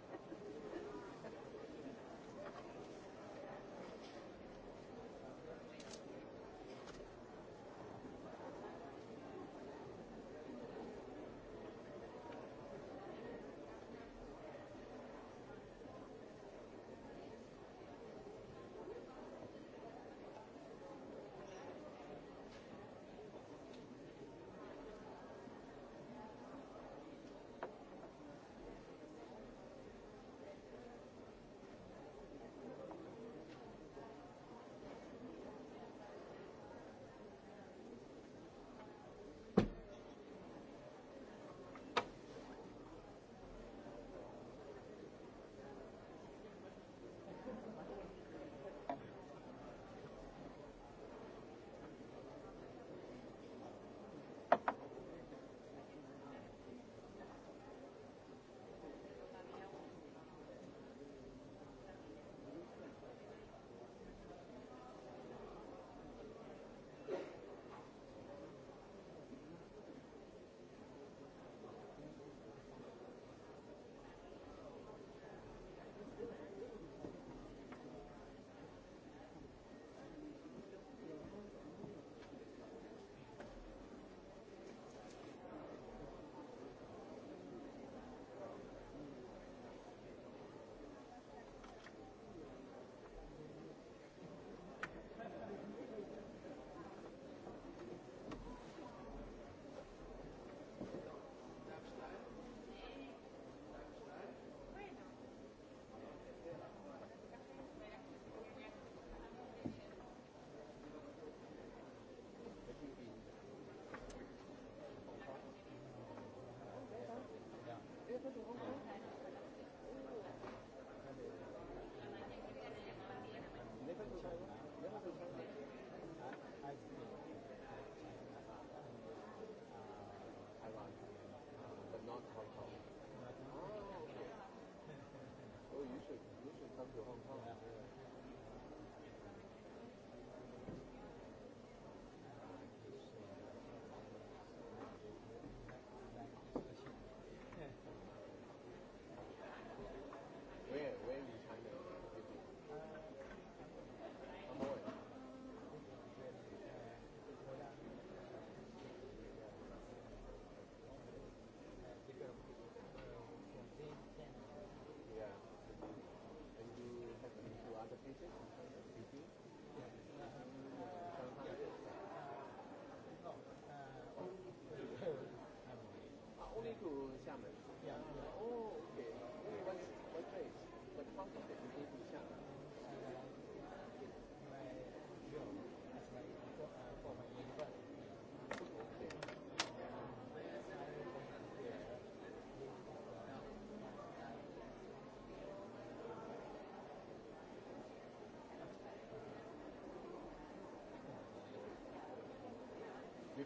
tam do Hongkongu.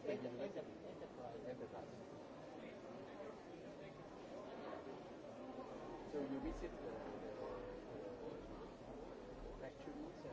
Enterprise. Enterprise. So you visit the uh,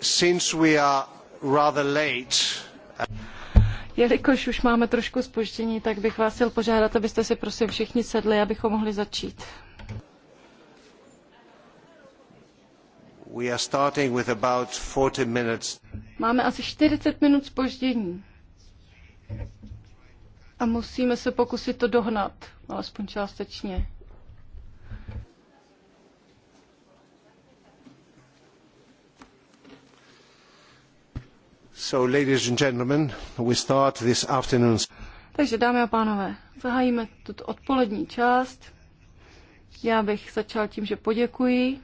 since we are rather late, Jelikož už máme trošku spoždění, tak bych vás chtěl požádat, abyste si prosím všichni sedli, abychom mohli začít. We are starting with about 40 minutes. Máme asi 40 minut spoždění. A musíme se pokusit to dohnat, alespoň částečně. Takže dámy a pánové, zahájíme tuto odpolední část. Já bych začal tím, že poděkuji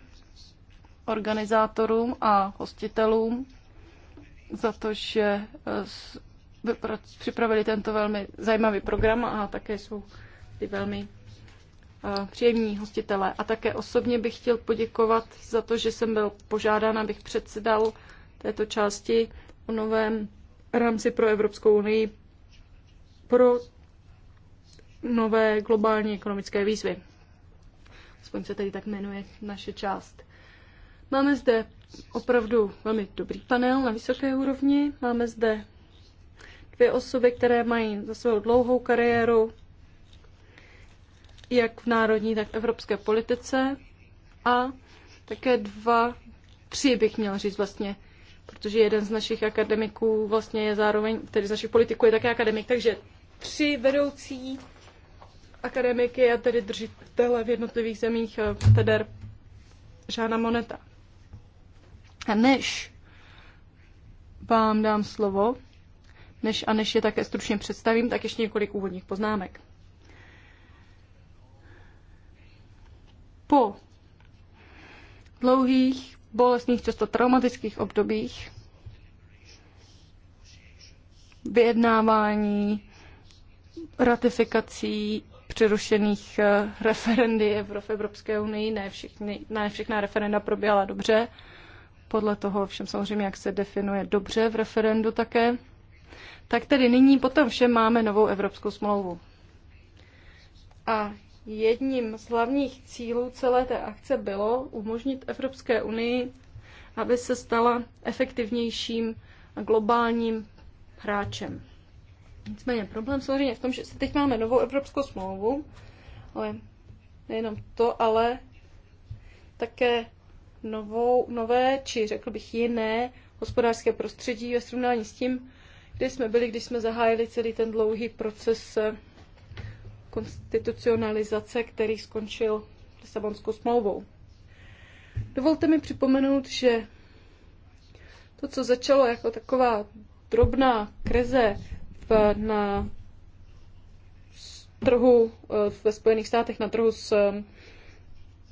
organizátorům a hostitelům za to, že eh, připravili tento velmi zajímavý program a také jsou ty velmi eh, příjemní hostitelé. A také osobně bych chtěl poděkovat za to, že jsem byl požádán, abych předsedal této části o novém rámci pro Evropskou unii pro nové globální ekonomické výzvy. Aspoň se tady tak jmenuje naše část. Máme zde opravdu velmi dobrý panel na vysoké úrovni. Máme zde dvě osoby, které mají za svou dlouhou kariéru, jak v národní, tak v evropské politice. A také dva, tři bych měl říct vlastně, protože jeden z našich akademiků vlastně je zároveň, tedy z našich politiků je také akademik, takže tři vedoucí akademiky a tedy držitele v jednotlivých zemích FEDER eh, Žána Moneta. A než vám dám slovo, než a než je také stručně představím, tak ještě několik úvodních poznámek. Po dlouhých bolestných, často traumatických obdobích, vyjednávání, ratifikací přerušených eh, referendy v Evropské unii. Ne, všichni, ne všechna referenda proběhla dobře. Podle toho všem samozřejmě, jak se definuje dobře v referendu také. Tak tedy nyní potom všem máme novou Evropskou smlouvu. A jedním z hlavních cílů celé té akce bylo umožnit Evropské unii, aby se stala efektivnějším a globálním hráčem. Nicméně problém samozřejmě v tom, že se teď máme novou evropskou smlouvu, ale nejenom to, ale také novou, nové, či řekl bych jiné hospodářské prostředí ve srovnání s tím, kde jsme byli, když jsme zahájili celý ten dlouhý proces konstitucionalizace, který skončil Lisabonskou smlouvou. Dovolte mi připomenout, že to, co začalo jako taková drobná krize v, na trhu eh, ve Spojených státech, na trhu s eh,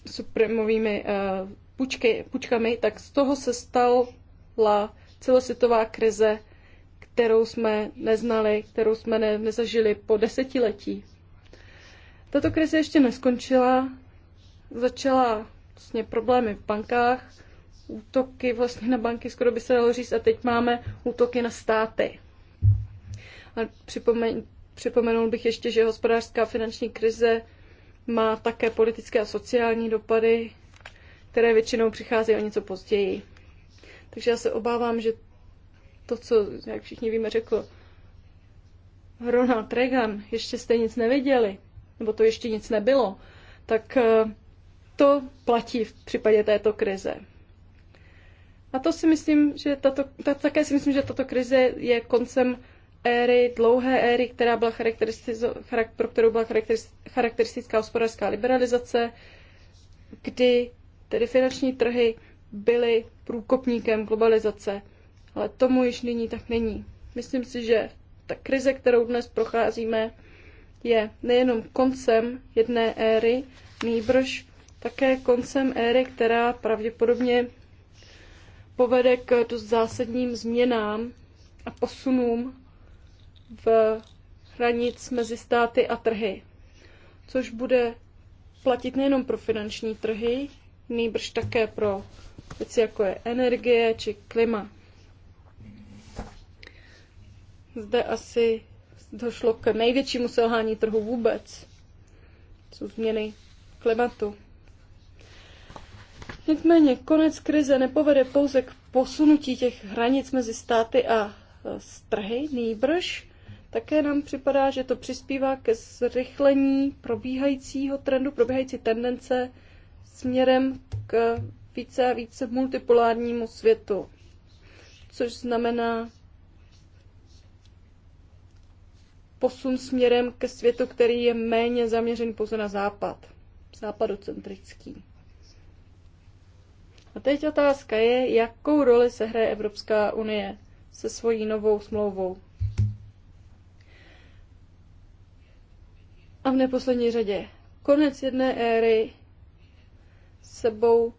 supremovými eh, půjčkami, tak z toho se stala celosvětová krize, kterou jsme neznali, kterou jsme ne, nezažili po desetiletí. Tato krize ještě neskončila, začala vlastně problémy v bankách, útoky vlastně na banky, skoro by se dalo říct, a teď máme útoky na státy. A připomeň, připomenul bych ještě, že hospodářská finanční krize má také politické a sociální dopady, které většinou přicházejí o něco později. Takže já se obávám, že to, co, jak všichni víme, řekl Ronald Reagan, ještě jste nic neviděli, nebo to ještě nic nebylo, tak eh, to platí v případě této krize. A to si myslím, že tato, ta, také si myslím, že tato krize je koncem éry, dlouhé éry, která byla pro kterou byla charakteristická hospodářská liberalizace, kdy tedy finanční trhy byly průkopníkem globalizace. Ale tomu již nyní tak není. Myslím si, že ta krize, kterou dnes procházíme, je nejenom koncem jedné éry, nýbrž také koncem éry, která pravděpodobně povede k dost zásadním změnám a posunům v hranic mezi státy a trhy, což bude platit nejenom pro finanční trhy, nýbrž také pro věci jako je energie či klima. Zde asi došlo k největšímu selhání trhu vůbec. Jsou změny klimatu. Nicméně konec krize nepovede pouze k posunutí těch hranic mezi státy a e, strhy, nýbrž také nám připadá, že to přispívá ke zrychlení probíhajícího trendu, probíhající tendence směrem k více a více multipolárnímu světu. Což znamená posun směrem ke světu, který je méně zaměřen pouze na západ, západocentrický. A teď otázka je, jakou roli se hraje Evropská unie se svojí novou smlouvou. A v neposlední řadě, konec jedné éry sebou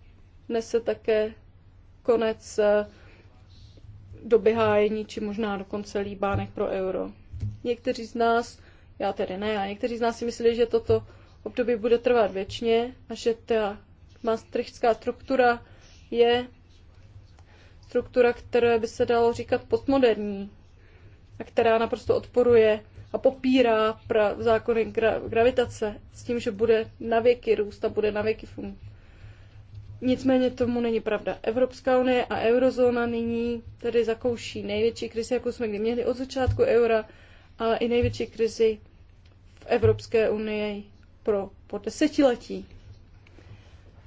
nese také konec eh, doby hájení, či možná dokonce líbánek pro euro. Někteří z nás, já tedy ne, a někteří z nás si mysleli, že toto období bude trvat věčně a že ta maastrichtská struktura je struktura, které by se dalo říkat postmoderní a která naprosto odporuje a popírá pra- zákony gra- gravitace s tím, že bude navěky růst a bude navěky fungovat. Nicméně tomu není pravda. Evropská unie a eurozóna nyní tedy zakouší největší krizi, jakou jsme kdy měli od začátku eura ale i největší krizi v Evropské unii pro po desetiletí.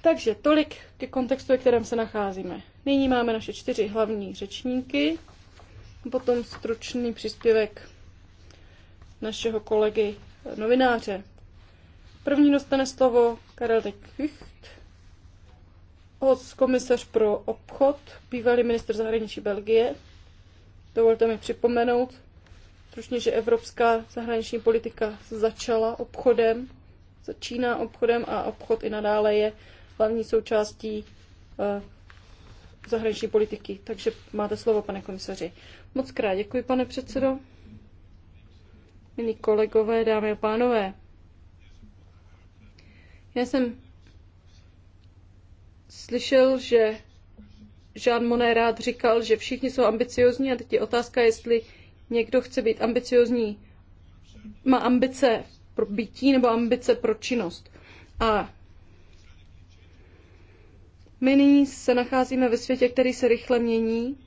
Takže tolik ke kontextu, ve kterém se nacházíme. Nyní máme naše čtyři hlavní řečníky, potom stručný příspěvek našeho kolegy eh, novináře. První dostane slovo Karel de Kvicht, komisař pro obchod, bývalý minister zahraničí Belgie. Dovolte mi připomenout, stručně, že evropská zahraniční politika začala obchodem, začíná obchodem a obchod i nadále je hlavní součástí eh, zahraniční politiky. Takže máte slovo, pane komisaři. Moc krát děkuji, pane předsedo. Milí kolegové, dámy a pánové, já jsem slyšel, že Jean Monnet rád říkal, že všichni jsou ambiciozní a teď je otázka, jestli Někdo chce být ambiciozní, má ambice pro bytí nebo ambice pro činnost. A my nyní se nacházíme ve světě, který se rychle mění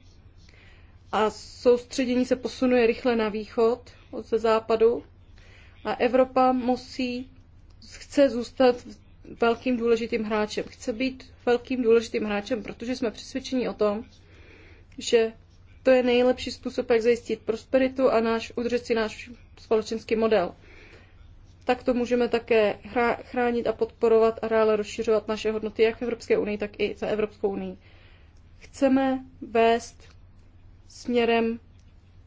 a soustředění se posunuje rychle na východ ze západu a Evropa musí, chce zůstat velkým důležitým hráčem. Chce být velkým důležitým hráčem, protože jsme přesvědčeni o tom, že to je nejlepší způsob, jak zajistit prosperitu a náš, udržet si náš společenský model. Tak to můžeme také chránit a podporovat a dále rozšiřovat naše hodnoty jak v Evropské unii, tak i za Evropskou unii. Chceme vést směrem,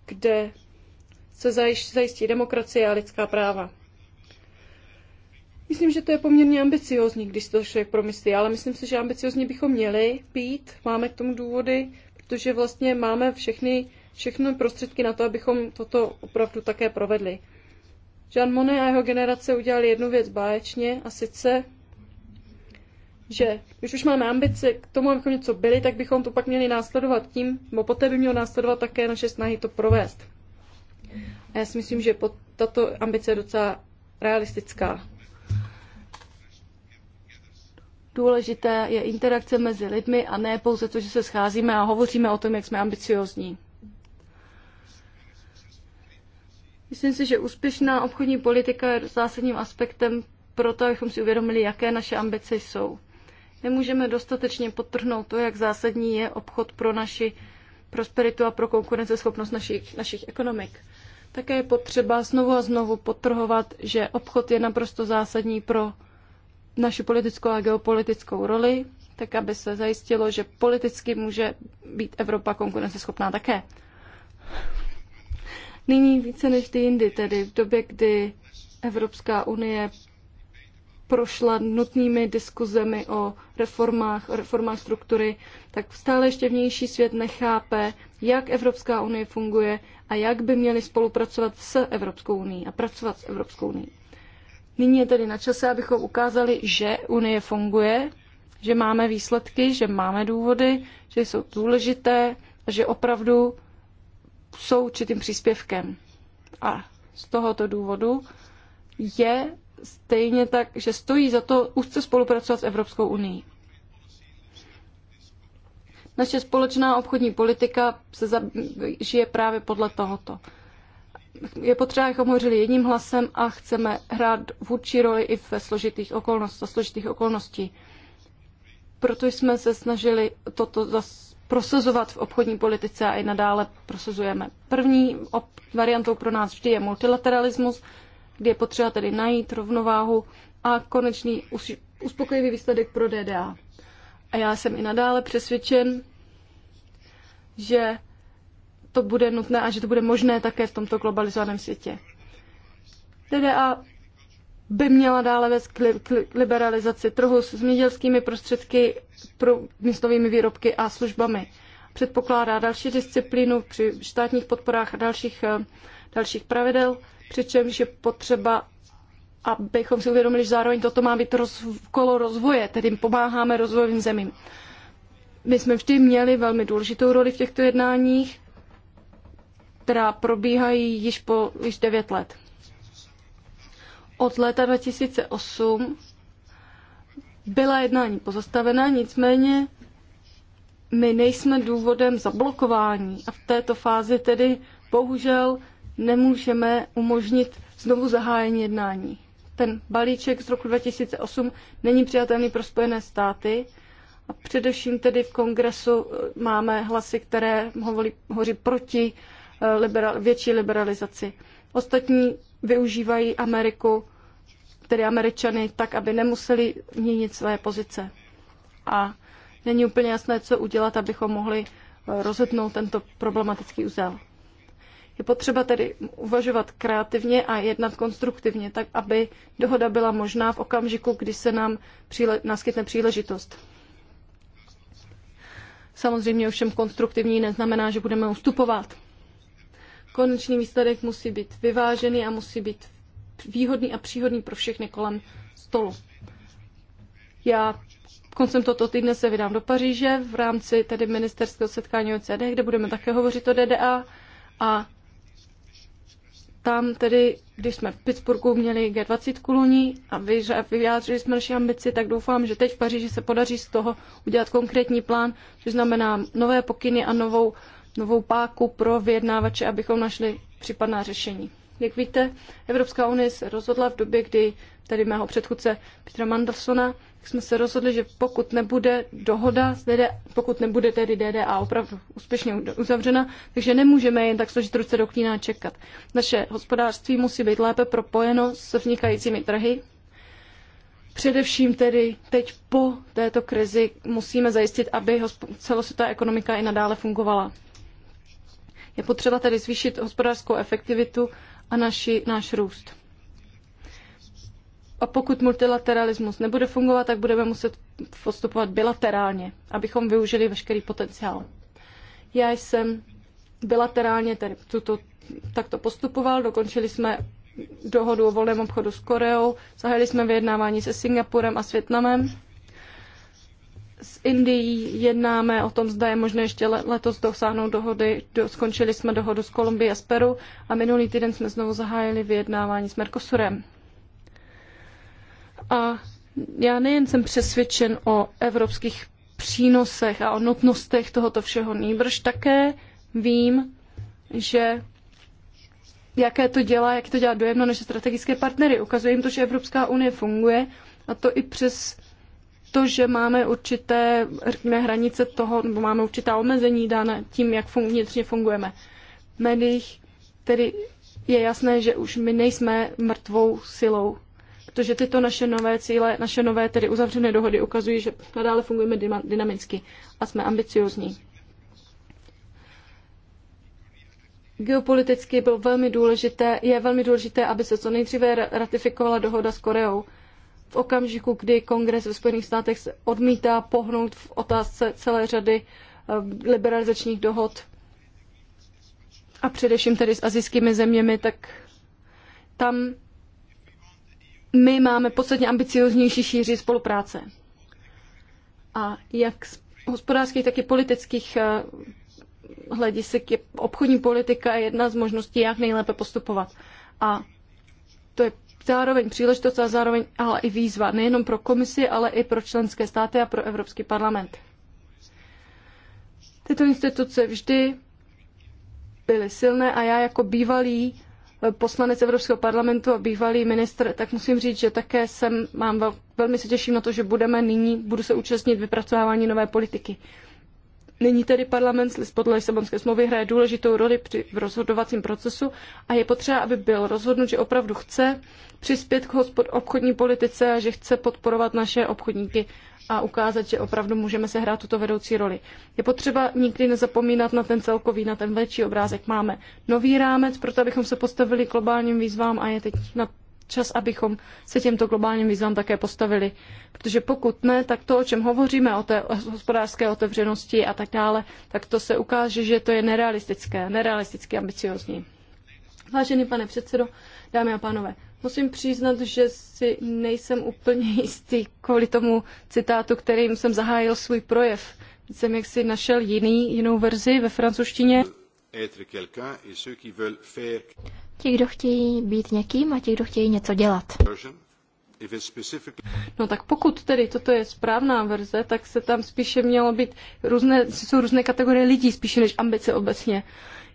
kde se zajistí demokracie a lidská práva. Myslím, že to je poměrně ambiciozní, když to člověk promyslí, ale myslím si, že ambiciozní bychom měli být, máme k tomu důvody protože vlastně máme všechny, všechny prostředky na to, abychom toto opravdu také provedli. Jean Monnet a jeho generace udělali jednu věc báječně, a sice, že když už máme ambice k tomu, abychom něco byli, tak bychom to pak měli následovat tím, nebo poté by mělo následovat také naše snahy to provést. A já si myslím, že pod tato ambice je docela realistická. Důležité je interakce mezi lidmi a ne pouze to, že se scházíme a hovoříme o tom, jak jsme ambiciozní. Myslím si, že úspěšná obchodní politika je zásadním aspektem pro to, abychom si uvědomili, jaké naše ambice jsou. Nemůžeme dostatečně podtrhnout to, jak zásadní je obchod pro naši prosperitu a pro konkurenceschopnost našich, našich ekonomik. Také je potřeba znovu a znovu potrhovat, že obchod je naprosto zásadní pro naši politickou a geopolitickou roli, tak aby se zajistilo, že politicky může být Evropa konkurenceschopná také. Nyní více než ty jindy, tedy v době, kdy Evropská unie prošla nutnými diskuzemi o reformách, o reformách struktury, tak stále ještě vnější svět nechápe, jak Evropská unie funguje a jak by měli spolupracovat s Evropskou unii a pracovat s Evropskou unii. Nyní je tedy na čase, abychom ukázali, že Unie funguje, že máme výsledky, že máme důvody, že jsou důležité a že opravdu jsou určitým příspěvkem. A z tohoto důvodu je stejně tak, že stojí za to úzce spolupracovat s Evropskou unii. Naše společná obchodní politika se žije právě podle tohoto je potřeba, abychom hovořili jedním hlasem a chceme hrát vůči roli i ve složitých okolnostech, složitých okolností. Proto jsme se snažili toto zas prosazovat v obchodní politice a i nadále prosazujeme. První variantou pro nás vždy je multilateralismus, kdy je potřeba tedy najít rovnováhu a konečný uspokojivý výsledek pro DDA. A já jsem i nadále přesvědčen, že to bude nutné a že to bude možné také v tomto globalizovaném světě. DDA by měla dále vést k, li, k liberalizaci trhu s zemědělskými prostředky, pro místovými výrobky a službami. Předpokládá další disciplínu při státních podporách a dalších, eh, dalších pravidel, přičemž je potřeba, abychom si uvědomili, že zároveň toto má být roz, kolo rozvoje, tedy pomáháme rozvojovým zemím. My jsme vždy měli velmi důležitou roli v těchto jednáních která probíhají již, po, již 9 let. Od léta 2008 byla jednání pozastavena, nicméně my nejsme důvodem zablokování a v této fázi tedy bohužel nemůžeme umožnit znovu zahájení jednání. Ten balíček z roku 2008 není přijatelný pro Spojené státy a především tedy v kongresu eh, máme hlasy, které hovoří, hovoří proti liberal, větší liberalizaci. Ostatní využívají Ameriku, tedy Američany, tak, aby nemuseli měnit své pozice. A není úplně jasné, co udělat, abychom mohli eh, rozhodnout tento problematický úzel. Je potřeba tedy uvažovat kreativně a jednat konstruktivně, tak aby dohoda byla možná v okamžiku, kdy se nám příle- naskytne příležitost. Samozřejmě ovšem konstruktivní neznamená, že budeme ustupovat. Konečný výsledek musí být vyvážený a musí být výhodný a příhodný pro všechny kolem stolu. Já koncem tohoto týdne se vydám do Paříže v rámci tedy ministerského setkání OCD, kde budeme také hovořit o DDA a tam tedy, když jsme v Pittsburghu měli G20 kuluní a vyjádřili jsme naši ambici, tak doufám, že teď v Paříži se podaří z toho udělat konkrétní plán, což znamená nové pokyny a novou novou páku pro vyjednávače, abychom našli případná řešení. Jak víte, Evropská unie se rozhodla v době, kdy tady mého předchůdce Petra Mandelsona, tak jsme se rozhodli, že pokud nebude dohoda pokud nebude tedy DDA opravdu úspěšně uzavřena, takže nemůžeme jen tak složit ruce do klína čekat. Naše hospodářství musí být lépe propojeno s vznikajícími trhy. Především tedy teď po této krizi musíme zajistit, aby celosvětová ekonomika i nadále fungovala. Je potřeba tedy zvýšit hospodářskou efektivitu a naši, náš růst. A pokud multilateralismus nebude fungovat, tak budeme muset postupovat bilaterálně, abychom využili veškerý potenciál. Já jsem bilaterálně tedy tuto, takto postupoval, dokončili jsme dohodu o volném obchodu s Koreou, zahájili jsme vyjednávání se Singapurem a s Větnamem s Indií jednáme o tom, zda je možné ještě letos dosáhnout dohody. Do, skončili jsme dohodu s Kolumbií a s Peru a minulý týden jsme znovu zahájili vyjednávání s Mercosurem. A já nejen jsem přesvědčen o evropských přínosech a o nutnostech tohoto všeho, nýbrž také vím, že jaké to dělá, jak to dělá dojemno naše strategické partnery. Ukazuje jim to, že Evropská unie funguje a to i přes to, že máme určité řekne, hranice toho, nebo máme určitá omezení dána tím, jak fun- vnitřně fungujeme. V médiích tedy je jasné, že už my nejsme mrtvou silou, protože tyto naše nové cíle, naše nové tedy uzavřené dohody ukazují, že nadále fungujeme dynamicky a jsme ambiciozní. Geopoliticky byl velmi důležité, je velmi důležité, aby se co nejdříve ratifikovala dohoda s Koreou v okamžiku, kdy kongres ve Spojených státech se odmítá pohnout v otázce celé řady eh, liberalizačních dohod a především tedy s azijskými zeměmi, tak tam my máme podstatně ambicioznější šíři spolupráce. A jak z hospodářských, tak i politických eh, hledisek je obchodní politika jedna z možností, jak nejlépe postupovat. A to je zároveň příležitost a zároveň ale i výzva, nejenom pro komisi, ale i pro členské státy a pro Evropský parlament. Tyto instituce vždy byly silné a já jako bývalý eh, poslanec Evropského parlamentu a bývalý ministr, tak musím říct, že také jsem, mám velmi se těším na to, že budeme nyní, budu se účastnit vypracovávání nové politiky. Nyní tedy parlament podle Lisabonské smlouvy hraje důležitou roli při, v rozhodovacím procesu a je potřeba, aby byl rozhodnut, že opravdu chce přispět k obchodní politice a že chce podporovat naše obchodníky a ukázat, že opravdu můžeme se hrát tuto vedoucí roli. Je potřeba nikdy nezapomínat na ten celkový, na ten větší obrázek. Máme nový rámec, proto abychom se postavili globálním výzvám a je teď na čas, abychom se těmto globálním výzvám také postavili. Protože pokud ne, tak to, o čem hovoříme, o té hospodářské otevřenosti a tak dále, tak to se ukáže, že to je nerealistické, nerealisticky ambiciozní. Vážený pane předsedo, dámy a pánové, musím přiznat, že si nejsem úplně jistý kvůli tomu citátu, kterým jsem zahájil svůj projev. Jsem jaksi našel jiný, jinou verzi ve francouzštině. Ti, kdo chtějí být někým a ti, kdo chtějí něco dělat. No tak pokud tedy toto je správná verze, tak se tam spíše mělo být různé, jsou různé kategorie lidí spíše než ambice obecně.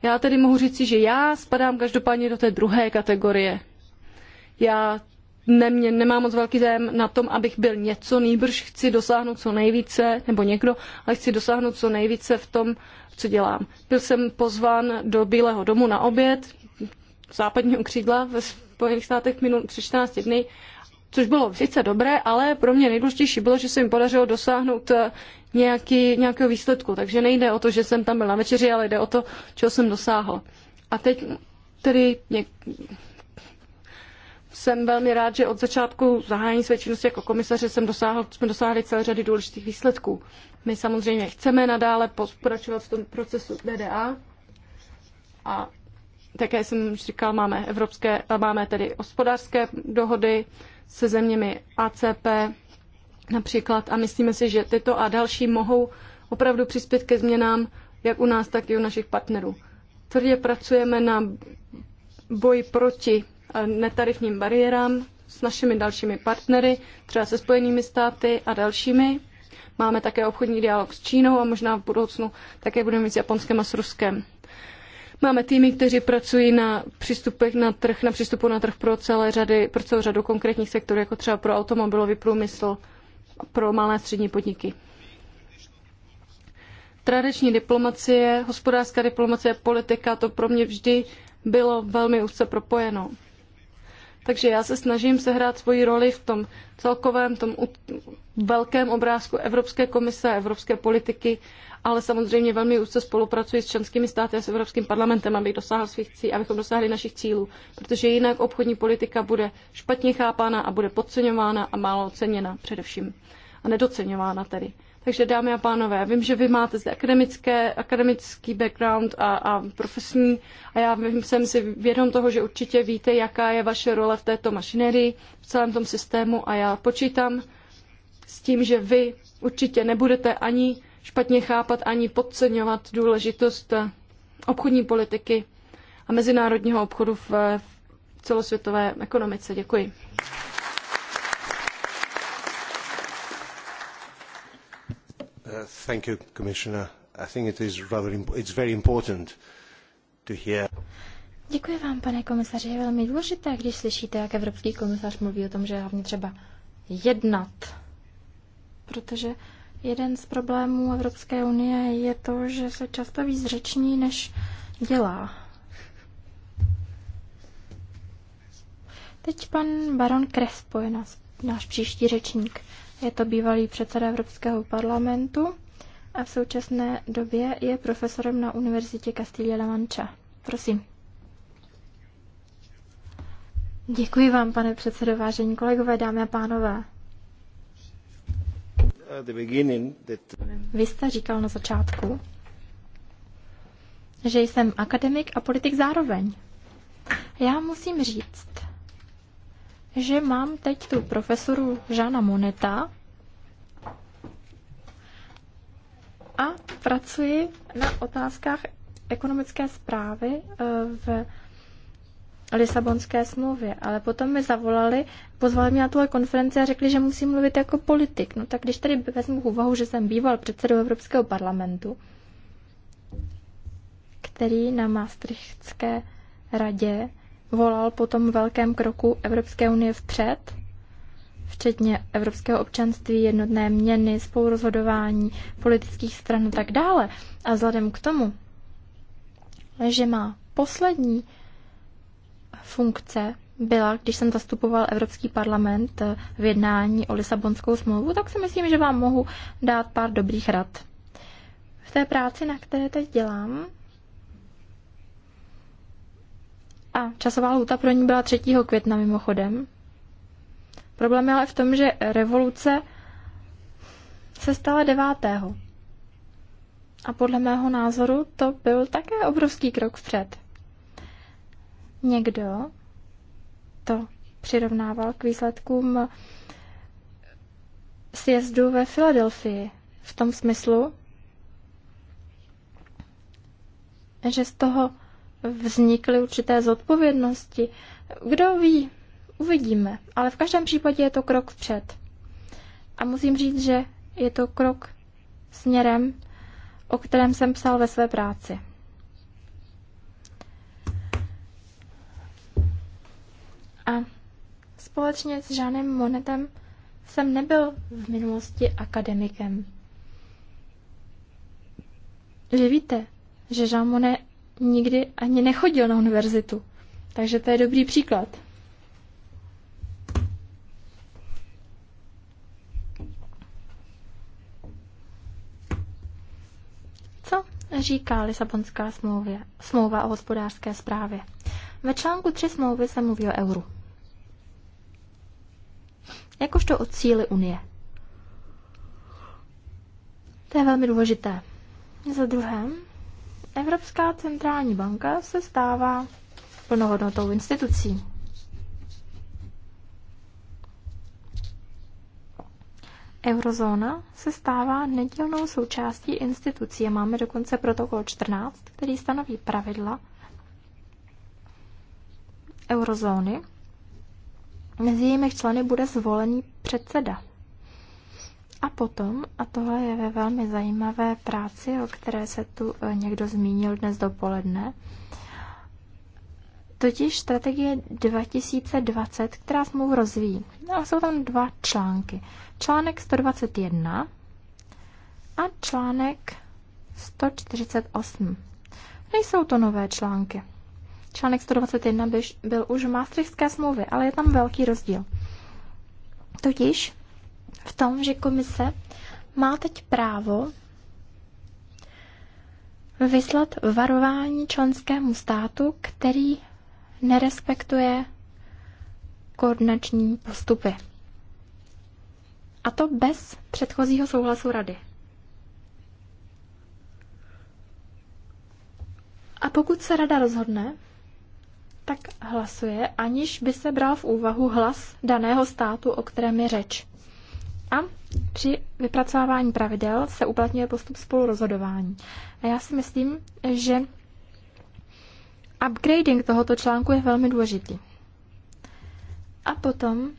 Já tedy mohu říci, že já spadám každopádně do té druhé kategorie. Já ne, mě, nemám moc velký zájem na tom, abych byl něco, nýbrž chci dosáhnout co nejvíce, nebo někdo, ale chci dosáhnout co nejvíce v tom, co dělám. Byl jsem pozván do Bílého domu na oběd, západního křídla ve Spojených státech minul, před 14 dny, což bylo sice dobré, ale pro mě nejdůležitější bylo, že se jim podařilo dosáhnout eh, nějaký, nějakého výsledku. Takže nejde o to, že jsem tam byl na večeři, ale jde o to, čeho jsem dosáhl. A teď tedy něk... jsem velmi rád, že od začátku zahájení své činnosti jako komisaře jsem dosáhl, jsme dosáhli celé řady důležitých výsledků. My samozřejmě chceme nadále pokračovat v tom procesu DDA a také jsem už říkal, máme evropské, máme tedy hospodářské dohody se zeměmi ACP například a myslíme si, že tyto a další mohou opravdu přispět ke změnám jak u nás, tak i u našich partnerů. Tvrdě pracujeme na boji proti eh, netarifním bariérám s našimi dalšími partnery, třeba se Spojenými státy a dalšími. Máme také obchodní dialog s Čínou a možná v budoucnu také budeme mít s Japonskem a s Ruskem. Máme týmy, kteří pracují na přístupech na trh, na přístupu na trh pro celé řady, pro celou řadu konkrétních sektorů, jako třeba pro automobilový průmysl, pro malé a střední podniky. Tradiční diplomacie, hospodářská diplomacie, politika, to pro mě vždy bylo velmi úzce propojeno. Takže já se snažím sehrát svoji roli v tom celkovém, tom velkém obrázku Evropské komise a evropské politiky ale samozřejmě velmi úzce spolupracuji s členskými státy a s Evropským parlamentem, abych dosáhl svých cílů, abychom dosáhli našich cílů, protože jinak obchodní politika bude špatně chápána a bude podceňována a málo oceněna především a nedoceňována tedy. Takže dámy a pánové, vím, že vy máte zde akademické, akademický background a, a profesní a já vím, jsem si vědom toho, že určitě víte, jaká je vaše role v této mašinerii, v celém tom systému a já počítám s tím, že vy určitě nebudete ani špatně chápat ani podceňovat důležitost obchodní politiky a mezinárodního obchodu v, celosvětové ekonomice. Děkuji. Uh, thank you, Commissioner. I think it is rather it's very important to hear. Děkuji vám, pane komisaři. Je velmi důležité, když slyšíte, jak evropský komisař mluví o tom, že je hlavně třeba jednat. Protože Jeden z problémů Evropské unie je to, že se často víc řeční, než dělá. Teď pan baron Crespo je nás, náš příští řečník. Je to bývalý předseda Evropského parlamentu a v současné době je profesorem na Univerzitě Castilla La Mancha. Prosím. Děkuji vám, pane předsedo, vážení kolegové, dámy a pánové. Vy jste říkal na začátku, že jsem akademik a politik zároveň. Já musím říct, že mám teď tu profesoru Žána Moneta a pracuji na otázkách ekonomické zprávy eh, v Lisabonské smlouvě, ale potom mi zavolali, pozvali mě na tuhle konferenci a řekli, že musím mluvit jako politik. No tak když tady vezmu v úvahu, že jsem býval předsedou Evropského parlamentu, který na Maastrichtské radě volal po tom velkém kroku Evropské unie vpřed, včetně evropského občanství, jednotné měny, spolurozhodování, politických stran a tak dále. A vzhledem k tomu, že má poslední funkce byla, když jsem zastupoval Evropský parlament eh, v jednání o Lisabonskou smlouvu, tak si myslím, že vám mohu dát pár dobrých rad. V té práci, na které teď dělám, a časová lhuta pro ní byla 3. května mimochodem. Problém je ale v tom, že revoluce se stala 9. A podle mého názoru to byl také obrovský krok vpřed. Někdo to přirovnával k výsledkům sjezdu ve Filadelfii v tom smyslu, že z toho vznikly určité zodpovědnosti. Kdo ví, uvidíme, ale v každém případě je to krok vpřed. A musím říct, že je to krok směrem, o kterém jsem psal ve své práci. A společně s Žánem Monetem jsem nebyl v minulosti akademikem. Že víte, že Jean Monnet nikdy ani nechodil na univerzitu, takže to je dobrý příklad. Co říká Lisabonská smlouvě, smlouva o hospodářské správě? Ve článku 3 smlouvy se mluví o euru jakožto o cíli Unie. To je velmi důležité. Za druhé, Evropská centrální banka se stává plnohodnotou institucí. Eurozóna se stává nedílnou součástí institucí a máme dokonce protokol 14, který stanoví pravidla eurozóny mezi jejich členy bude zvolený předseda. A potom, a tohle je ve velmi zajímavé práci, o které se tu eh, někdo zmínil dnes dopoledne, totiž strategie 2020, která smlouvu rozvíjí. No jsou tam dva články. Článek 121 a článek 148. Nejsou to nové články článek 121 byl, byl už v Maastrichtské smlouvě, ale je tam velký rozdíl. Totiž v tom, že komise má teď právo vyslat varování členskému státu, který nerespektuje koordinační postupy. A to bez předchozího souhlasu rady. A pokud se rada rozhodne, tak hlasuje, aniž by se bral v úvahu hlas daného státu, o kterém je řeč. A při vypracovávání pravidel se uplatňuje postup spolurozhodování. A já si myslím, že upgrading tohoto článku je velmi důležitý. A potom eh,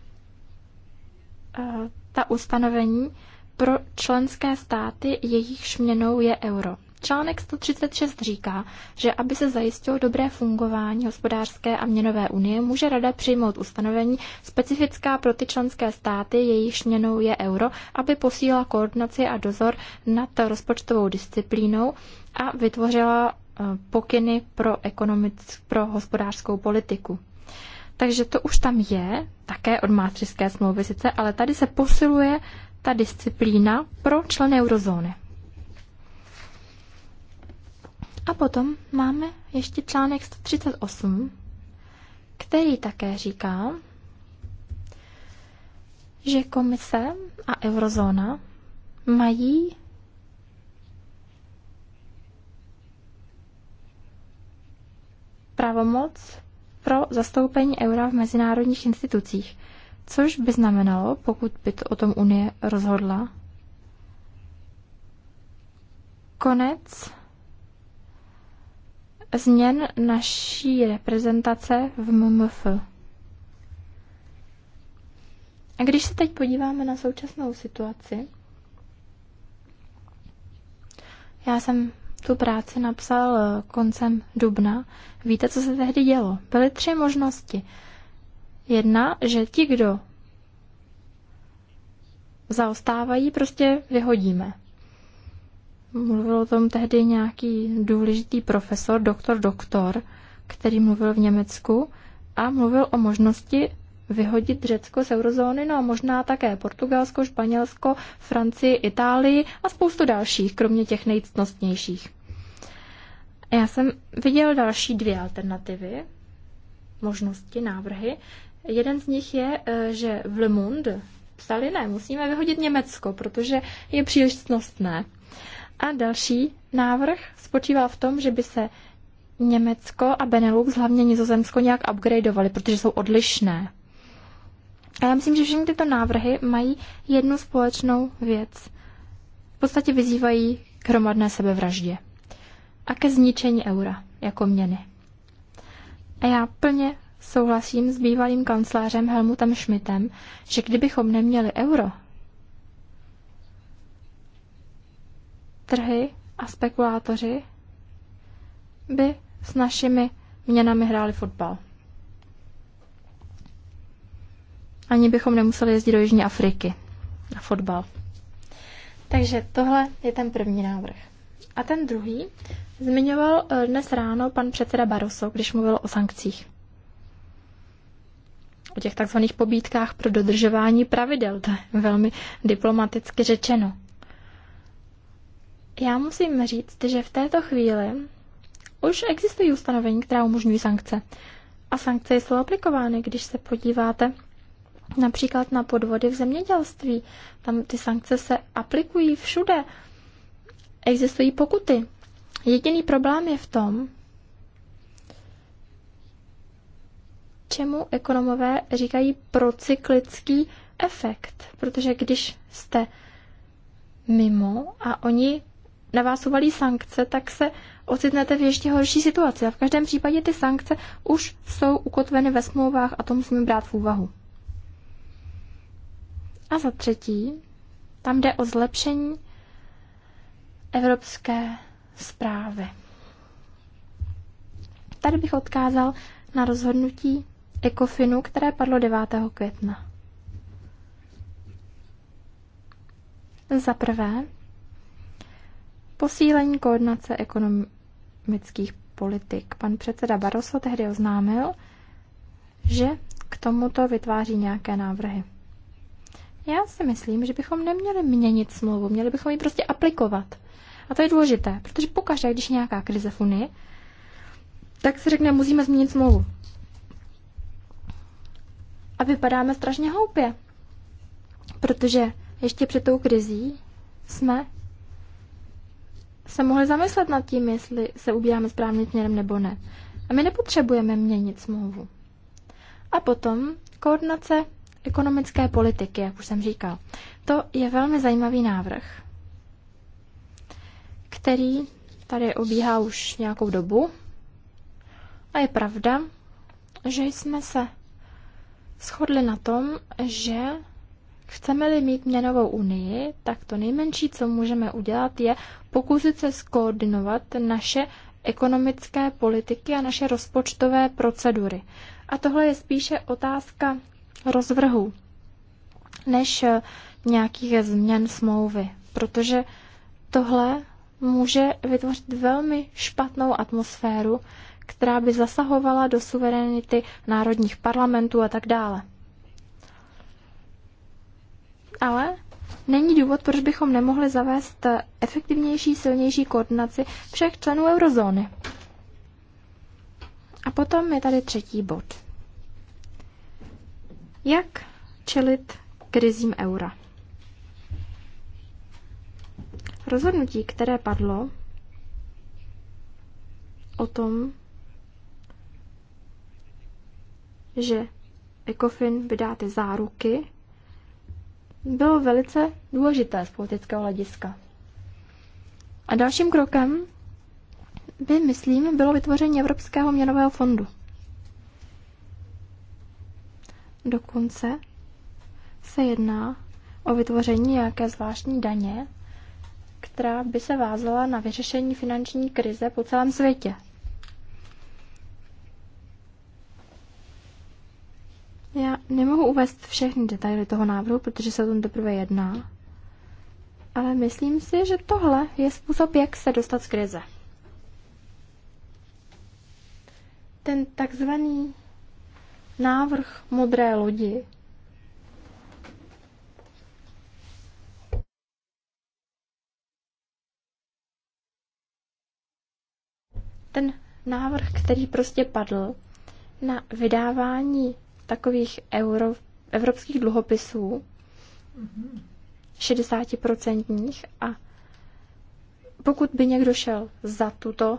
ta ustanovení pro členské státy, jejichž měnou je euro. Článek 136 říká, že aby se zajistilo dobré fungování hospodářské a měnové unie, může Rada přijmout ustanovení specifická pro ty členské státy, jejichž měnou je euro, aby posílila koordinaci a dozor nad rozpočtovou disciplínou a vytvořila eh, pokyny pro, ekonomick, pro hospodářskou politiku. Takže to už tam je, také od mátřické smlouvy sice, ale tady se posiluje ta disciplína pro členy eurozóny. A potom máme ještě článek 138, který také říká, že komise a eurozóna mají pravomoc pro zastoupení eura v mezinárodních institucích, což by znamenalo, pokud by to o tom Unie rozhodla, konec změn naší reprezentace v MMF. A když se teď podíváme na současnou situaci, já jsem tu práci napsal eh, koncem dubna. Víte, co se tehdy dělo? Byly tři možnosti. Jedna, že ti, kdo zaostávají, prostě vyhodíme. Mluvil o tom tehdy nějaký důležitý profesor, doktor, doktor, který mluvil v Německu a mluvil o možnosti vyhodit Řecko z eurozóny, no a možná také Portugalsko, Španělsko, Francii, Itálii a spoustu dalších, kromě těch nejcnostnějších. Já jsem viděl další dvě alternativy, možnosti, návrhy. Jeden z nich je, eh, že v Le Monde psali, ne, musíme vyhodit Německo, protože je příliš cnostné. A další návrh spočívá v tom, že by se Německo a Benelux, hlavně Nizozemsko, nějak upgradeovaly, protože jsou odlišné. A já myslím, že všechny tyto návrhy mají jednu společnou věc. V podstatě vyzývají k hromadné sebevraždě a ke zničení eura jako měny. A já plně souhlasím s bývalým kancelářem Helmutem Schmidtem, že kdybychom neměli euro, trhy a spekulátoři by s našimi měnami hráli fotbal. Ani bychom nemuseli jezdit do Jižní Afriky na fotbal. Takže tohle je ten první návrh. A ten druhý zmiňoval eh, dnes ráno pan předseda Baroso, když mluvil o sankcích. O těch takzvaných pobítkách pro dodržování pravidel, to je velmi diplomaticky řečeno. Já musím říct, že v této chvíli už existují ustanovení, která umožňují sankce. A sankce jsou aplikovány, když se podíváte například na podvody v zemědělství. Tam ty sankce se aplikují všude. Existují pokuty. Jediný problém je v tom, čemu ekonomové říkají procyklický efekt. Protože když jste mimo a oni na vás uvalí sankce, tak se ocitnete v ještě horší situaci. A v každém případě ty sankce už jsou ukotveny ve smlouvách a to musíme brát v úvahu. A za třetí, tam jde o zlepšení evropské zprávy. Tady bych odkázal na rozhodnutí ECOFINu, které padlo 9. května. Za prvé, Posílení koordinace ekonomických politik. Pan předseda Barroso tehdy oznámil, že k tomuto vytváří nějaké návrhy. Já si myslím, že bychom neměli měnit smlouvu, měli bychom ji prostě aplikovat. A to je důležité, protože pokaždé, když nějaká krize v Unii, tak se řekne, musíme změnit smlouvu. A vypadáme strašně hloupě, protože ještě před tou krizí jsme se mohli zamyslet nad tím, jestli se ubíráme správným směrem nebo ne. A my nepotřebujeme měnit smlouvu. A potom koordinace ekonomické politiky, jak už jsem říkal. To je velmi zajímavý návrh, který tady obíhá už nějakou dobu. A je pravda, že jsme se shodli na tom, že Chceme-li mít měnovou unii, tak to nejmenší, co můžeme udělat, je pokusit se skoordinovat naše ekonomické politiky a naše rozpočtové procedury. A tohle je spíše otázka rozvrhu než eh, nějakých změn smlouvy, protože tohle může vytvořit velmi špatnou atmosféru, která by zasahovala do suverenity národních parlamentů a tak dále ale není důvod, proč bychom nemohli zavést efektivnější, silnější koordinaci všech členů eurozóny. A potom je tady třetí bod. Jak čelit krizím eura? Rozhodnutí, které padlo o tom, že ECOFIN vydá ty záruky bylo velice důležité z politického hlediska. A dalším krokem by, myslím, bylo vytvoření Evropského měnového fondu. Dokonce se jedná o vytvoření nějaké zvláštní daně, která by se vázala na vyřešení finanční krize po celém světě. Já nemohu uvést všechny detaily toho návrhu, protože se o tom teprve jedná. Ale myslím si, že tohle je způsob, jak se dostat z krize. Ten takzvaný návrh modré lodi ten návrh, který prostě padl na vydávání takových euro, evropských dluhopisů, 60% a pokud by někdo šel za tuto,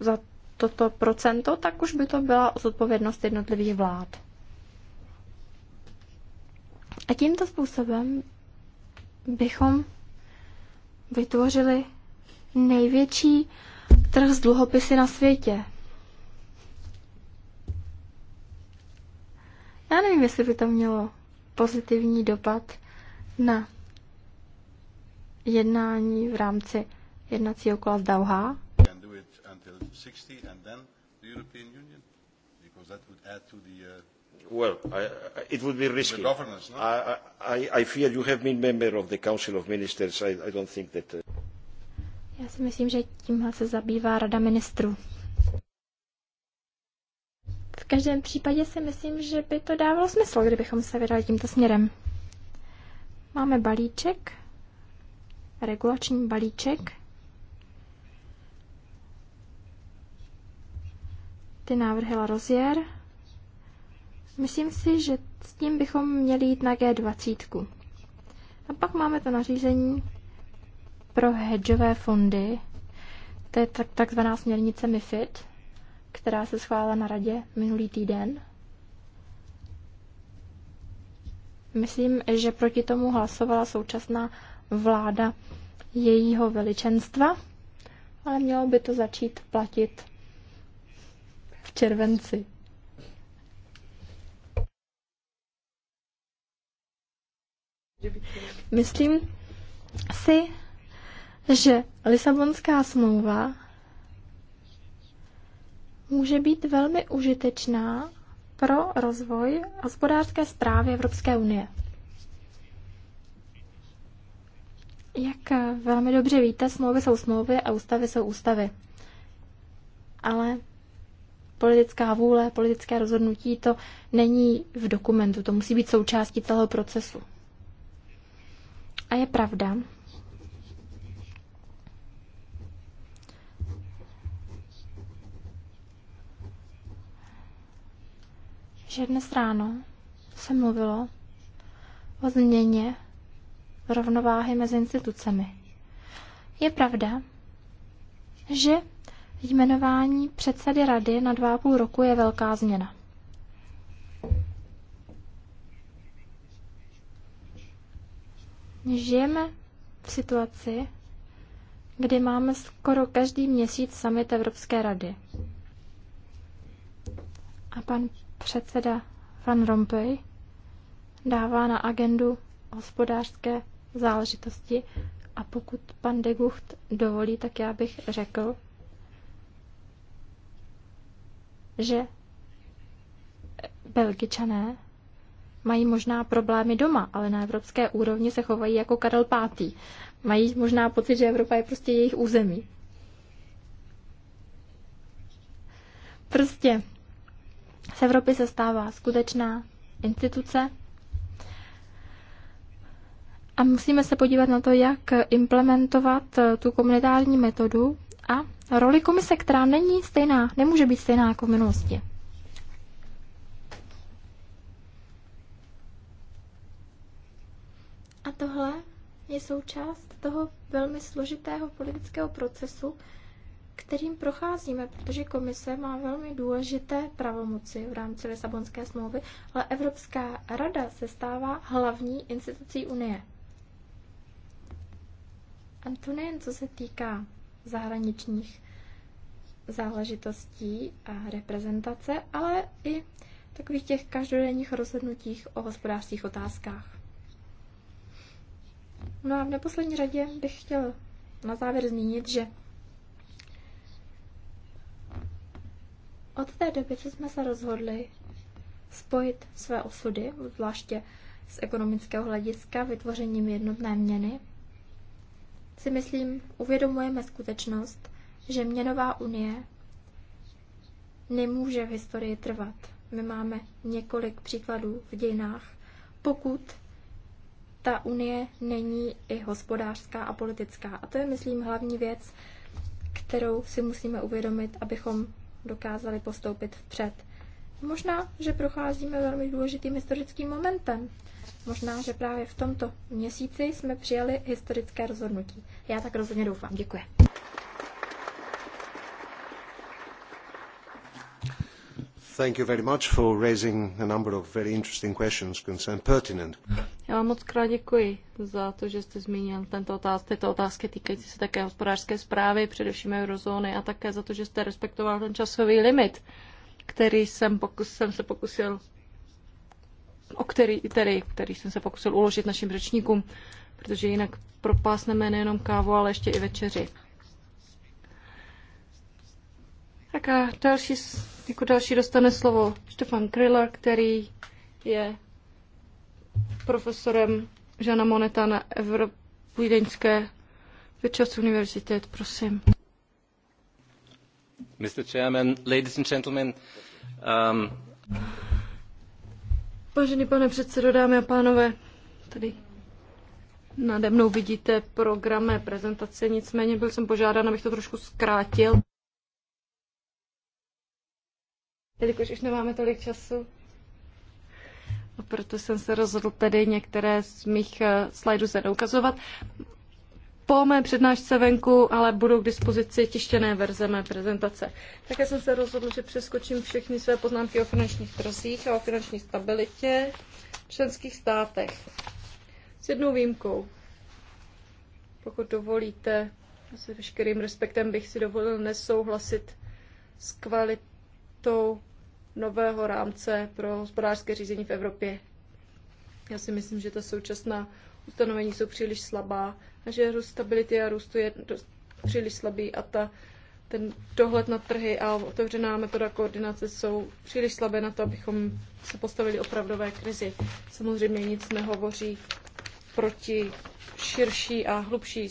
za toto procento, tak už by to byla zodpovědnost jednotlivých vlád. A tímto způsobem bychom vytvořili největší trh z dluhopisy na světě. nevím, jestli by to mělo pozitivní dopad na jednání v rámci jednacího kola z Dauha. Uh, well, I, I, it would be risky. no? I, I, I fear you have been member of the Council of Ministers. I, I don't think that. Uh... Já si myslím, že tímhle se zabývá Rada ministrů každém případě si myslím, že by to dávalo smysl, kdybychom se vydali tímto směrem. Máme balíček, regulační balíček. Ty návrhy La Rozier. Myslím si, že s tím bychom měli jít na G20. A pak máme to nařízení pro hedžové fondy. To je tak, takzvaná směrnice MIFID která se schválila na radě minulý týden. Myslím, že proti tomu hlasovala současná vláda jejího veličenstva, ale mělo by to začít platit v červenci. Myslím si, že Lisabonská smlouva může být velmi užitečná pro rozvoj hospodářské zprávy Evropské unie. Jak velmi dobře víte, smlouvy jsou smlouvy a ústavy jsou ústavy. Ale politická vůle, politické rozhodnutí, to není v dokumentu, to musí být součástí celého procesu. A je pravda, že dnes ráno se mluvilo o změně rovnováhy mezi institucemi. Je pravda, že jmenování předsedy rady na dva a půl roku je velká změna. Žijeme v situaci, kdy máme skoro každý měsíc summit Evropské rady. A pan předseda Van Rompuy dává na agendu hospodářské záležitosti a pokud pan de Gucht dovolí, tak já bych řekl, že Belgičané mají možná problémy doma, ale na evropské úrovni se chovají jako Karel V. Mají možná pocit, že Evropa je prostě jejich území. Prostě z Evropy se stává skutečná instituce a musíme se podívat na to, jak implementovat eh, tu komunitární metodu a roli komise, která není stejná, nemůže být stejná jako v minulosti. A tohle je součást toho velmi složitého politického procesu, kterým procházíme, protože komise má velmi důležité pravomoci v rámci Lisabonské smlouvy, ale Evropská rada se stává hlavní institucí Unie. A to nejen co se týká zahraničních záležitostí a reprezentace, ale i takových těch každodenních rozhodnutích o hospodářských otázkách. No a v neposlední řadě bych chtěl na závěr zmínit, že Od té doby, co jsme se rozhodli spojit své osudy, zvláště z ekonomického hlediska vytvořením jednotné měny, si myslím, uvědomujeme skutečnost, že měnová unie nemůže v historii trvat. My máme několik příkladů v dějinách, pokud ta unie není i hospodářská a politická. A to je, myslím, hlavní věc, kterou si musíme uvědomit, abychom dokázali postoupit vpřed. Možná, že procházíme velmi důležitým historickým momentem. Možná, že právě v tomto měsíci jsme přijali historické rozhodnutí. Já tak rozhodně doufám. Děkuji. Thank you very much for raising a number of very interesting questions, concerned pertinent. Já vám moc krát děkuji za to, že jste zmínil tento otázky, tyto otázky týkající se také hospodářské zprávy, především eurozóny a také za to, že jste respektoval ten časový limit, který jsem, pokus, jsem se pokusil o který, který, který jsem se pokusil uložit našim řečníkům, protože jinak propásneme nejenom kávu, ale ještě i večeři. Tak a další, jako další dostane slovo Štefan Kryler, který je profesorem Žana Moneta na Evropské Vyčas univerzitet, prosím. Mr. Chairman, ladies and gentlemen, um... Vážený pane předsedo, dámy a pánové, tady nade mnou vidíte program mé prezentace, nicméně byl jsem požádán, abych to trošku zkrátil. Jelikož už nemáme tolik času, proto jsem se rozhodl tedy některé z mých eh, slajdů zde ukazovat. Po mé přednášce venku ale budou k dispozici tištěné verze mé prezentace. Také jsem se rozhodl, že přeskočím všechny své poznámky o finančních trzích a o finanční stabilitě v členských státech. S jednou výjimkou. Pokud dovolíte, se veškerým respektem bych si dovolil nesouhlasit s kvalitou nového rámce pro hospodářské řízení v Evropě. Já si myslím, že ta současná ustanovení jsou příliš slabá a že růst stability a růstu je dost, příliš slabý a ta, ten dohled na trhy a otevřená metoda koordinace jsou příliš slabé na to, abychom se postavili opravdové krizi. Samozřejmě nic nehovoří proti širší a hlubší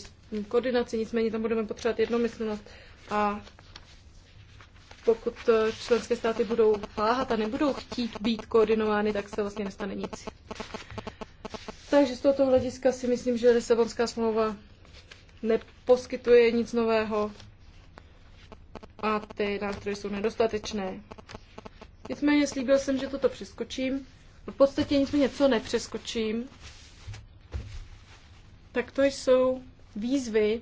koordinaci, nicméně tam budeme potřebovat jednomyslnost a pokud eh, členské státy budou váhat a nebudou chtít být koordinovány, tak se vlastně nestane nic. Takže z tohoto hlediska si myslím, že Lisabonská smlouva neposkytuje nic nového a ty nástroje jsou nedostatečné. Nicméně slíbil jsem, že toto přeskočím. V podstatě nicméně, co nepřeskočím, tak to jsou výzvy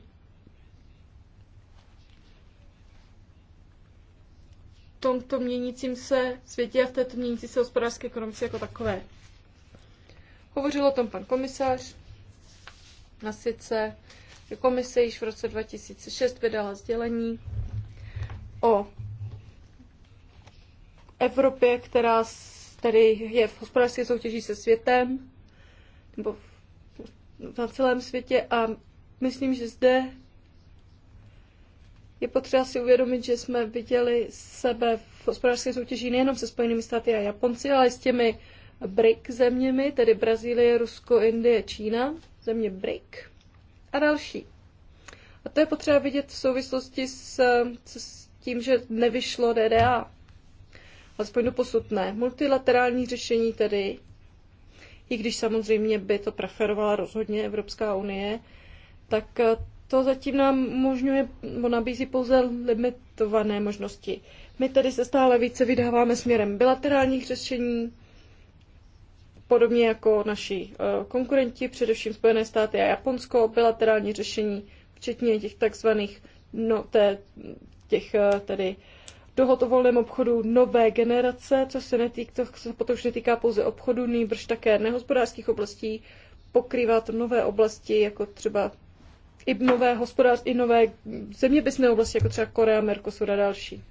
tomto měnícím se světě a v této měnící se hospodářské ekonomice jako takové. Hovořil o tom pan komisař. Na světce komise již v roce 2006 vydala sdělení o Evropě, která tedy je v hospodářské soutěží se světem, nebo na celém světě a myslím, že zde je potřeba si uvědomit, že jsme viděli sebe v hospodářské soutěži nejenom se Spojenými státy a Japonci, ale i s těmi BRIC zeměmi, tedy Brazílie, Rusko, Indie, Čína, země BRIC a další. A to je potřeba vidět v souvislosti s, s tím, že nevyšlo DDA. Alespoň do posud ne. Multilaterální řešení tedy, i když samozřejmě by to preferovala rozhodně Evropská unie, tak to zatím nám umožňuje, nebo nabízí pouze limitované možnosti. My tedy se stále více vydáváme směrem bilaterálních řešení, podobně jako naši eh, konkurenti, především Spojené státy a Japonsko, bilaterální řešení, včetně těch takzvaných no, té, těch eh, tedy dohod o volném obchodu nové generace, Co se, netýk, to se potom už netýká pouze obchodu, nýbrž také nehospodářských oblastí, pokrývat nové oblasti, jako třeba i nové hospodářství, i nové bysme oblasti, jako třeba Korea, Mercosur a další.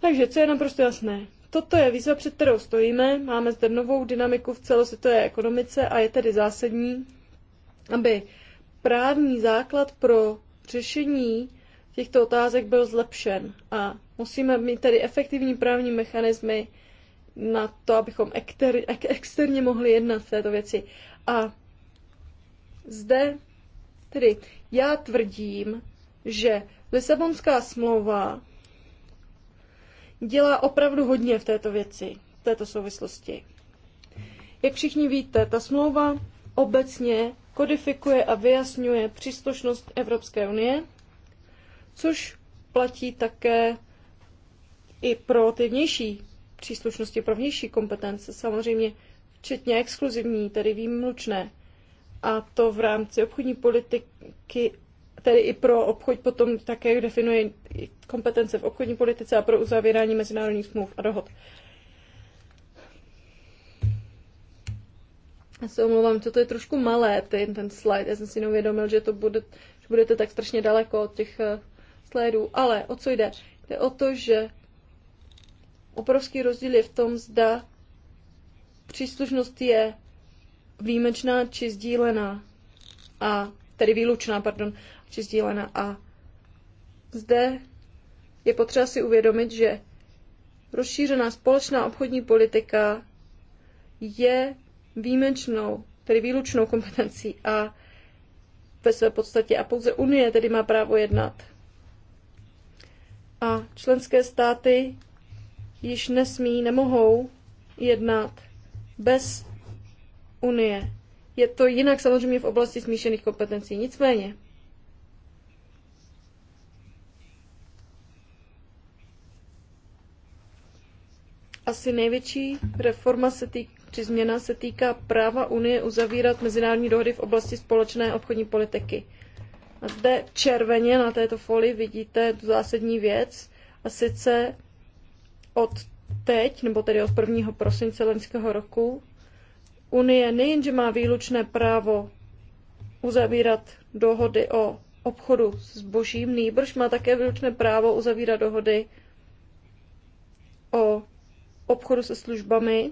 Takže, co je naprosto jasné? Toto je výzva, před kterou stojíme. Máme zde novou dynamiku v celosvětové ekonomice a je tedy zásadní, aby právní základ pro řešení těchto otázek byl zlepšen a musíme mít tedy efektivní právní mechanismy na to, abychom exter, externě mohli jednat v této věci. A zde Tedy já tvrdím, že Lisabonská smlouva dělá opravdu hodně v této věci, v této souvislosti. Jak všichni víte, ta smlouva obecně kodifikuje a vyjasňuje příslušnost Evropské unie, což platí také i pro ty vnější příslušnosti, pro vnější kompetence, samozřejmě včetně exkluzivní, tedy výmlučné a to v rámci obchodní politiky, tedy i pro obchod potom také definuje kompetence v obchodní politice a pro uzavírání mezinárodních smluv a dohod. Já se omlouvám, to je trošku malé, ten, ten slide. Já jsem si neuvědomil, že to bude, že budete tak strašně daleko od těch eh, slajdů. Ale o co jde? Jde o to, že obrovský rozdíl je v tom, zda příslušnost je výjimečná či sdílená a tedy výlučná, pardon, či sdílená a zde je potřeba si uvědomit, že rozšířená společná obchodní politika je výjimečnou, tedy výlučnou kompetencí a ve své podstatě a pouze Unie tedy má právo jednat. A členské státy již nesmí, nemohou jednat bez unie. Je to jinak samozřejmě v oblasti smíšených kompetencí. Nicméně, asi největší reforma se týká, či změna se týká práva Unie uzavírat mezinárodní dohody v oblasti společné obchodní politiky. A zde červeně na této folii vidíte tu zásadní věc, a sice od teď, nebo tedy od 1. prosince loňského roku, Unie nejenže má výlučné právo uzavírat dohody o obchodu s božím, nýbrž má také výlučné právo uzavírat dohody o obchodu se službami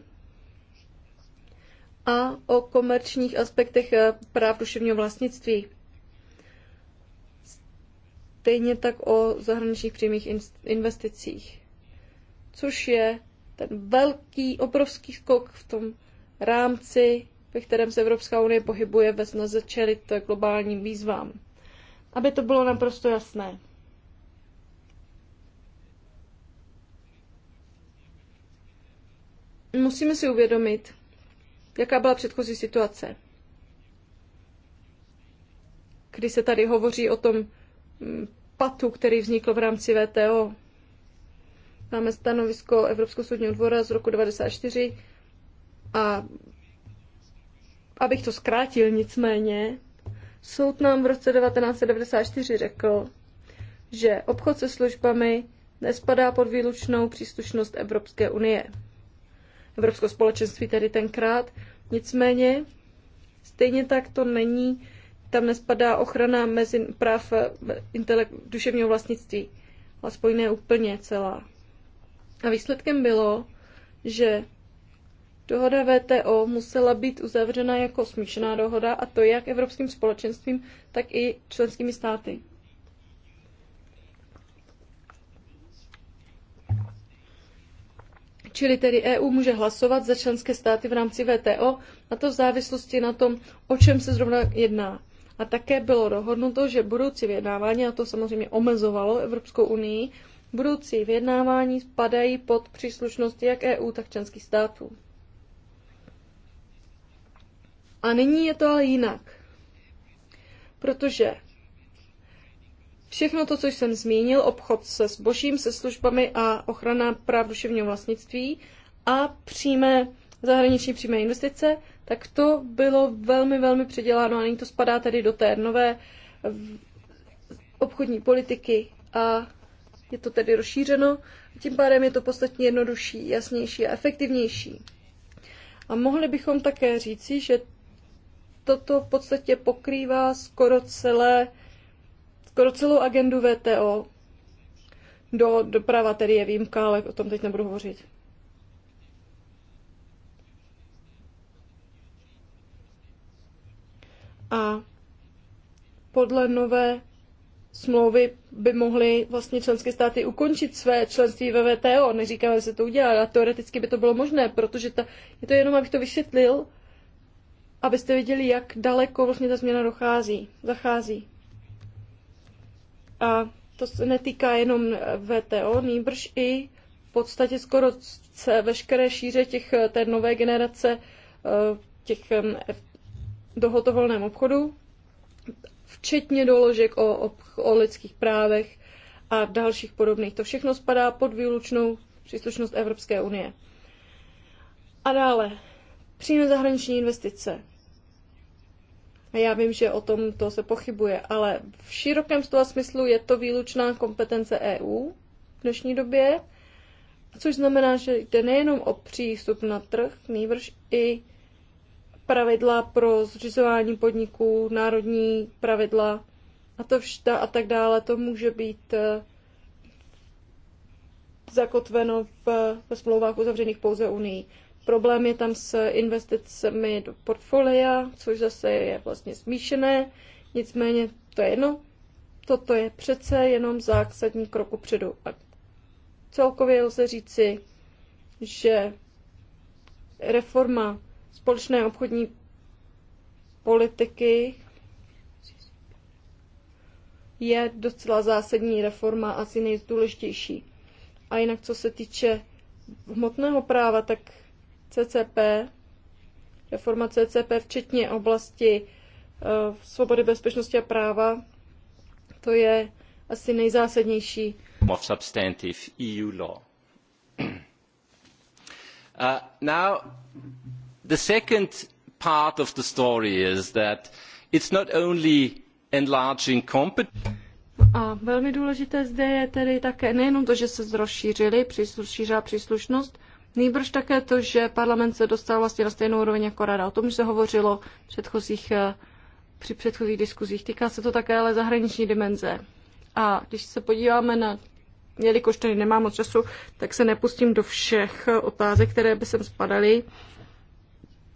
a o komerčních aspektech eh, práv duševního vlastnictví. Stejně tak o zahraničních přímých investicích, což je ten velký, obrovský skok v tom rámci, ve kterém se Evropská unie pohybuje ve snaze čelit globálním výzvám. Aby to bylo naprosto jasné. Musíme si uvědomit, jaká byla předchozí situace. Kdy se tady hovoří o tom mm, patu, který vznikl v rámci VTO. Máme stanovisko Evropského soudního dvora z roku 1994, a abych to zkrátil nicméně, soud nám v roce 1994 řekl, že obchod se službami nespadá pod výlučnou příslušnost Evropské unie. Evropské společenství tedy tenkrát. Nicméně, stejně tak to není, tam nespadá ochrana mezi práv intelekt, duševního vlastnictví. Aspoň ne úplně celá. A výsledkem bylo, že Dohoda VTO musela být uzavřena jako smíšená dohoda, a to jak Evropským společenstvím, tak i členskými státy. Čili tedy EU může hlasovat za členské státy v rámci VTO, a to v závislosti na tom, o čem se zrovna jedná. A také bylo dohodnuto, že budoucí vyjednávání, a to samozřejmě omezovalo Evropskou unii, budoucí vyjednávání spadají pod příslušnost jak EU, tak členských států. A nyní je to ale jinak. Protože všechno to, co jsem zmínil, obchod se zbožím, se službami a ochrana práv duševního vlastnictví a přímé zahraniční přímé investice, tak to bylo velmi, velmi předěláno a nyní to spadá tedy do té nové obchodní politiky a je to tedy rozšířeno. Tím pádem je to podstatně jednodušší, jasnější a efektivnější. A mohli bychom také říci, že toto v podstatě pokrývá skoro, celé, skoro celou agendu VTO. Do, doprava tedy je výjimka, ale o tom teď nebudu hovořit. A podle nové smlouvy by mohly vlastně členské státy ukončit své členství ve VTO. Neříkáme, že se to udělá, ale teoreticky by to bylo možné, protože ta, je to jenom, abych to vysvětlil, abyste viděli, jak daleko vlastně ta změna dochází, zachází. A to se netýká jenom VTO, nýbrž i v podstatě skoro se veškeré šíře těch, té nové generace eh, těch dohotovolném obchodu, včetně doložek o, o, o lidských právech a dalších podobných. To všechno spadá pod výlučnou příslušnost Evropské unie. A dále, příjem zahraniční investice. Já vím, že o tom to se pochybuje, ale v širokém slova smyslu je to výlučná kompetence EU v dnešní době, což znamená, že jde nejenom o přístup na trh, nýbrž i pravidla pro zřizování podniků, národní pravidla a to všta a tak dále, to může být eh, zakotveno v, v smlouvách uzavřených pouze Unii. Problém je tam s investicemi do portfolia, což zase je vlastně smíšené, nicméně to je jedno. Toto je přece jenom zásadní krok upředu. A celkově lze říci, že reforma společné obchodní politiky je docela zásadní reforma, asi nejdůležitější. A jinak, co se týče hmotného práva, tak CCP, reforma CCP, včetně oblasti eh, svobody, bezpečnosti a práva, to je asi nejzásadnější. Of substantive EU law. *clears throat* Uh, now, the second part of the story is that it's not only enlarging competence. A velmi důležité zde je tedy také nejenom to, že se rozšířili, rozšířila příslušnost, Nýbrž také to, že parlament se dostal vlastně na stejnou úroveň jako rada. O tom už se hovořilo v předchozích, eh, při předchozích diskuzích. Týká se to také ale zahraniční dimenze. A když se podíváme na jelikož tady nemám moc času, tak se nepustím do všech eh, otázek, které by sem spadaly.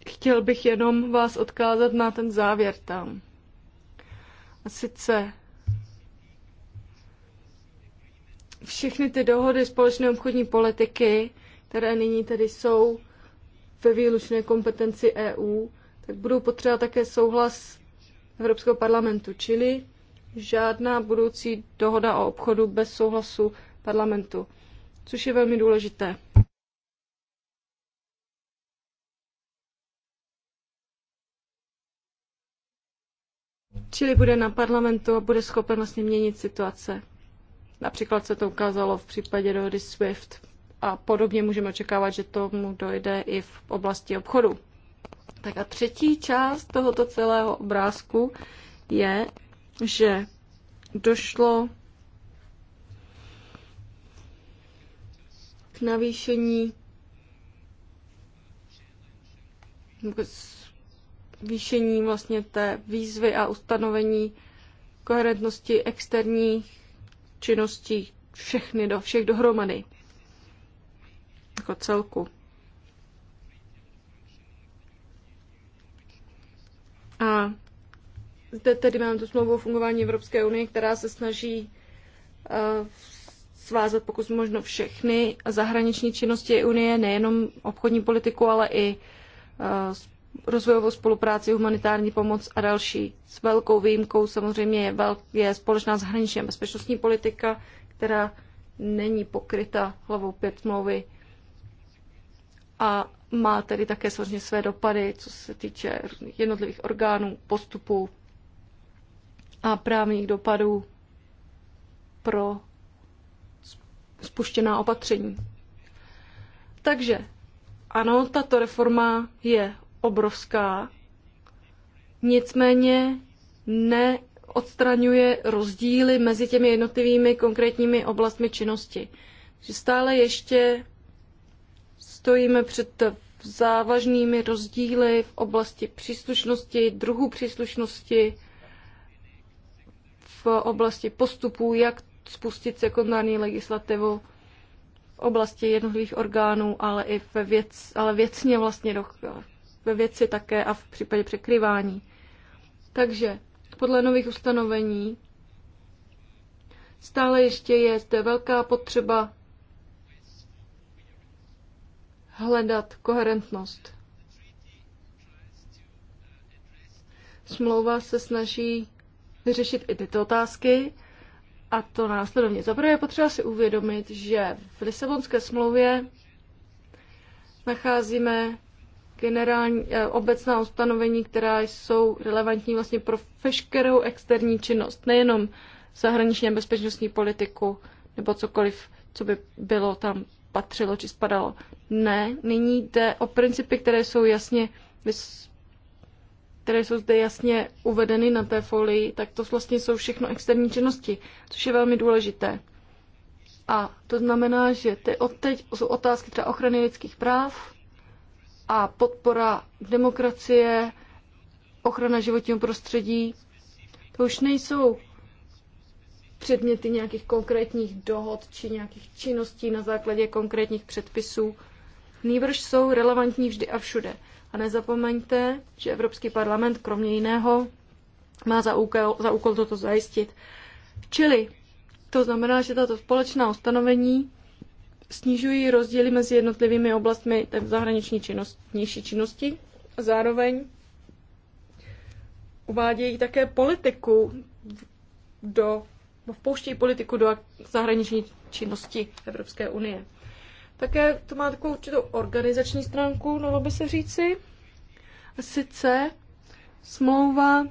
Chtěl bych jenom vás odkázat na ten závěr tam. A sice všechny ty dohody společné obchodní politiky které nyní tedy jsou ve výlučné kompetenci EU, tak budou potřeba také souhlas Evropského parlamentu, čili žádná budoucí dohoda o obchodu bez souhlasu parlamentu, což je velmi důležité. Čili bude na parlamentu a bude schopen vlastně měnit situace. Například se to ukázalo v případě dohody SWIFT a podobně můžeme očekávat, že tomu dojde i v oblasti obchodu. Tak a třetí část tohoto celého obrázku je, že došlo k navýšení zvýšení vlastně té výzvy a ustanovení koherentnosti externích činností všechny do všech dohromady jako celku. A zde tedy máme tu smlouvu o fungování Evropské unie, která se snaží uh, svázat pokud možno všechny zahraniční činnosti Unie, nejenom obchodní politiku, ale i eh, rozvojovou spolupráci, humanitární pomoc a další. S velkou výjimkou samozřejmě je, vel, je společná zahraniční a bezpečnostní politika, která není pokryta hlavou pět smlouvy a má tedy také samozřejmě své dopady, co se týče jednotlivých orgánů, postupů a právních dopadů pro spuštěná opatření. Takže ano, tato reforma je obrovská, nicméně neodstraňuje rozdíly mezi těmi jednotlivými konkrétními oblastmi činnosti. Že stále ještě Stojíme před závažnými rozdíly v oblasti příslušnosti, druhu příslušnosti, v oblasti postupů, jak spustit sekundární legislativu v oblasti jednotlivých orgánů, ale i ve věc, ale věcně vlastně do, ve věci také a v případě překrývání. Takže podle nových ustanovení stále ještě je zde velká potřeba hledat koherentnost. Smlouva se snaží vyřešit i tyto otázky a to následovně. Za prvé je potřeba si uvědomit, že v Lisabonské smlouvě nacházíme generální, eh, obecná ustanovení, která jsou relevantní vlastně pro veškerou externí činnost, nejenom zahraničně bezpečnostní politiku nebo cokoliv, co by bylo tam patřilo či spadalo. Ne, nyní jde o principy, které jsou jasně které jsou zde jasně uvedeny na té folii, tak to vlastně jsou všechno externí činnosti, což je velmi důležité. A to znamená, že ty odteď jsou otázky třeba ochrany lidských práv a podpora demokracie, ochrana životního prostředí. To už nejsou předměty nějakých konkrétních dohod či nějakých činností na základě konkrétních předpisů. Nýbrž jsou relevantní vždy a všude. A nezapomeňte, že Evropský parlament, kromě jiného, má za úkol, za úkol toto zajistit. Čili to znamená, že tato společná ustanovení snižují rozdíly mezi jednotlivými oblastmi zahraniční činnosti, vnější činnosti. Zároveň uvádějí také politiku do vpouštějí politiku do zahraniční činnosti Evropské unie. Také to má takovou určitou organizační stránku, dalo by se říci. A sice smlouva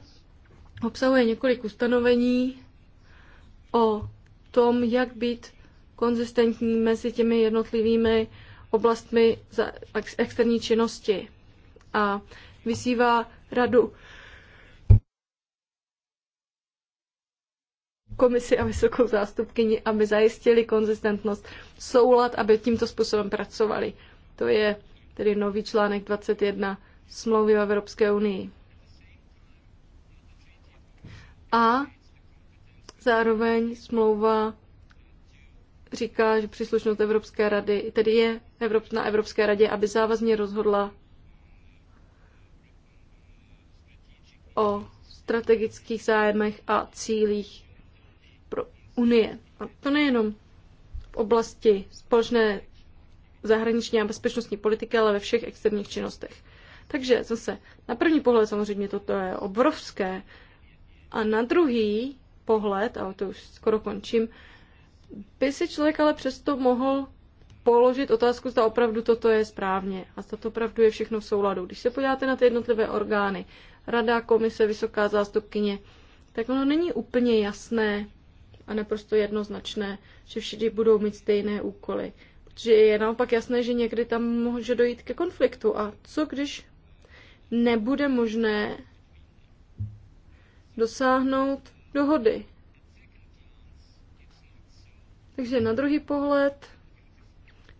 obsahuje několik ustanovení o tom, jak být konzistentní mezi těmi jednotlivými oblastmi za ex- externí činnosti. A vysívá radu komisi a vysokou zástupkyni, aby zajistili konzistentnost, soulad, aby tímto způsobem pracovali. To je tedy nový článek 21 smlouvy o Evropské unii. A zároveň smlouva říká, že příslušnost Evropské rady, tedy je na Evropské radě, aby závazně rozhodla o strategických zájmech a cílích unie. A to nejenom v oblasti společné zahraniční a bezpečnostní politiky, ale ve všech externích činnostech. Takže zase, na první pohled samozřejmě toto je obrovské, a na druhý pohled, a to už skoro končím, by si člověk ale přesto mohl položit otázku, zda opravdu toto je správně a zda to opravdu je všechno v souladu. Když se podíváte na ty jednotlivé orgány, rada, komise, vysoká zástupkyně, tak ono není úplně jasné, a naprosto jednoznačné, že všichni budou mít stejné úkoly. Protože je naopak jasné, že někdy tam může dojít ke konfliktu. A co když nebude možné dosáhnout dohody? Takže na druhý pohled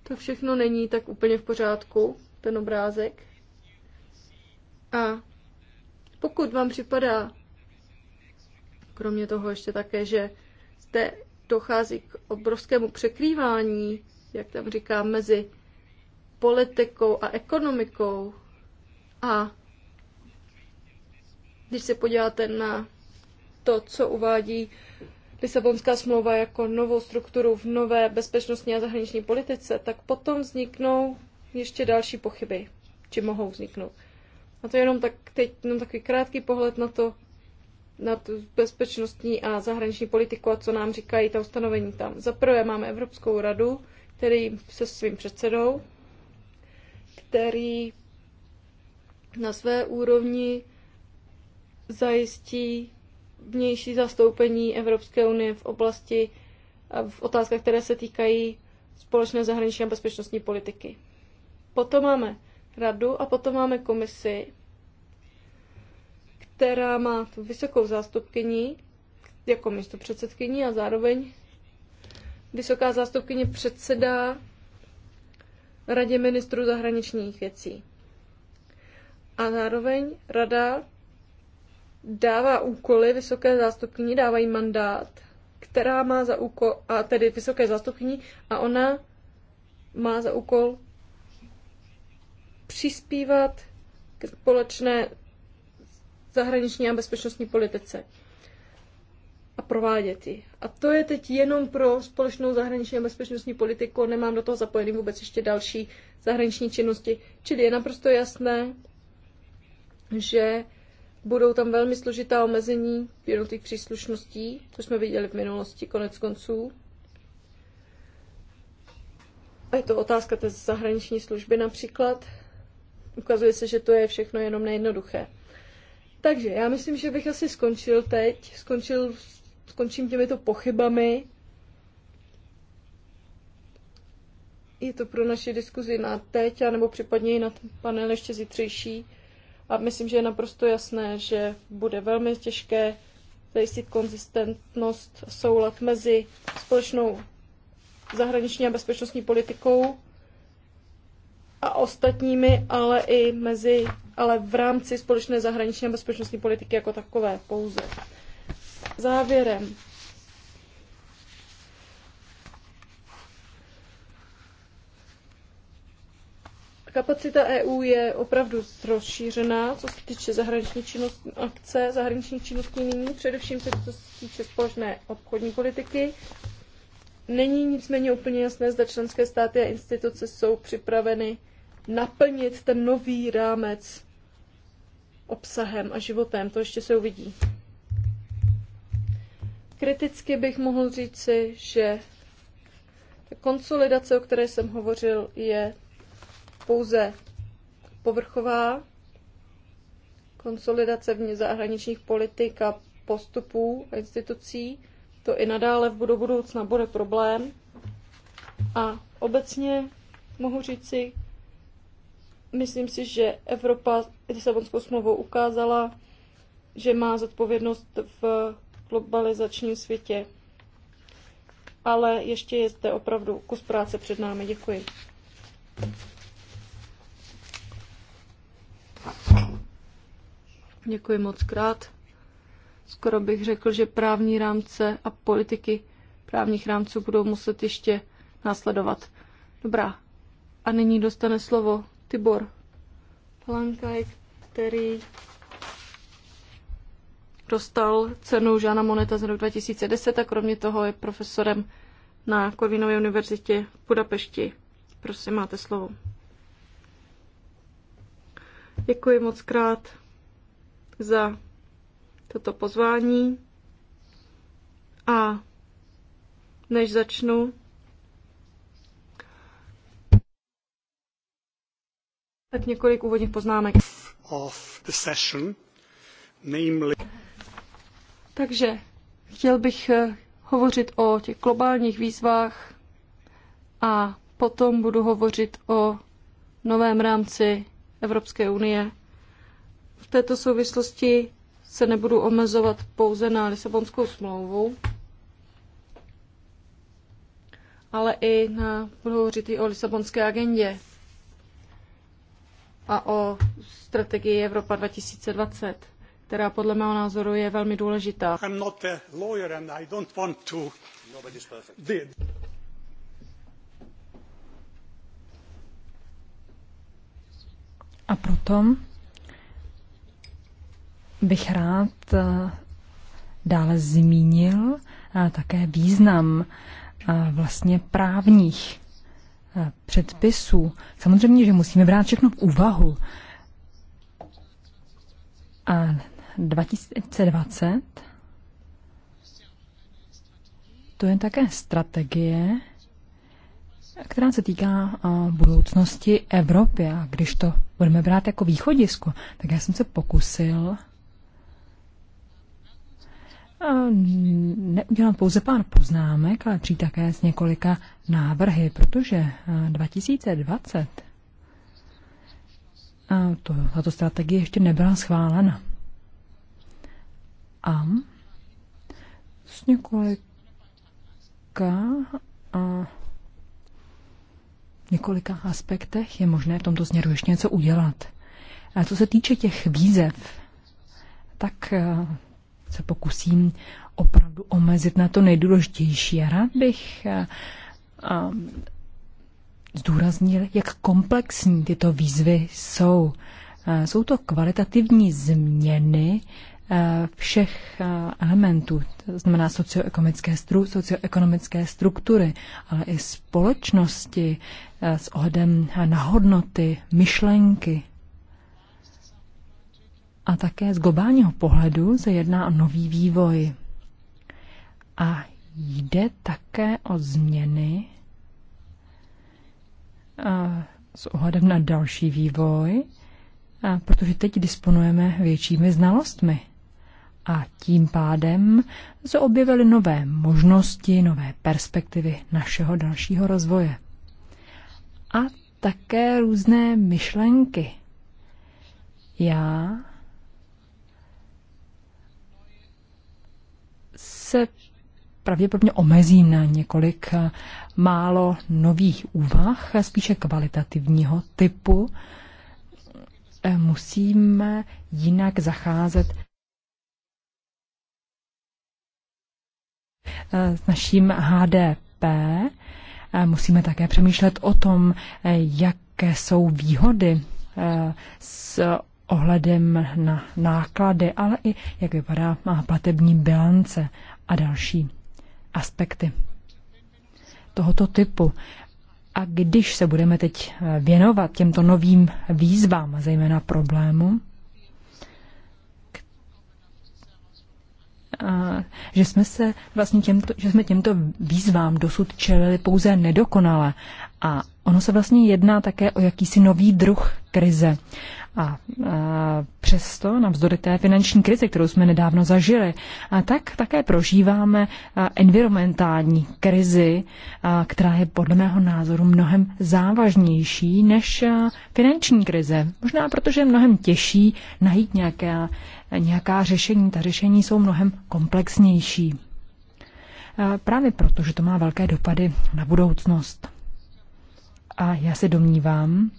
to všechno není tak úplně v pořádku, ten obrázek. A pokud vám připadá, kromě toho ještě také, že zde dochází k obrovskému překrývání, jak tam říkám mezi politikou a ekonomikou. A když se podíváte na to, co uvádí Lisabonská smlouva jako novou strukturu v nové bezpečnostní a zahraniční politice, tak potom vzniknou ještě další pochyby, či mohou vzniknout. A to je jenom tak, teď jenom takový krátký pohled na to, na tu bezpečnostní a zahraniční politiku a co nám říkají ta ustanovení tam. Za prvé máme Evropskou radu, který se svým předsedou, který na své úrovni zajistí vnější zastoupení Evropské unie v oblasti v otázkách, které se týkají společné zahraniční a bezpečnostní politiky. Potom máme radu a potom máme komisi, která má tu vysokou zástupkyní jako místo předsedkyní a zároveň vysoká zástupkyně předsedá Radě ministrů zahraničních věcí. A zároveň rada dává úkoly vysoké zástupkyni, dávají mandát, která má za úkol, a tedy vysoké zástupkyni, a ona má za úkol přispívat k společné zahraniční a bezpečnostní politice a provádět ji. A to je teď jenom pro společnou zahraniční a bezpečnostní politiku, nemám do toho zapojený vůbec ještě další zahraniční činnosti. Čili je naprosto jasné, že budou tam velmi složitá omezení jednotlivých příslušností, což jsme viděli v minulosti konec konců. A je to otázka té zahraniční služby například. Ukazuje se, že to je všechno jenom nejednoduché. Takže já myslím, že bych asi skončil teď. Skončil, skončím těmito pochybami. Je to pro naši diskuzi na teď, anebo případně i na ten panel ještě zítřejší. A myslím, že je naprosto jasné, že bude velmi těžké zajistit konzistentnost a soulad mezi společnou zahraniční a bezpečnostní politikou a ostatními, ale i mezi ale v rámci společné zahraniční a bezpečnostní politiky jako takové pouze. Závěrem. Kapacita EU je opravdu rozšířená, co se týče zahraniční činnost, akce, zahraniční činnosti nyní, především se co se týče společné obchodní politiky. Není nicméně úplně jasné, zda členské státy a instituce jsou připraveny naplnit ten nový rámec obsahem a životem. To ještě se uvidí. Kriticky bych mohl říci, že ta konsolidace, o které jsem hovořil, je pouze povrchová konsolidace v zahraničních politik a postupů a institucí. To i nadále v budoucna bude problém. A obecně mohu říci, Myslím si, že Evropa Lisabonskou smlouvou ukázala, že má zodpovědnost v globalizačním světě. Ale ještě je zde opravdu kus práce před námi. Děkuji. Děkuji moc krát. Skoro bych řekl, že právní rámce a politiky právních rámců budou muset ještě následovat. Dobrá. A nyní dostane slovo Tibor Palankaj, který dostal cenu Žána Moneta z roku 2010 a kromě toho je profesorem na Korvinové univerzitě v Budapešti. Prosím, máte slovo. Děkuji moc krát za toto pozvání a než začnu, Tak několik úvodních poznámek. Of the session, namely... Takže chtěl bych eh, hovořit o těch globálních výzvách a potom budu hovořit o novém rámci Evropské unie. V této souvislosti se nebudu omezovat pouze na Lisabonskou smlouvu, ale i na, budu hovořit i o Lisabonské agendě a o strategii Evropa 2020, která podle mého názoru je velmi důležitá. A proto bych rád eh, dále zmínil eh, také význam eh, vlastně právních Eh, předpisů. Samozřejmě, že musíme brát všechno v úvahu. A 2020 to je také strategie, která se týká eh, budoucnosti Evropy. A když to budeme brát jako východisko, tak já jsem se pokusil neudělat pouze pár poznámek, ale přijít také s několika návrhy, protože 2020 eh, eh, to, tato strategie ještě nebyla schválena. A s několika a eh, několika aspektech je možné v tomto směru ještě něco udělat. A co se týče těch výzev, tak se pokusím opravdu omezit na to nejdůležitější. A rád bych eh, eh, zdůraznil, jak komplexní tyto výzvy jsou. Eh, jsou to kvalitativní změny všech elementů, to znamená socioekonomické, stru, socioekonomické struktury, ale i společnosti s ohledem na hodnoty, myšlenky, a také z globálního pohledu se jedná o nový vývoj. A jde také o změny s ohledem na další vývoj, protože teď disponujeme většími znalostmi. A tím pádem se objevily nové možnosti, nové perspektivy našeho dalšího rozvoje. A také různé myšlenky. Já se pravděpodobně omezím na několik eh, málo nových úvah, eh, spíše kvalitativního typu. Eh, musíme jinak zacházet s naším HDP. Musíme také přemýšlet o tom, jaké jsou výhody s ohledem na náklady, ale i jak vypadá platební bilance a další aspekty tohoto typu. A když se budeme teď eh, věnovat těmto novým výzvám, zejména problému, že jsme se vlastně těmto, že jsme těmto výzvám dosud čelili pouze nedokonale a ono se vlastně jedná také o jakýsi nový druh krize. A, a přesto, navzdory té finanční krize, kterou jsme nedávno zažili, a tak také prožíváme a, environmentální krizi, a, která je podle mého názoru mnohem závažnější než a, finanční krize. Možná protože je mnohem těžší najít nějaké, nějaká řešení. Ta řešení jsou mnohem komplexnější. A, právě proto, že to má velké dopady na budoucnost. A já se domnívám,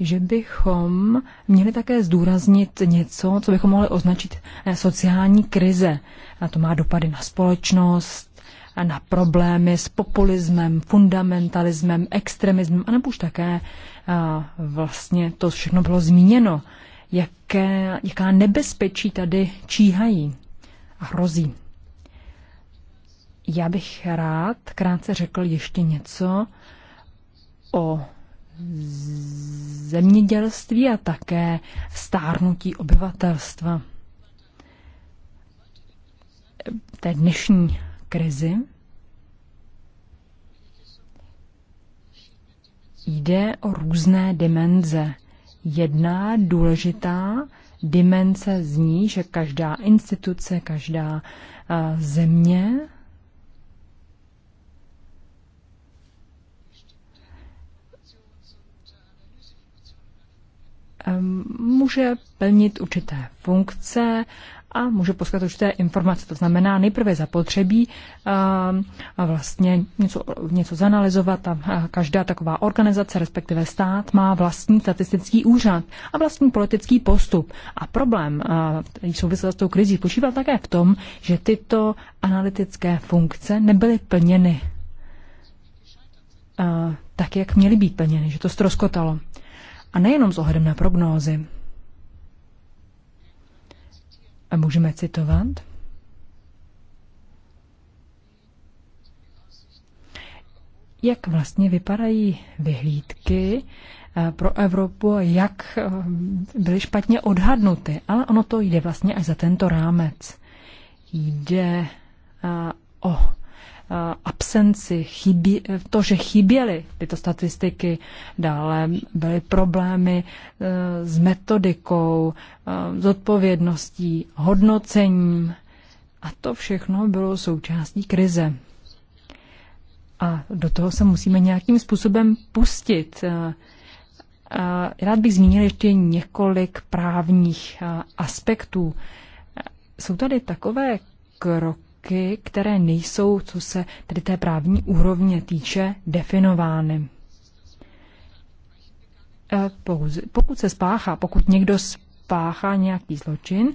že bychom měli také zdůraznit něco, co bychom mohli označit eh, sociální krize. A to má dopady na společnost, a na problémy s populismem, fundamentalismem, extremismem, anebo už také a eh, vlastně to všechno bylo zmíněno, jaké, jaká nebezpečí tady číhají a hrozí. Já bych rád krátce řekl ještě něco o zemědělství a také stárnutí obyvatelstva. Té dnešní krizi jde o různé dimenze. Jedna důležitá dimenze zní, že každá instituce, každá eh, země může plnit určité funkce a může poskytovat určité informace. To znamená, nejprve zapotřebí a vlastně něco, něco zanalizovat a každá taková organizace, respektive stát, má vlastní statistický úřad a vlastní politický postup. A problém který souvisel s tou krizí spočívá také v tom, že tyto analytické funkce nebyly plněny tak, jak měly být plněny, že to stroskotalo a nejenom s ohledem na prognózy. A můžeme citovat? Jak vlastně vypadají vyhlídky eh, pro Evropu, jak eh, byly špatně odhadnuty, ale ono to jde vlastně až za tento rámec. Jde eh, o absenci, chybě, to, že chyběly tyto statistiky, dále byly problémy e, s metodikou, e, s odpovědností, hodnocením a to všechno bylo součástí krize. A do toho se musíme nějakým způsobem pustit. E, rád bych zmínil ještě několik právních aspektů. Jsou tady takové kroky, kroky, které nejsou, co se tedy té právní úrovně týče, definovány. E, pokud se spáchá, pokud někdo spáchá nějaký zločin, e,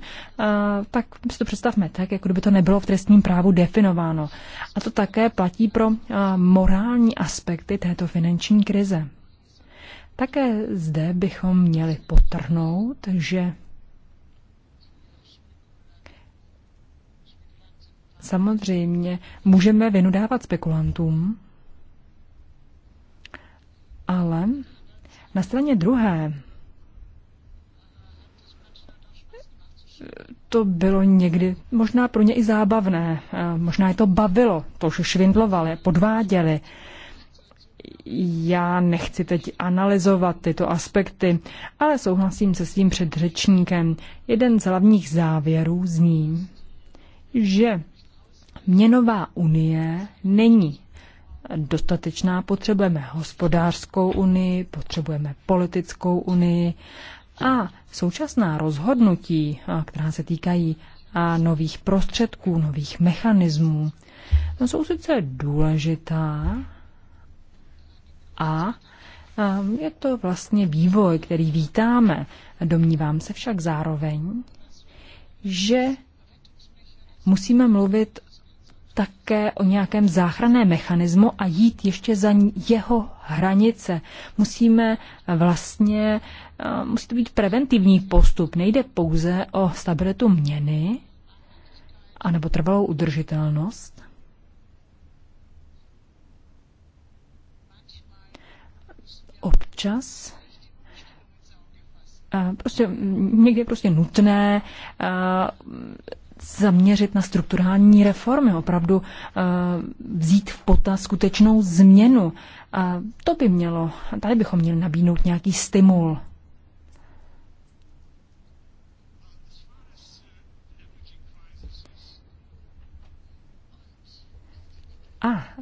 tak si to představme tak, jako kdyby to nebylo v trestním právu definováno. A to také platí pro e, morální aspekty této finanční krize. Také zde bychom měli potrhnout, že Samozřejmě můžeme vinu dávat spekulantům, ale na straně druhé to bylo někdy možná pro ně i zábavné, eh, možná je to bavilo, to, že švindlovali, podváděli. Já nechci teď analyzovat tyto aspekty, ale souhlasím se svým předřečníkem. Jeden z hlavních závěrů zní, že Měnová unie není dostatečná. Potřebujeme hospodářskou unii, potřebujeme politickou unii a současná rozhodnutí, která se týkají a nových prostředků, nových mechanismů, no jsou sice důležitá a je to vlastně vývoj, který vítáme. Domnívám se však zároveň, že musíme mluvit také o nějakém záchranném mechanismu a jít ještě za jeho hranice. Musíme vlastně, eh, musí to být preventivní postup. Nejde pouze o stabilitu měny, anebo trvalou udržitelnost. Občas eh, prostě někdy je prostě nutné eh, zaměřit na strukturální reformy, opravdu eh, vzít v potaz skutečnou změnu. A to by mělo, tady bychom měli nabídnout nějaký stimul.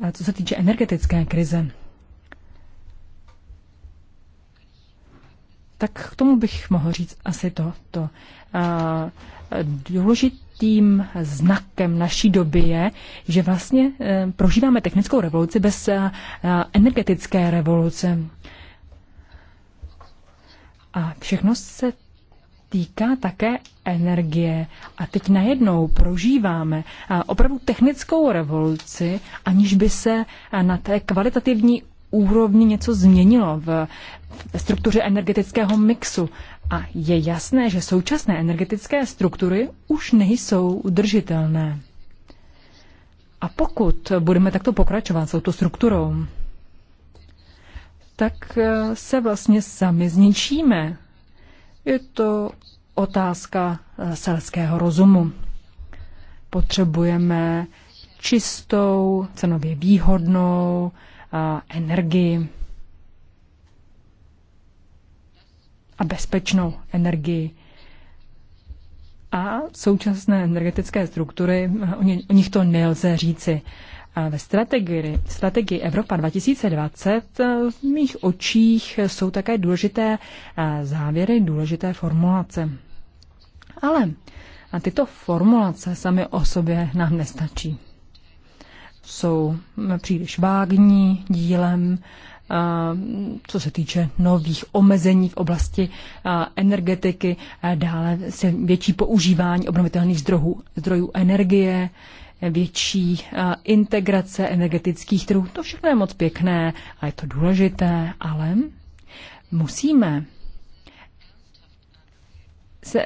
A co se týče energetické krize, tak k tomu bych mohl říct asi to. to. Důležitým znakem naší doby je, že vlastně e, prožíváme technickou revoluci bez e, energetické revoluce. A všechno se týká také energie. A teď najednou prožíváme e, opravdu technickou revoluci, aniž by se na té kvalitativní úrovni něco změnilo v, v struktuře energetického mixu. A je jasné, že současné energetické struktury už nejsou udržitelné. A pokud budeme takto pokračovat s touto strukturou, tak eh, se vlastně sami zničíme. Je to otázka eh, selského rozumu. Potřebujeme čistou, cenově výhodnou, energii a bezpečnou energii. A současné energetické struktury, o nich to nelze říci. A ve strategii, strategii Evropa 2020 eh, v mých očích jsou také důležité eh, závěry, důležité formulace. Ale a tyto formulace sami o sobě nám nestačí jsou příliš vágní dílem, eh, co se týče nových omezení v oblasti eh, energetiky, eh, dále se větší používání obnovitelných zdrojů, zdrojů energie, větší integrace energetických trhů. To všechno je moc pěkné a je to důležité, ale musíme se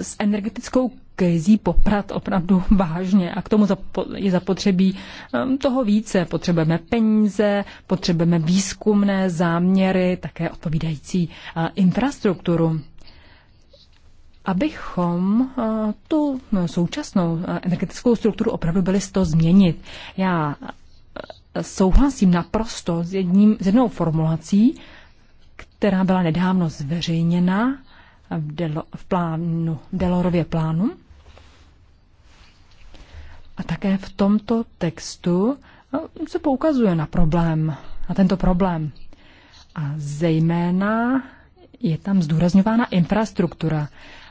s energetickou krizí poprat opravdu *laughs* vážně a k tomu je zapotřebí um, toho více. Potřebujeme peníze, potřebujeme výzkumné záměry, také odpovídající uh, infrastrukturu. Abychom uh, tu současnou uh, energetickou strukturu opravdu byli z toho změnit. Já souhlasím naprosto s, jedním, s jednou formulací, která byla nedávno zveřejněna v, Delo, v plánu, v Delorově plánu. A také v tomto textu no, se poukazuje na problém, na tento problém. A zejména je tam zdůrazňována infrastruktura.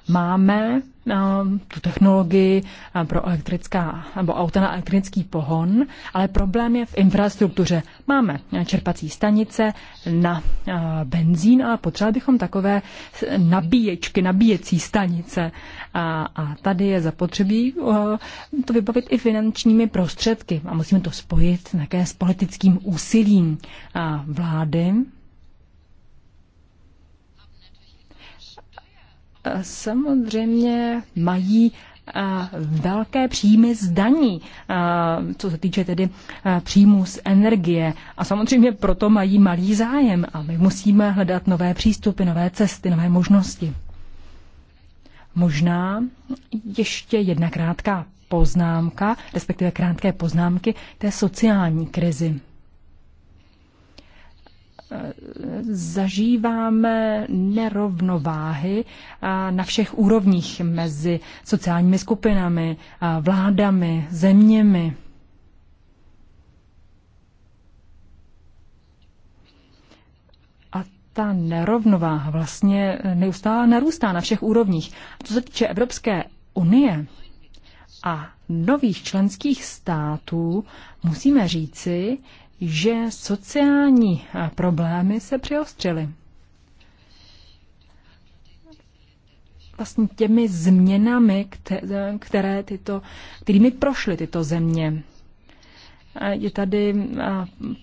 Máme na tu technologii pro elektrická, nebo auta na elektrický pohon, ale problém je v infrastruktuře. Máme čerpací stanice na benzín, ale potřebovali bychom takové nabíječky, nabíjecí stanice. A, a tady je zapotřebí to vybavit i finančními prostředky. A musíme to spojit také s politickým úsilím vlády samozřejmě mají eh, velké příjmy z daní, eh, co se týče tedy eh, příjmů z energie. A samozřejmě proto mají malý zájem a my musíme hledat nové přístupy, nové cesty, nové možnosti. Možná ještě jedna krátká poznámka, respektive krátké poznámky té sociální krizi zažíváme nerovnováhy na všech úrovních mezi sociálními skupinami, vládami, zeměmi. A ta nerovnováha vlastně neustále narůstá na všech úrovních. Co se týče Evropské unie a nových členských států, musíme říci, že sociální problémy se přiostřily. Vlastně těmi změnami, které tyto, kterými prošly tyto země. Je tady,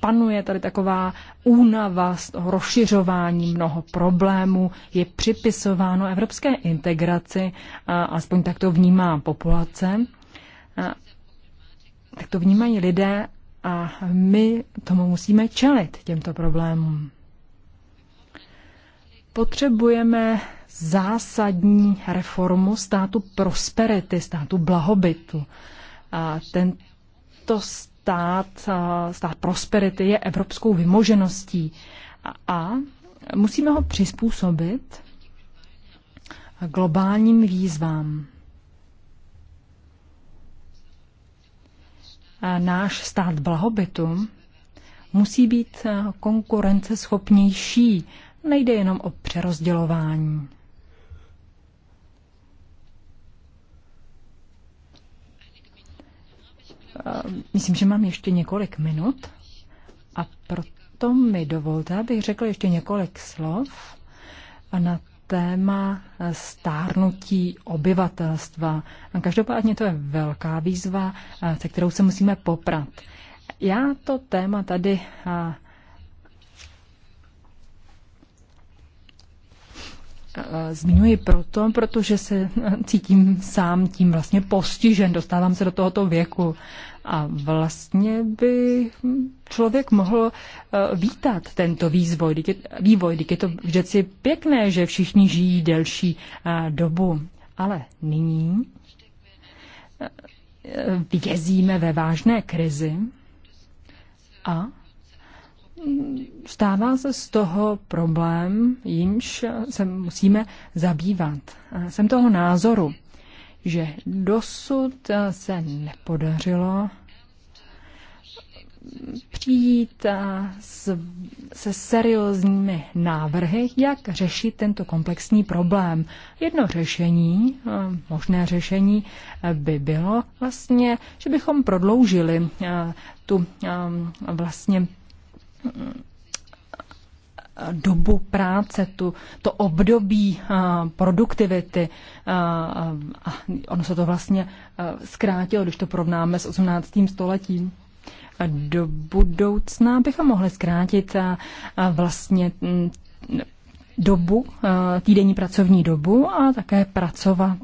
panuje tady taková únava z toho rozšiřování mnoho problémů, je připisováno evropské integraci, aspoň tak to vnímá populace tak to vnímají lidé a my tomu musíme čelit, těmto problémům. Potřebujeme zásadní reformu státu prosperity, státu blahobytu. A tento stát, stát prosperity je evropskou vymožeností. A, a musíme ho přizpůsobit globálním výzvám. náš stát blahobytu musí být konkurenceschopnější. Nejde jenom o přerozdělování. Myslím, že mám ještě několik minut a proto mi dovolte, abych řekl ještě několik slov na téma eh, stárnutí obyvatelstva. Každopádně to je velká výzva, eh, se kterou se musíme poprat. Já to téma tady eh, Zmiňuji proto, protože se cítím sám tím vlastně postižen, dostávám se do tohoto věku. A vlastně by člověk mohl eh, vítat tento vývoj, vývoj, je to vždycky pěkné, že všichni žijí delší eh, dobu. Ale nyní eh, vězíme ve vážné krizi a mm, stává se z toho problém, jimž se musíme zabývat. Jsem toho názoru, že dosud se nepodařilo přijít s, se seriózními návrhy, jak řešit tento komplexní problém. Jedno řešení, možné řešení by bylo vlastně, že bychom prodloužili tu vlastně dobu práce, tu, to období a, produktivity. A, a ono se to vlastně zkrátilo, když to porovnáme s 18. stoletím do budoucna bychom mohli zkrátit a vlastně mm, dobu, týdenní pracovní dobu a také pracovat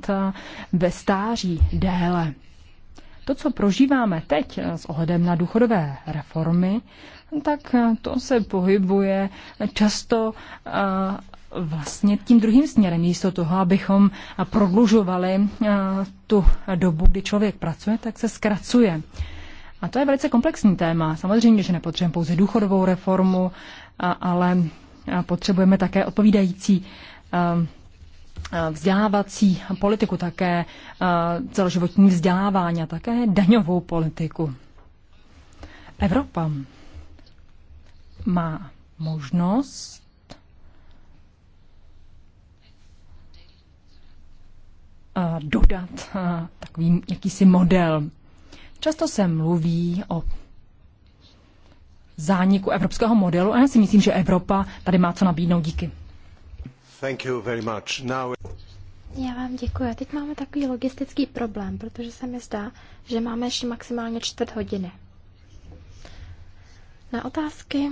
ve stáří déle. To, co prožíváme teď s ohledem na důchodové reformy, tak to se pohybuje často vlastně tím druhým směrem, místo toho, abychom prodlužovali tu dobu, kdy člověk pracuje, tak se zkracuje. A to je velice komplexní téma. Samozřejmě, že nepotřebujeme pouze důchodovou reformu, a, ale potřebujeme také odpovídající um, vzdělávací politiku, také celoživotní vzdělávání a také daňovou politiku. Evropa má možnost dodat takový jakýsi model Často se mluví o zániku evropského modelu a já si myslím, že Evropa tady má co nabídnout díky. Thank you very much. Now... Já vám děkuji. Teď máme takový logistický problém, protože se mi zdá, že máme ještě maximálně čtvrt hodiny. Na otázky,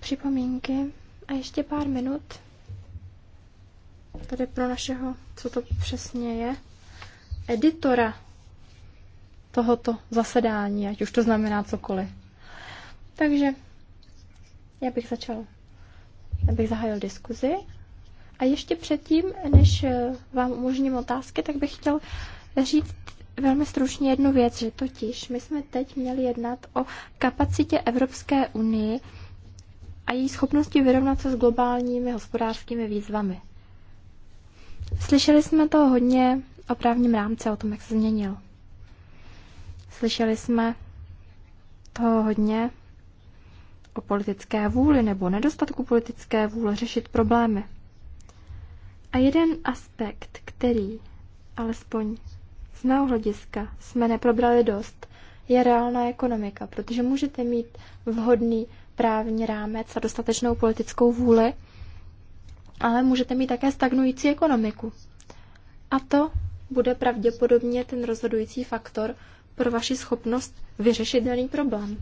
připomínky a ještě pár minut tady pro našeho, co to přesně je, editora tohoto zasedání, ať už to znamená cokoliv. Takže já bych začal, já bych zahájil diskuzi. A ještě předtím, než eh, vám umožním otázky, tak bych chtěl říct velmi stručně jednu věc, že totiž my jsme teď měli jednat o kapacitě Evropské unie a její schopnosti vyrovnat se s globálními hospodářskými výzvami. Slyšeli jsme to hodně o právním rámci, o tom, jak se změnil. Slyšeli jsme toho hodně o politické vůli nebo nedostatku politické vůle řešit problémy. A jeden aspekt, který alespoň z mého hlediska jsme neprobrali dost, je reálná ekonomika, protože můžete mít vhodný právní rámec a dostatečnou politickou vůli, ale můžete mít také stagnující ekonomiku. A to bude pravděpodobně ten rozhodující faktor, pro vaši schopnost vyřešit daný problém.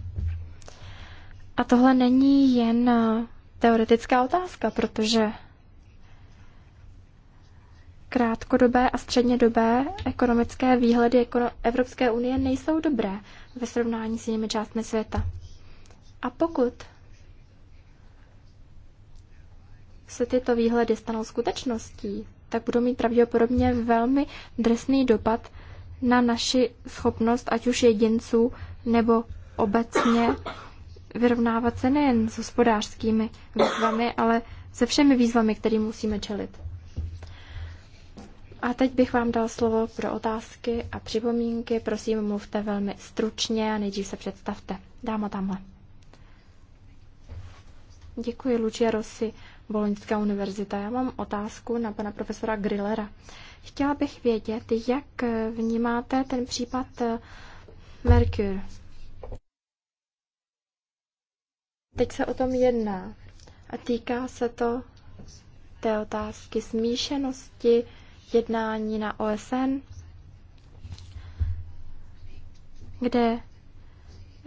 A tohle není jen eh, teoretická otázka, protože krátkodobé a střednědobé ekonomické výhledy Evropské unie nejsou dobré ve srovnání s jinými částmi světa. A pokud se tyto výhledy stanou skutečností, tak budou mít pravděpodobně velmi drsný dopad na naši schopnost, ať už jedinců nebo obecně, vyrovnávat se nejen s hospodářskými výzvami, ale se všemi výzvami, kterým musíme čelit. A teď bych vám dal slovo pro otázky a připomínky. Prosím, mluvte velmi stručně a nejdřív se představte. Dáma tamhle. Děkuji, Lucia Rossi, Boloňská univerzita. Já mám otázku na pana profesora Grillera. Chtěla bych vědět, jak vnímáte ten případ eh, Mercure. Teď se o tom jedná a týká se to té otázky smíšenosti jednání na OSN, kde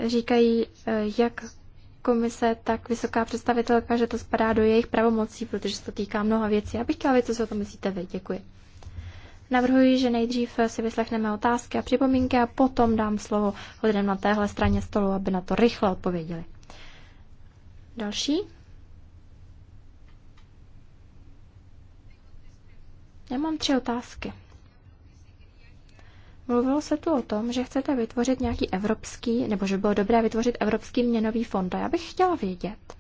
říkají, eh, jak komise, tak vysoká představitelka, že to spadá do jejich pravomocí, protože se to týká mnoha věcí. Já bych chtěla vědět, co si o tom myslíte vy. Děkuji. Navrhuji, že nejdřív si vyslechneme otázky a připomínky a potom dám slovo lidem na téhle straně stolu, aby na to rychle odpověděli. Další? Já mám tři otázky. Mluvilo se tu o tom, že chcete vytvořit nějaký evropský, nebo že bylo dobré vytvořit evropský měnový fond. A já bych chtěla vědět.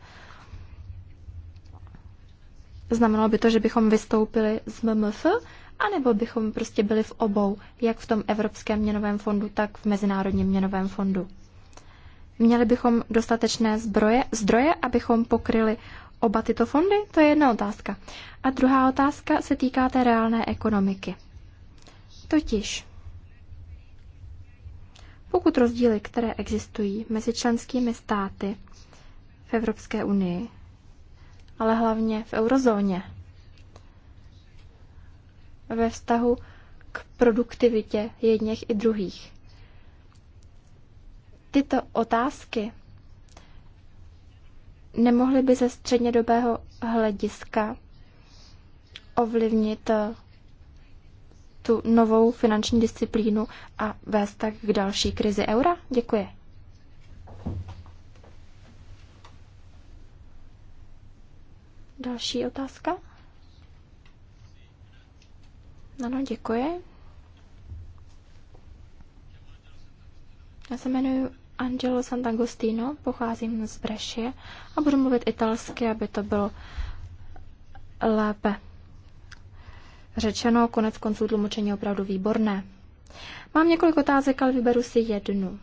Znamenalo by to, že bychom vystoupili z MMF, anebo bychom prostě byli v obou, jak v tom Evropském měnovém fondu, tak v Mezinárodním měnovém fondu. Měli bychom dostatečné zbroje, zdroje, abychom pokryli oba tyto fondy? To je jedna otázka. A druhá otázka se týká té reálné ekonomiky. Totiž, pokud rozdíly, které existují mezi členskými státy v Evropské unii, ale hlavně v eurozóně, ve vztahu k produktivitě jedněch i druhých. Tyto otázky nemohly by ze střednědobého hlediska ovlivnit eh, tu novou finanční disciplínu a vést tak k další krizi eura? Děkuji. Další otázka? Ano, děkuji. Já se jmenuji Angelo Sant'Agostino, pocházím z Brešie a budu mluvit italsky, aby to bylo lépe řečeno. Konec konců tlumočení opravdu výborné. Mám několik otázek, ale vyberu si jednu.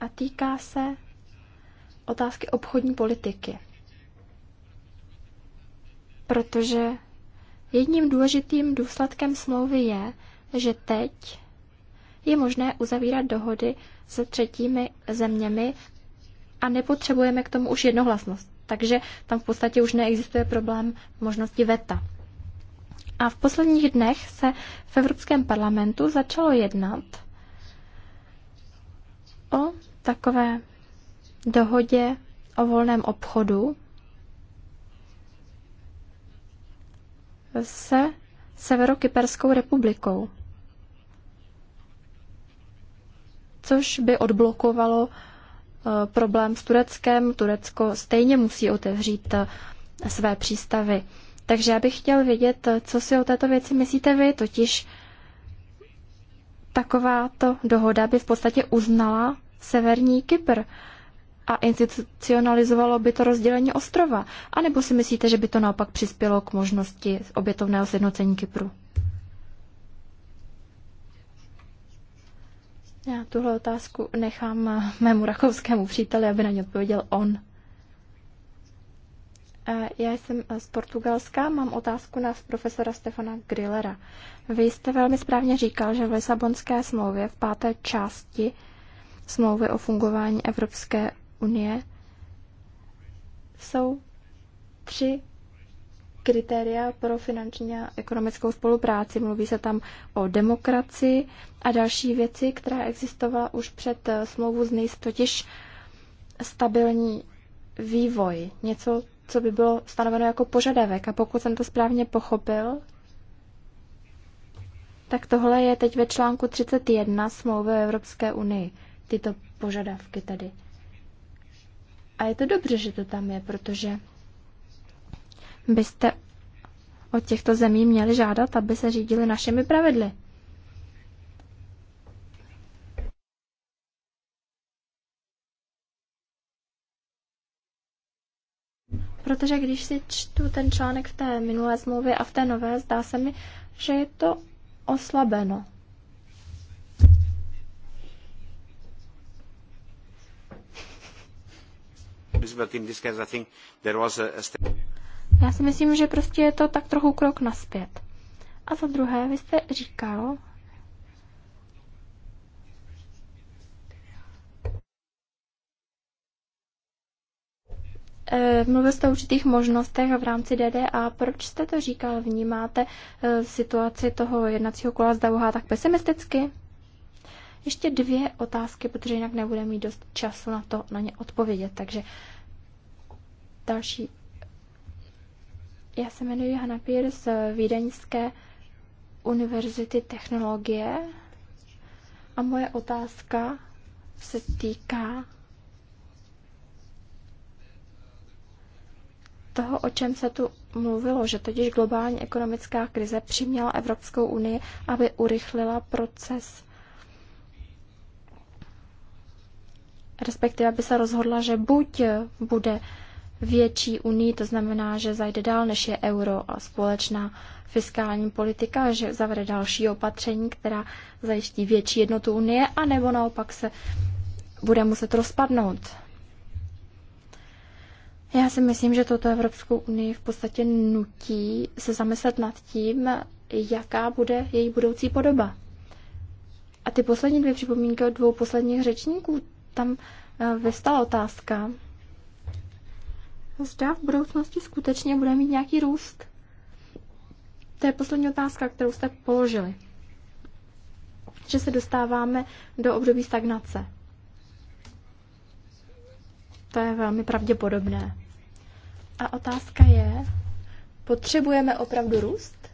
A týká se otázky obchodní politiky. Protože Jedním důležitým důsledkem smlouvy je, že teď je možné uzavírat dohody se třetími zeměmi a nepotřebujeme k tomu už jednohlasnost. Takže tam v podstatě už neexistuje problém možnosti veta. A v posledních dnech se v Evropském parlamentu začalo jednat o takové dohodě o volném obchodu se Severokyperskou republikou, což by odblokovalo eh, problém s Tureckem. Turecko stejně musí otevřít eh, své přístavy. Takže já bych chtěl vědět, eh, co si o této věci myslíte vy, totiž takováto dohoda by v podstatě uznala Severní Kypr a institucionalizovalo by to rozdělení ostrova? A nebo si myslíte, že by to naopak přispělo k možnosti obětovného sjednocení Kypru? Já tuhle otázku nechám mému rakouskému příteli, aby na ně odpověděl on. Já jsem z Portugalska, mám otázku na profesora Stefana Grillera. Vy jste velmi správně říkal, že v Lisabonské smlouvě v páté části smlouvy o fungování Evropské unie jsou tři kritéria pro finanční a ekonomickou spolupráci. Mluví se tam o demokracii a další věci, která existovala už před eh, smlouvu z NIS, totiž stabilní vývoj, něco, co by bylo stanoveno jako požadavek. A pokud jsem to správně pochopil, tak tohle je teď ve článku 31 smlouvy o Evropské unii, tyto požadavky tedy. A je to dobře, že to tam je, protože byste od těchto zemí měli žádat, aby se řídili našimi pravidly. Protože když si čtu ten článek v té minulé smlouvě a v té nové, zdá se mi, že je to oslabeno. Já si myslím, že prostě je to tak trochu krok naspět. A za druhé, vy jste říkal, eh, Mluvil jste o určitých možnostech v rámci DDA. Proč jste to říkal? Vnímáte eh, situaci toho jednacího kola z Dauha tak pesimisticky? Ještě dvě otázky, protože jinak nebude mít dost času na to na ně odpovědět. Takže Další. Já se jmenuji Hanna Pír z Vídeňské univerzity technologie a moje otázka se týká toho, o čem se tu mluvilo, že totiž globální ekonomická krize přiměla Evropskou unii, aby urychlila proces, respektive aby se rozhodla, že buď bude větší unii, to znamená, že zajde dál, než je euro a společná fiskální politika, že zavede další opatření, která zajistí větší jednotu unie, anebo naopak se bude muset rozpadnout. Já si myslím, že toto Evropskou unii v podstatě nutí se zamyslet nad tím, jaká bude její budoucí podoba. A ty poslední dvě připomínky od dvou posledních řečníků, tam eh, vystala otázka, zda v budoucnosti skutečně bude mít nějaký růst. To je poslední otázka, kterou jste položili. Že se dostáváme do období stagnace. To je velmi pravděpodobné. A otázka je, potřebujeme opravdu růst?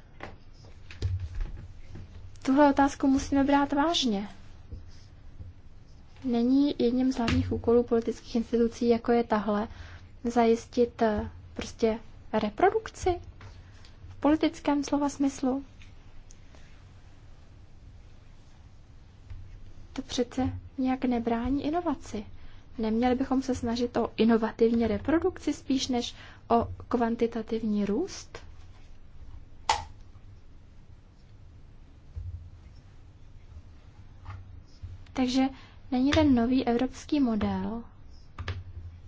Tuhle otázku musíme brát vážně. Není jedním z hlavních úkolů politických institucí, jako je tahle, zajistit eh, prostě reprodukci v politickém slova smyslu? To přece nějak nebrání inovaci. Neměli bychom se snažit o inovativní reprodukci spíš než o kvantitativní růst? Takže není ten nový evropský model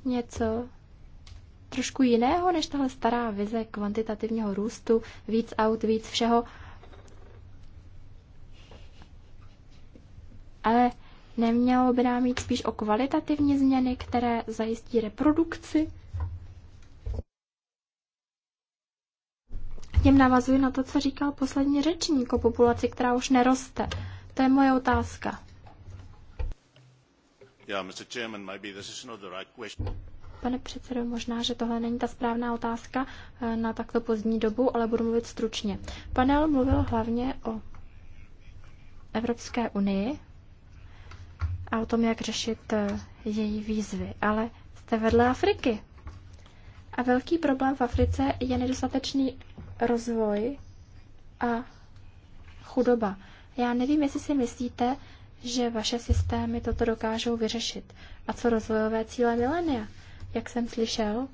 něco, trošku jiného než tahle stará vize kvantitativního růstu, víc aut, víc všeho. Ale nemělo by nám jít spíš o kvalitativní změny, které zajistí reprodukci? Tím navazuji na to, co říkal poslední řečník o populaci, která už neroste. To je moje otázka. Yeah, Mr. Chairman, maybe this is not the right question. Pane předsedo, možná, že tohle není ta správná otázka eh, na takto pozdní dobu, ale budu mluvit stručně. Panel mluvil hlavně o Evropské unii a o tom, jak řešit eh, její výzvy, ale jste vedle Afriky. A velký problém v Africe je nedostatečný rozvoj a chudoba. Já nevím, jestli si myslíte, že vaše systémy toto dokážou vyřešit. A co rozvojové cíle milenia? jak jsem slyšel,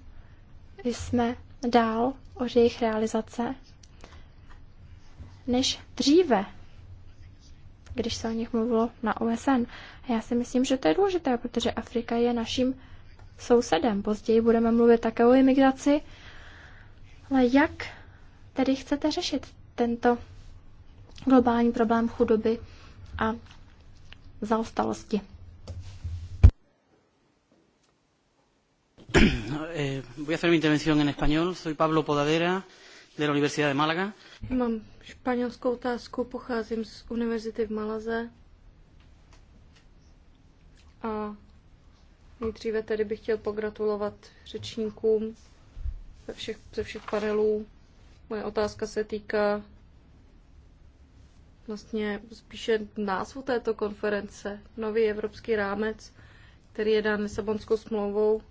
jsme dál od jejich realizace než dříve, když se o nich mluvilo na OSN. A já si myslím, že to je důležité, protože Afrika je naším sousedem. Později budeme mluvit také o imigraci. Ale jak tedy chcete řešit tento globální problém chudoby a zaostalosti? Eh, voy a hacer mi intervención en español. Soy Pablo Podadera de la Universidad de Málaga. Mám španělskou otázku, pocházím z univerzity v Malaze. A nejdříve tedy bych chtěl pogratulovat řečníkům ze všech, ze všech panelů. Moje otázka se týká vlastně spíše názvu této konference. Nový evropský rámec, který je dán Lisabonskou smlouvou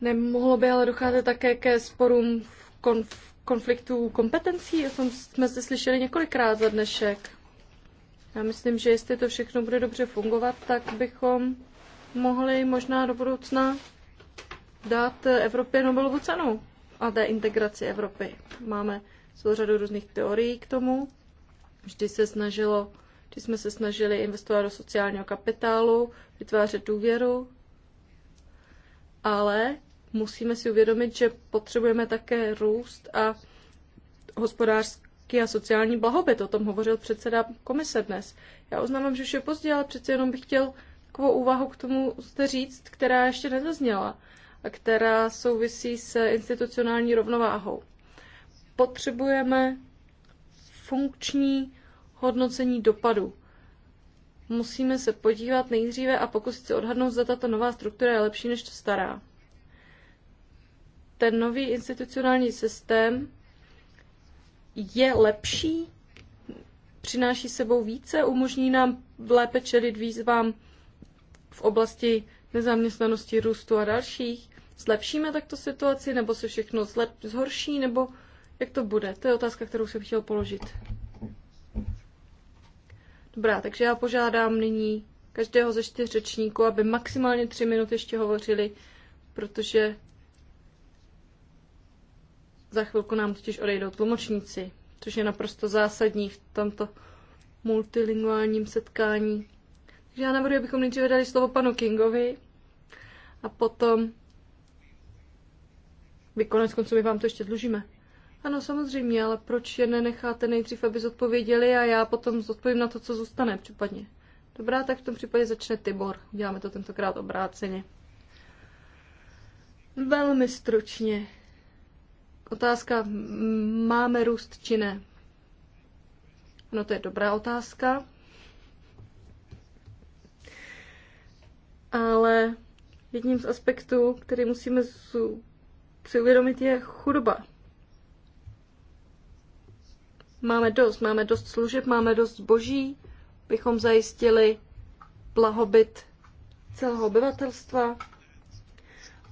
Nemohlo by ale docházet také ke sporům konf- konfliktu kompetencí? O tom jsme zde slyšeli několikrát za dnešek. Já myslím, že jestli to všechno bude dobře fungovat, tak bychom mohli možná do budoucna dát Evropě Nobelovu cenu a té integraci Evropy. Máme celou řadu různých teorií k tomu. Vždy se snažilo, vždy jsme se snažili investovat do sociálního kapitálu, vytvářet důvěru, ale musíme si uvědomit, že potřebujeme také růst a hospodářský a sociální blahobyt. O tom hovořil předseda komise dnes. Já uznávám, že už je pozdě, ale přece jenom bych chtěl takovou úvahu k tomu zde říct, která ještě nezazněla a která souvisí s institucionální rovnováhou. Potřebujeme funkční hodnocení dopadu. Musíme se podívat nejdříve a pokusit se odhadnout, zda tato nová struktura je lepší než ta stará ten nový institucionální systém je lepší, přináší sebou více, umožní nám lépe čelit výzvám v oblasti nezaměstnanosti, růstu a dalších. Zlepšíme takto situaci, nebo se všechno zlep, zhorší, nebo jak to bude? To je otázka, kterou jsem chtěl položit. Dobrá, takže já požádám nyní každého ze čtyř řečníků, aby maximálně tři minuty ještě hovořili, protože za chvilku nám totiž odejdou tlumočníci, což je naprosto zásadní v tomto multilinguálním setkání. Takže já navrhuji, abychom nejdříve dali slovo panu Kingovi a potom vy konec konců my vám to ještě dlužíme. Ano, samozřejmě, ale proč je nenecháte nejdřív, aby zodpověděli a já potom zodpovím na to, co zůstane případně. Dobrá, tak v tom případě začne Tibor. Děláme to tentokrát obráceně. Velmi stručně. Otázka, máme růst či ne? No to je dobrá otázka. Ale jedním z aspektů, který musíme si uvědomit, je chudoba. Máme dost, máme dost služeb, máme dost boží, bychom zajistili blahobyt celého obyvatelstva.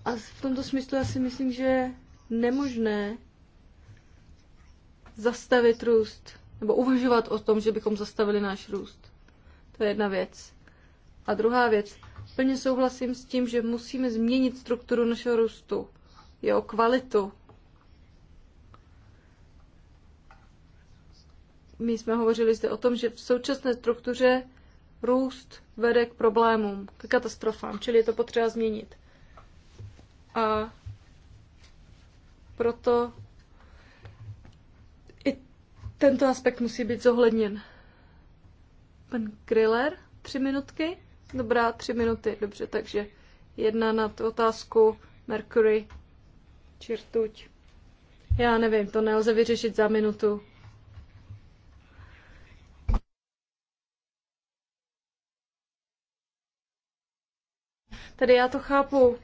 A v tomto smyslu já si myslím, že nemožné zastavit růst, nebo uvažovat o tom, že bychom zastavili náš růst. To je jedna věc. A druhá věc, plně souhlasím s tím, že musíme změnit strukturu našeho růstu, jeho kvalitu. My jsme hovořili zde o tom, že v současné struktuře růst vede k problémům, k katastrofám, čili je to potřeba změnit. A proto i tento aspekt musí být zohledněn. Pan Kriller, tři minutky? Dobrá, tři minuty, dobře, takže jedna na tu otázku Mercury, čirtuť. Já nevím, to nelze vyřešit za minutu. Tady já to chápu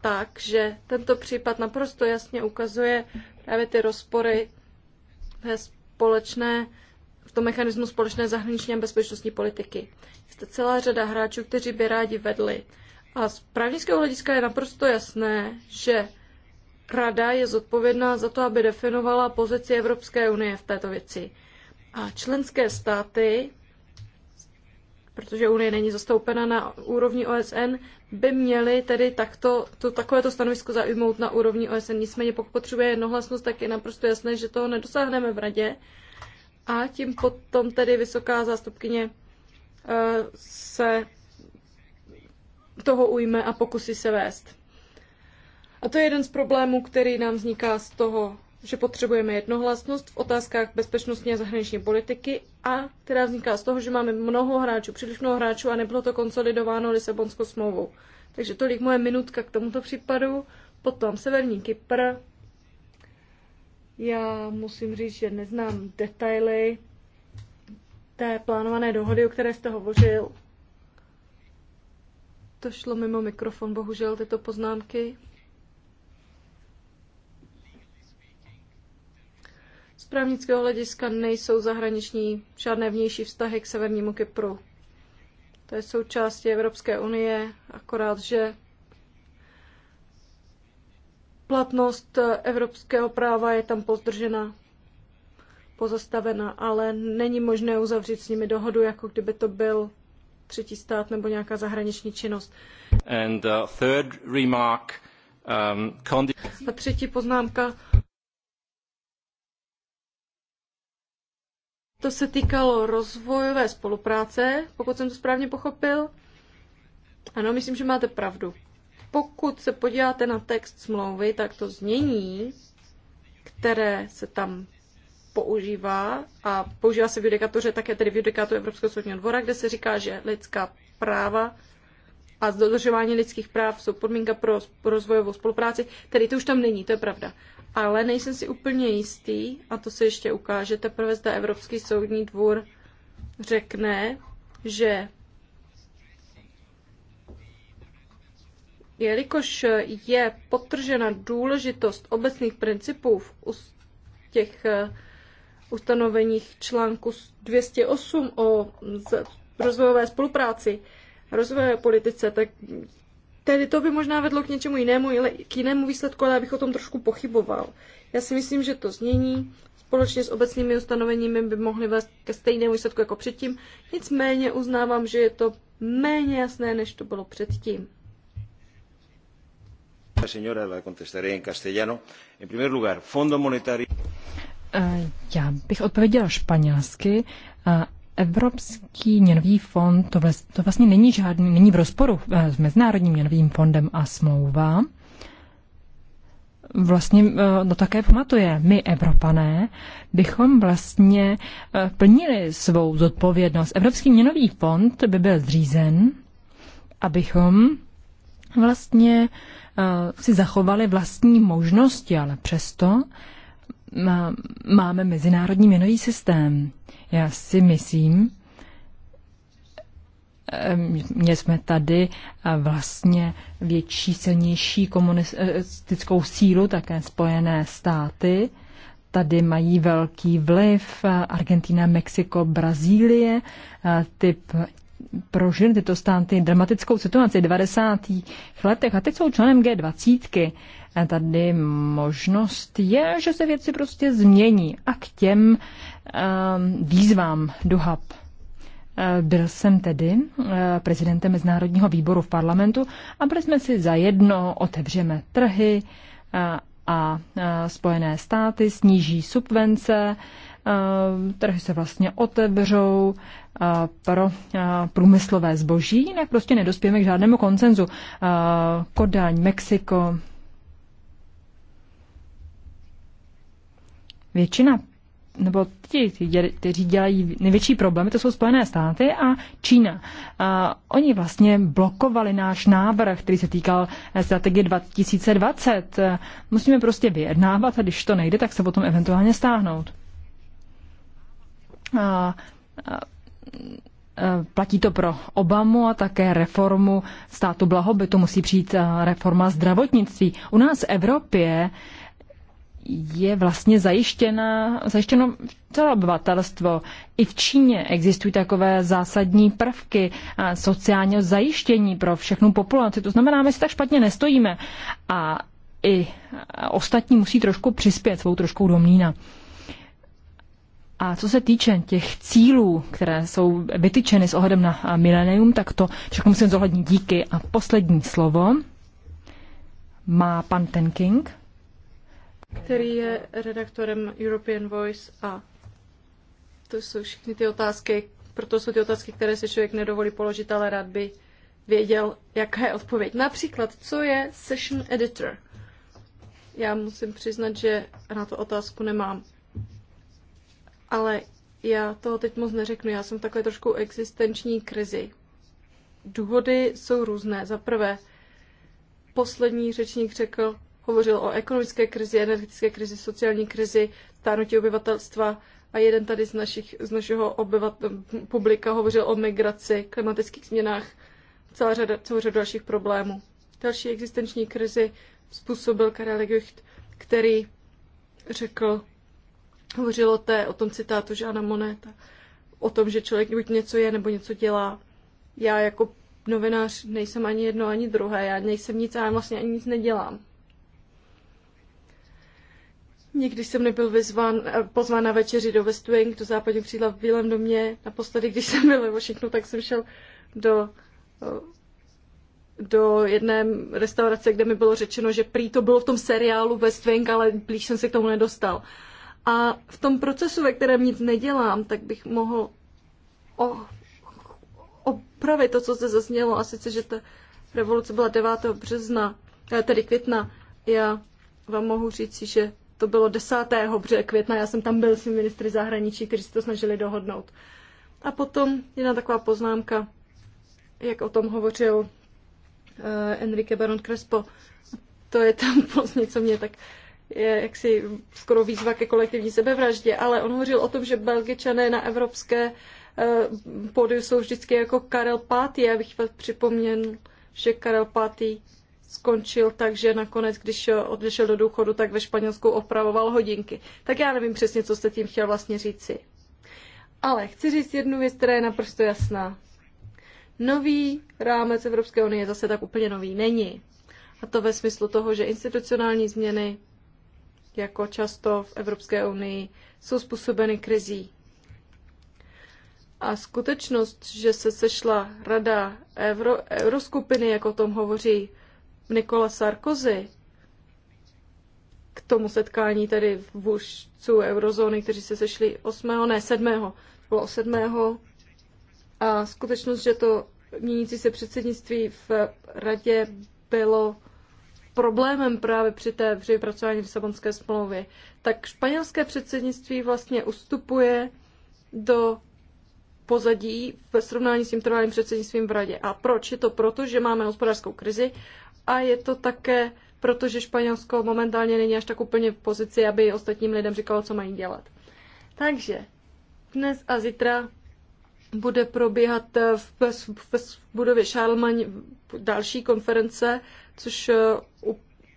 tak, že tento případ naprosto jasně ukazuje právě ty rozpory ve společné, v tom mechanismu společné zahraniční a bezpečnostní politiky. Jste celá řada hráčů, kteří by rádi vedli. A z právnického hlediska je naprosto jasné, že Rada je zodpovědná za to, aby definovala pozici Evropské unie v této věci. A členské státy protože Unie není zastoupena na úrovni OSN, by měly tedy takto, to, takovéto stanovisko zaujmout na úrovni OSN. Nicméně pokud potřebuje jednohlasnost, tak je naprosto jasné, že toho nedosáhneme v radě. A tím potom tedy vysoká zástupkyně eh, se toho ujme a pokusí se vést. A to je jeden z problémů, který nám vzniká z toho že potřebujeme jednohlasnost v otázkách bezpečnostní a zahraniční politiky a která vzniká z toho, že máme mnoho hráčů, příliš mnoho hráčů a nebylo to konsolidováno Lisabonskou smlouvou. Takže tolik moje minutka k tomuto případu. Potom Severní Kypr. Já musím říct, že neznám detaily té plánované dohody, o které jste hovořil. To šlo mimo mikrofon, bohužel, tyto poznámky. právnického hlediska nejsou zahraniční žádné vnější vztahy k Severnímu Kypru. To je součástí Evropské unie, akorát, že platnost evropského práva je tam pozdržena, pozastavena, ale není možné uzavřít s nimi dohodu, jako kdyby to byl třetí stát nebo nějaká zahraniční činnost. And, uh, third remark, um, A třetí poznámka To se týkalo rozvojové spolupráce, pokud jsem to správně pochopil. Ano, myslím, že máte pravdu. Pokud se podíváte na text smlouvy, tak to znění, které se tam používá a používá se v judikatoře, také tedy v judikatu Evropského soudního dvora, kde se říká, že lidská práva a dodržování lidských práv jsou podmínka pro rozvojovou spolupráci, tedy to už tam není, to je pravda ale nejsem si úplně jistý, a to se ještě ukáže, teprve zda Evropský soudní dvůr řekne, že jelikož je potržena důležitost obecných principů v těch eh, ustanoveních článku 208 o rozvojové spolupráci, rozvojové politice, tak tedy to by možná vedlo k něčemu jinému, ale k jinému výsledku, ale abych o tom trošku pochyboval. Já si myslím, že to znění společně s obecnými ustanoveními by mohly vést ke stejnému výsledku jako předtím. Nicméně uznávám, že je to méně jasné, než to bylo předtím. Eh, já bych odpověděla španělsky eh, Evropský měnový fond, to, vles, to vlastně není žádný, není v rozporu eh, s Mezinárodním měnovým fondem a smlouva. Vlastně no také pamatuje, my Evropané bychom vlastně eh, plnili svou zodpovědnost. Evropský měnový fond by byl zřízen, abychom vlastně si zachovali vlastní možnosti, ale přesto máme mezinárodní měnový systém. Já si myslím, ehm, mě jsme tady vlastně větší, silnější komunistickou sílu, také spojené státy. Tady mají velký vliv Argentina, Mexiko, Brazílie. Typ prožil tyto státy dramatickou situaci v 90. letech a teď jsou členem G20 tady možnost je, že se věci prostě změní a k těm ehm, výzvám do e, Byl jsem tedy e, prezidentem Mezinárodního výboru v parlamentu a byli jsme si zajedno, otevřeme trhy e, a Spojené státy sníží subvence, trhy se vlastně otevřou pro průmyslové zboží, jinak prostě nedospějeme k žádnému koncenzu. Kodaň, Mexiko, většina nebo ti, kteří dělají největší problémy, to jsou Spojené státy a Čína. A oni vlastně blokovali náš návrh, který se týkal strategie 2020. Musíme prostě vyjednávat a když to nejde, tak se potom eventuálně stáhnout. A, a, a, platí to pro Obamu a také reformu státu blahobytu. Musí přijít reforma zdravotnictví. U nás v Evropě je vlastně zajištěna, zajištěno celé obyvatelstvo. I v Číně existují takové zásadní prvky sociálního zajištění pro všechnu populaci. To znamená, my si tak špatně nestojíme. A i ostatní musí trošku přispět svou troškou do mlína. A co se týče těch cílů, které jsou vytyčeny s ohledem na milenium, tak to všechno musím zohlednit díky. A poslední slovo má pan Ten King který je redaktorem European Voice a to jsou všechny ty otázky, proto jsou ty otázky, které se člověk nedovolí položit, ale rád by věděl, jaká je odpověď. Například, co je session editor? Já musím přiznat, že na to otázku nemám. Ale já toho teď moc neřeknu, já jsem v takové trošku existenční krizi. Důvody jsou různé. Za prvé, poslední řečník řekl, hovořil o ekonomické krizi, energetické krizi, sociální krizi, tánutí obyvatelstva a jeden tady z, našich, z našeho obyvat, publika hovořil o migraci, klimatických změnách, celá řada, celou řadu dalších problémů. Další existenční krizi způsobil Karel Gucht, který řekl, hovořil o, té, o tom citátu Žána Moneta, o tom, že člověk buď něco je, nebo něco dělá. Já jako novinář nejsem ani jedno, ani druhé, já nejsem nic, já vlastně ani nic nedělám. Nikdy jsem nebyl vyzván, eh, pozván na večeři do West Wing, do západního křídla v Bílém domě. Naposledy, když jsem byl ve Washingtonu, tak jsem šel do, eh, do jedné restaurace, kde mi bylo řečeno, že prý to bylo v tom seriálu West Wing, ale blíž jsem se k tomu nedostal. A v tom procesu, ve kterém nic nedělám, tak bych mohl o, opravit to, co se zaznělo, a sice, že ta revoluce byla 9. března, eh, tedy května. Já vám mohu říct, že to bylo 10. května, já jsem tam byl s ministry zahraničí, kteří se to snažili dohodnout. A potom jedna taková poznámka, jak o tom hovořil uh, Enrique Baron Crespo, to je tam *laughs* vlastně, co mě tak je jaksi skoro výzva ke kolektivní sebevraždě, ale on hovořil o tom, že Belgičané na evropské uh, pódiu jsou vždycky jako Karel V. Já bych připomněl, že Karel V skončil tak, že nakonec, když odešel do důchodu, tak ve Španělsku opravoval hodinky. Tak já nevím přesně, co jste tím chtěl vlastně říci. Ale chci říct jednu věc, která je naprosto jasná. Nový rámec Evropské unie zase tak úplně nový není. A to ve smyslu toho, že institucionální změny, jako často v Evropské unii, jsou způsobeny krizí. A skutečnost, že se sešla rada euro, euroskupiny, jak o tom hovoří Nikola Sarkozy k tomu setkání tedy vůžců eurozóny, kteří se sešli 8. ne 7. bylo 7. A skutečnost, že to měnící se předsednictví v radě bylo problémem právě při té při vypracování Lisabonské smlouvy, tak španělské předsednictví vlastně ustupuje do pozadí ve srovnání s tím trvalým předsednictvím v radě. A proč? Je to proto, že máme hospodářskou krizi a je to také proto, že Španělsko momentálně není až tak úplně v pozici, aby ostatním lidem říkalo, co mají dělat. Takže dnes a zítra bude probíhat v, v, v budově Šálmaň další konference, což eh,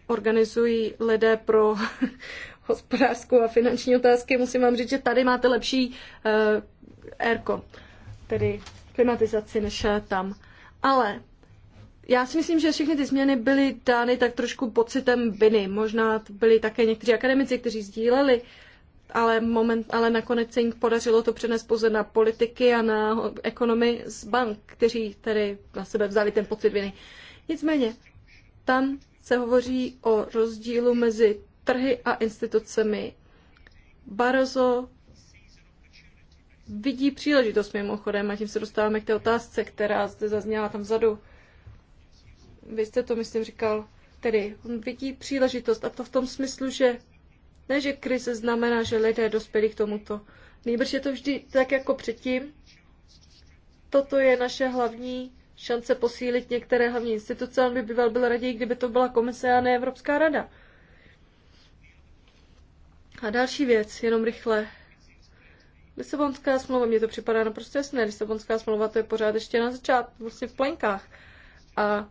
organizují lidé pro *laughs* hospodářskou a finanční otázky. Musím vám říct, že tady máte lepší uh, eh, airko, tedy klimatizaci než eh, tam. Ale já si myslím, že všechny ty změny byly dány tak trošku pocitem viny. Možná byli také někteří akademici, kteří sdíleli, ale, moment, ale nakonec se jim podařilo to přenést pouze na politiky a na ekonomy z bank, kteří tedy na sebe vzali ten pocit viny. Nicméně, tam se hovoří o rozdílu mezi trhy a institucemi. Barroso vidí příležitost mimochodem a tím se dostáváme k té otázce, která zde zazněla tam vzadu vy jste to, myslím, říkal, tedy on vidí příležitost a to v tom smyslu, že ne, že krize znamená, že lidé dospěli k tomuto. Nejbrž je to vždy tak jako předtím. Toto je naše hlavní šance posílit některé hlavní instituce. On by byval byl raději, kdyby to byla komise a ne Evropská rada. A další věc, jenom rychle. Lisabonská smlouva, mně to připadá naprosto jasné. Lisabonská smlouva to je pořád ještě na začátku, vlastně v plenkách. A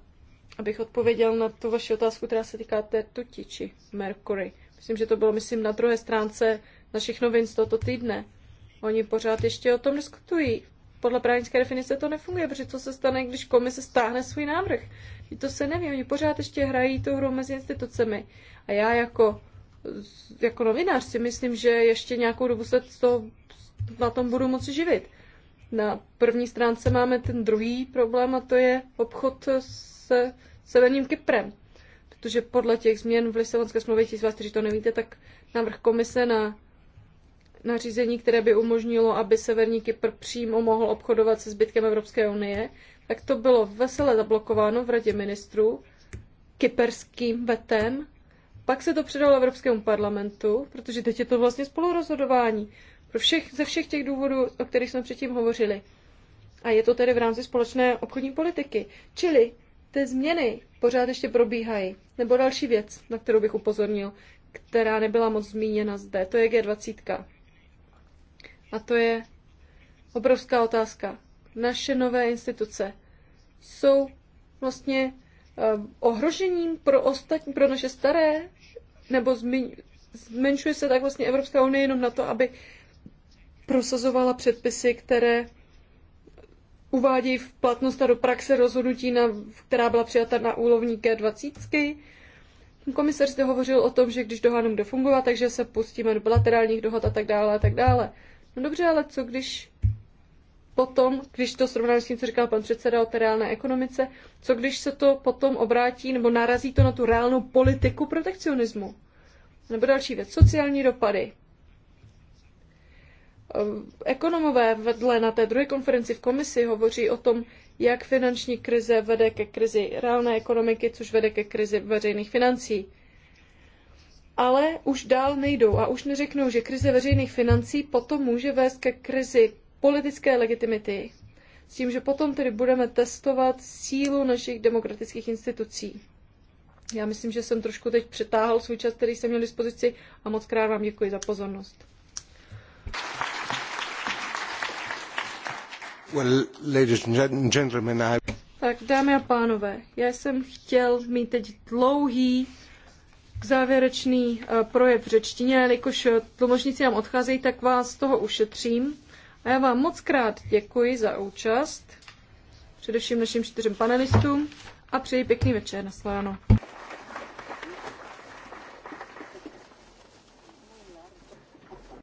abych odpověděl na tu vaši otázku, která se týká té tutiči Mercury. Myslím, že to bylo, myslím, na druhé stránce našich novin z tohoto týdne. Oni pořád ještě o tom diskutují. Podle právnické definice to nefunguje, protože co se stane, když komise stáhne svůj návrh? to se neví, oni pořád ještě hrají tu hru mezi institucemi. A já jako, jako novinář si myslím, že ještě nějakou dobu se to, na tom budu moci živit. Na první stránce máme ten druhý problém a to je obchod s se Severním Kyprem. Protože podle těch změn v Lisabonské smlouvě, ti z vás, kteří to nevíte, tak návrh komise na nařízení, které by umožnilo, aby Severní Kypr přímo mohl obchodovat se zbytkem Evropské unie, tak to bylo vesele zablokováno v Radě ministrů kyperským vetem. Pak se to předalo Evropskému parlamentu, protože teď je to vlastně spolurozhodování pro všech, ze všech těch důvodů, o kterých jsme předtím hovořili. A je to tedy v rámci společné obchodní politiky. Čili ty změny pořád ještě probíhají. Nebo další věc, na kterou bych upozornil, která nebyla moc zmíněna zde, to je G20. A to je obrovská otázka. Naše nové instituce jsou vlastně eh, ohrožením pro ostatní, pro naše staré, nebo zmenšuje se tak vlastně Evropská unie jenom na to, aby prosazovala předpisy, které uvádějí v platnost a do praxe rozhodnutí, na, která byla přijata na úlovní G20. Komisař zde hovořil o tom, že když dohoda nebude fungovat, takže se pustíme do bilaterálních dohod a tak dále a tak dále. No dobře, ale co když potom, když to srovnáme s tím, co říkal pan předseda o té reálné ekonomice, co když se to potom obrátí nebo narazí to na tu reálnou politiku protekcionismu? Nebo další věc, sociální dopady. Ehm, ekonomové vedle na té druhé konferenci v komisi hovoří o tom, jak finanční krize vede ke krizi reálné ekonomiky, což vede ke krizi veřejných financí. Ale už dál nejdou a už neřeknou, že krize veřejných financí potom může vést ke krizi politické legitimity, s tím, že potom tedy budeme testovat sílu našich demokratických institucí. Já myslím, že jsem trošku teď přetáhl svůj čas, který jsem měl dispozici a moc krát vám děkuji za pozornost. Tak, dámy a pánové, já jsem chtěl mít teď dlouhý závěrečný eh, projev v řečtině, jelikož eh, tlumočníci nám odcházejí, tak vás toho ušetřím. A já vám moc krát děkuji za účast, především našim čtyřem panelistům a přeji pěkný večer. Nasledanou.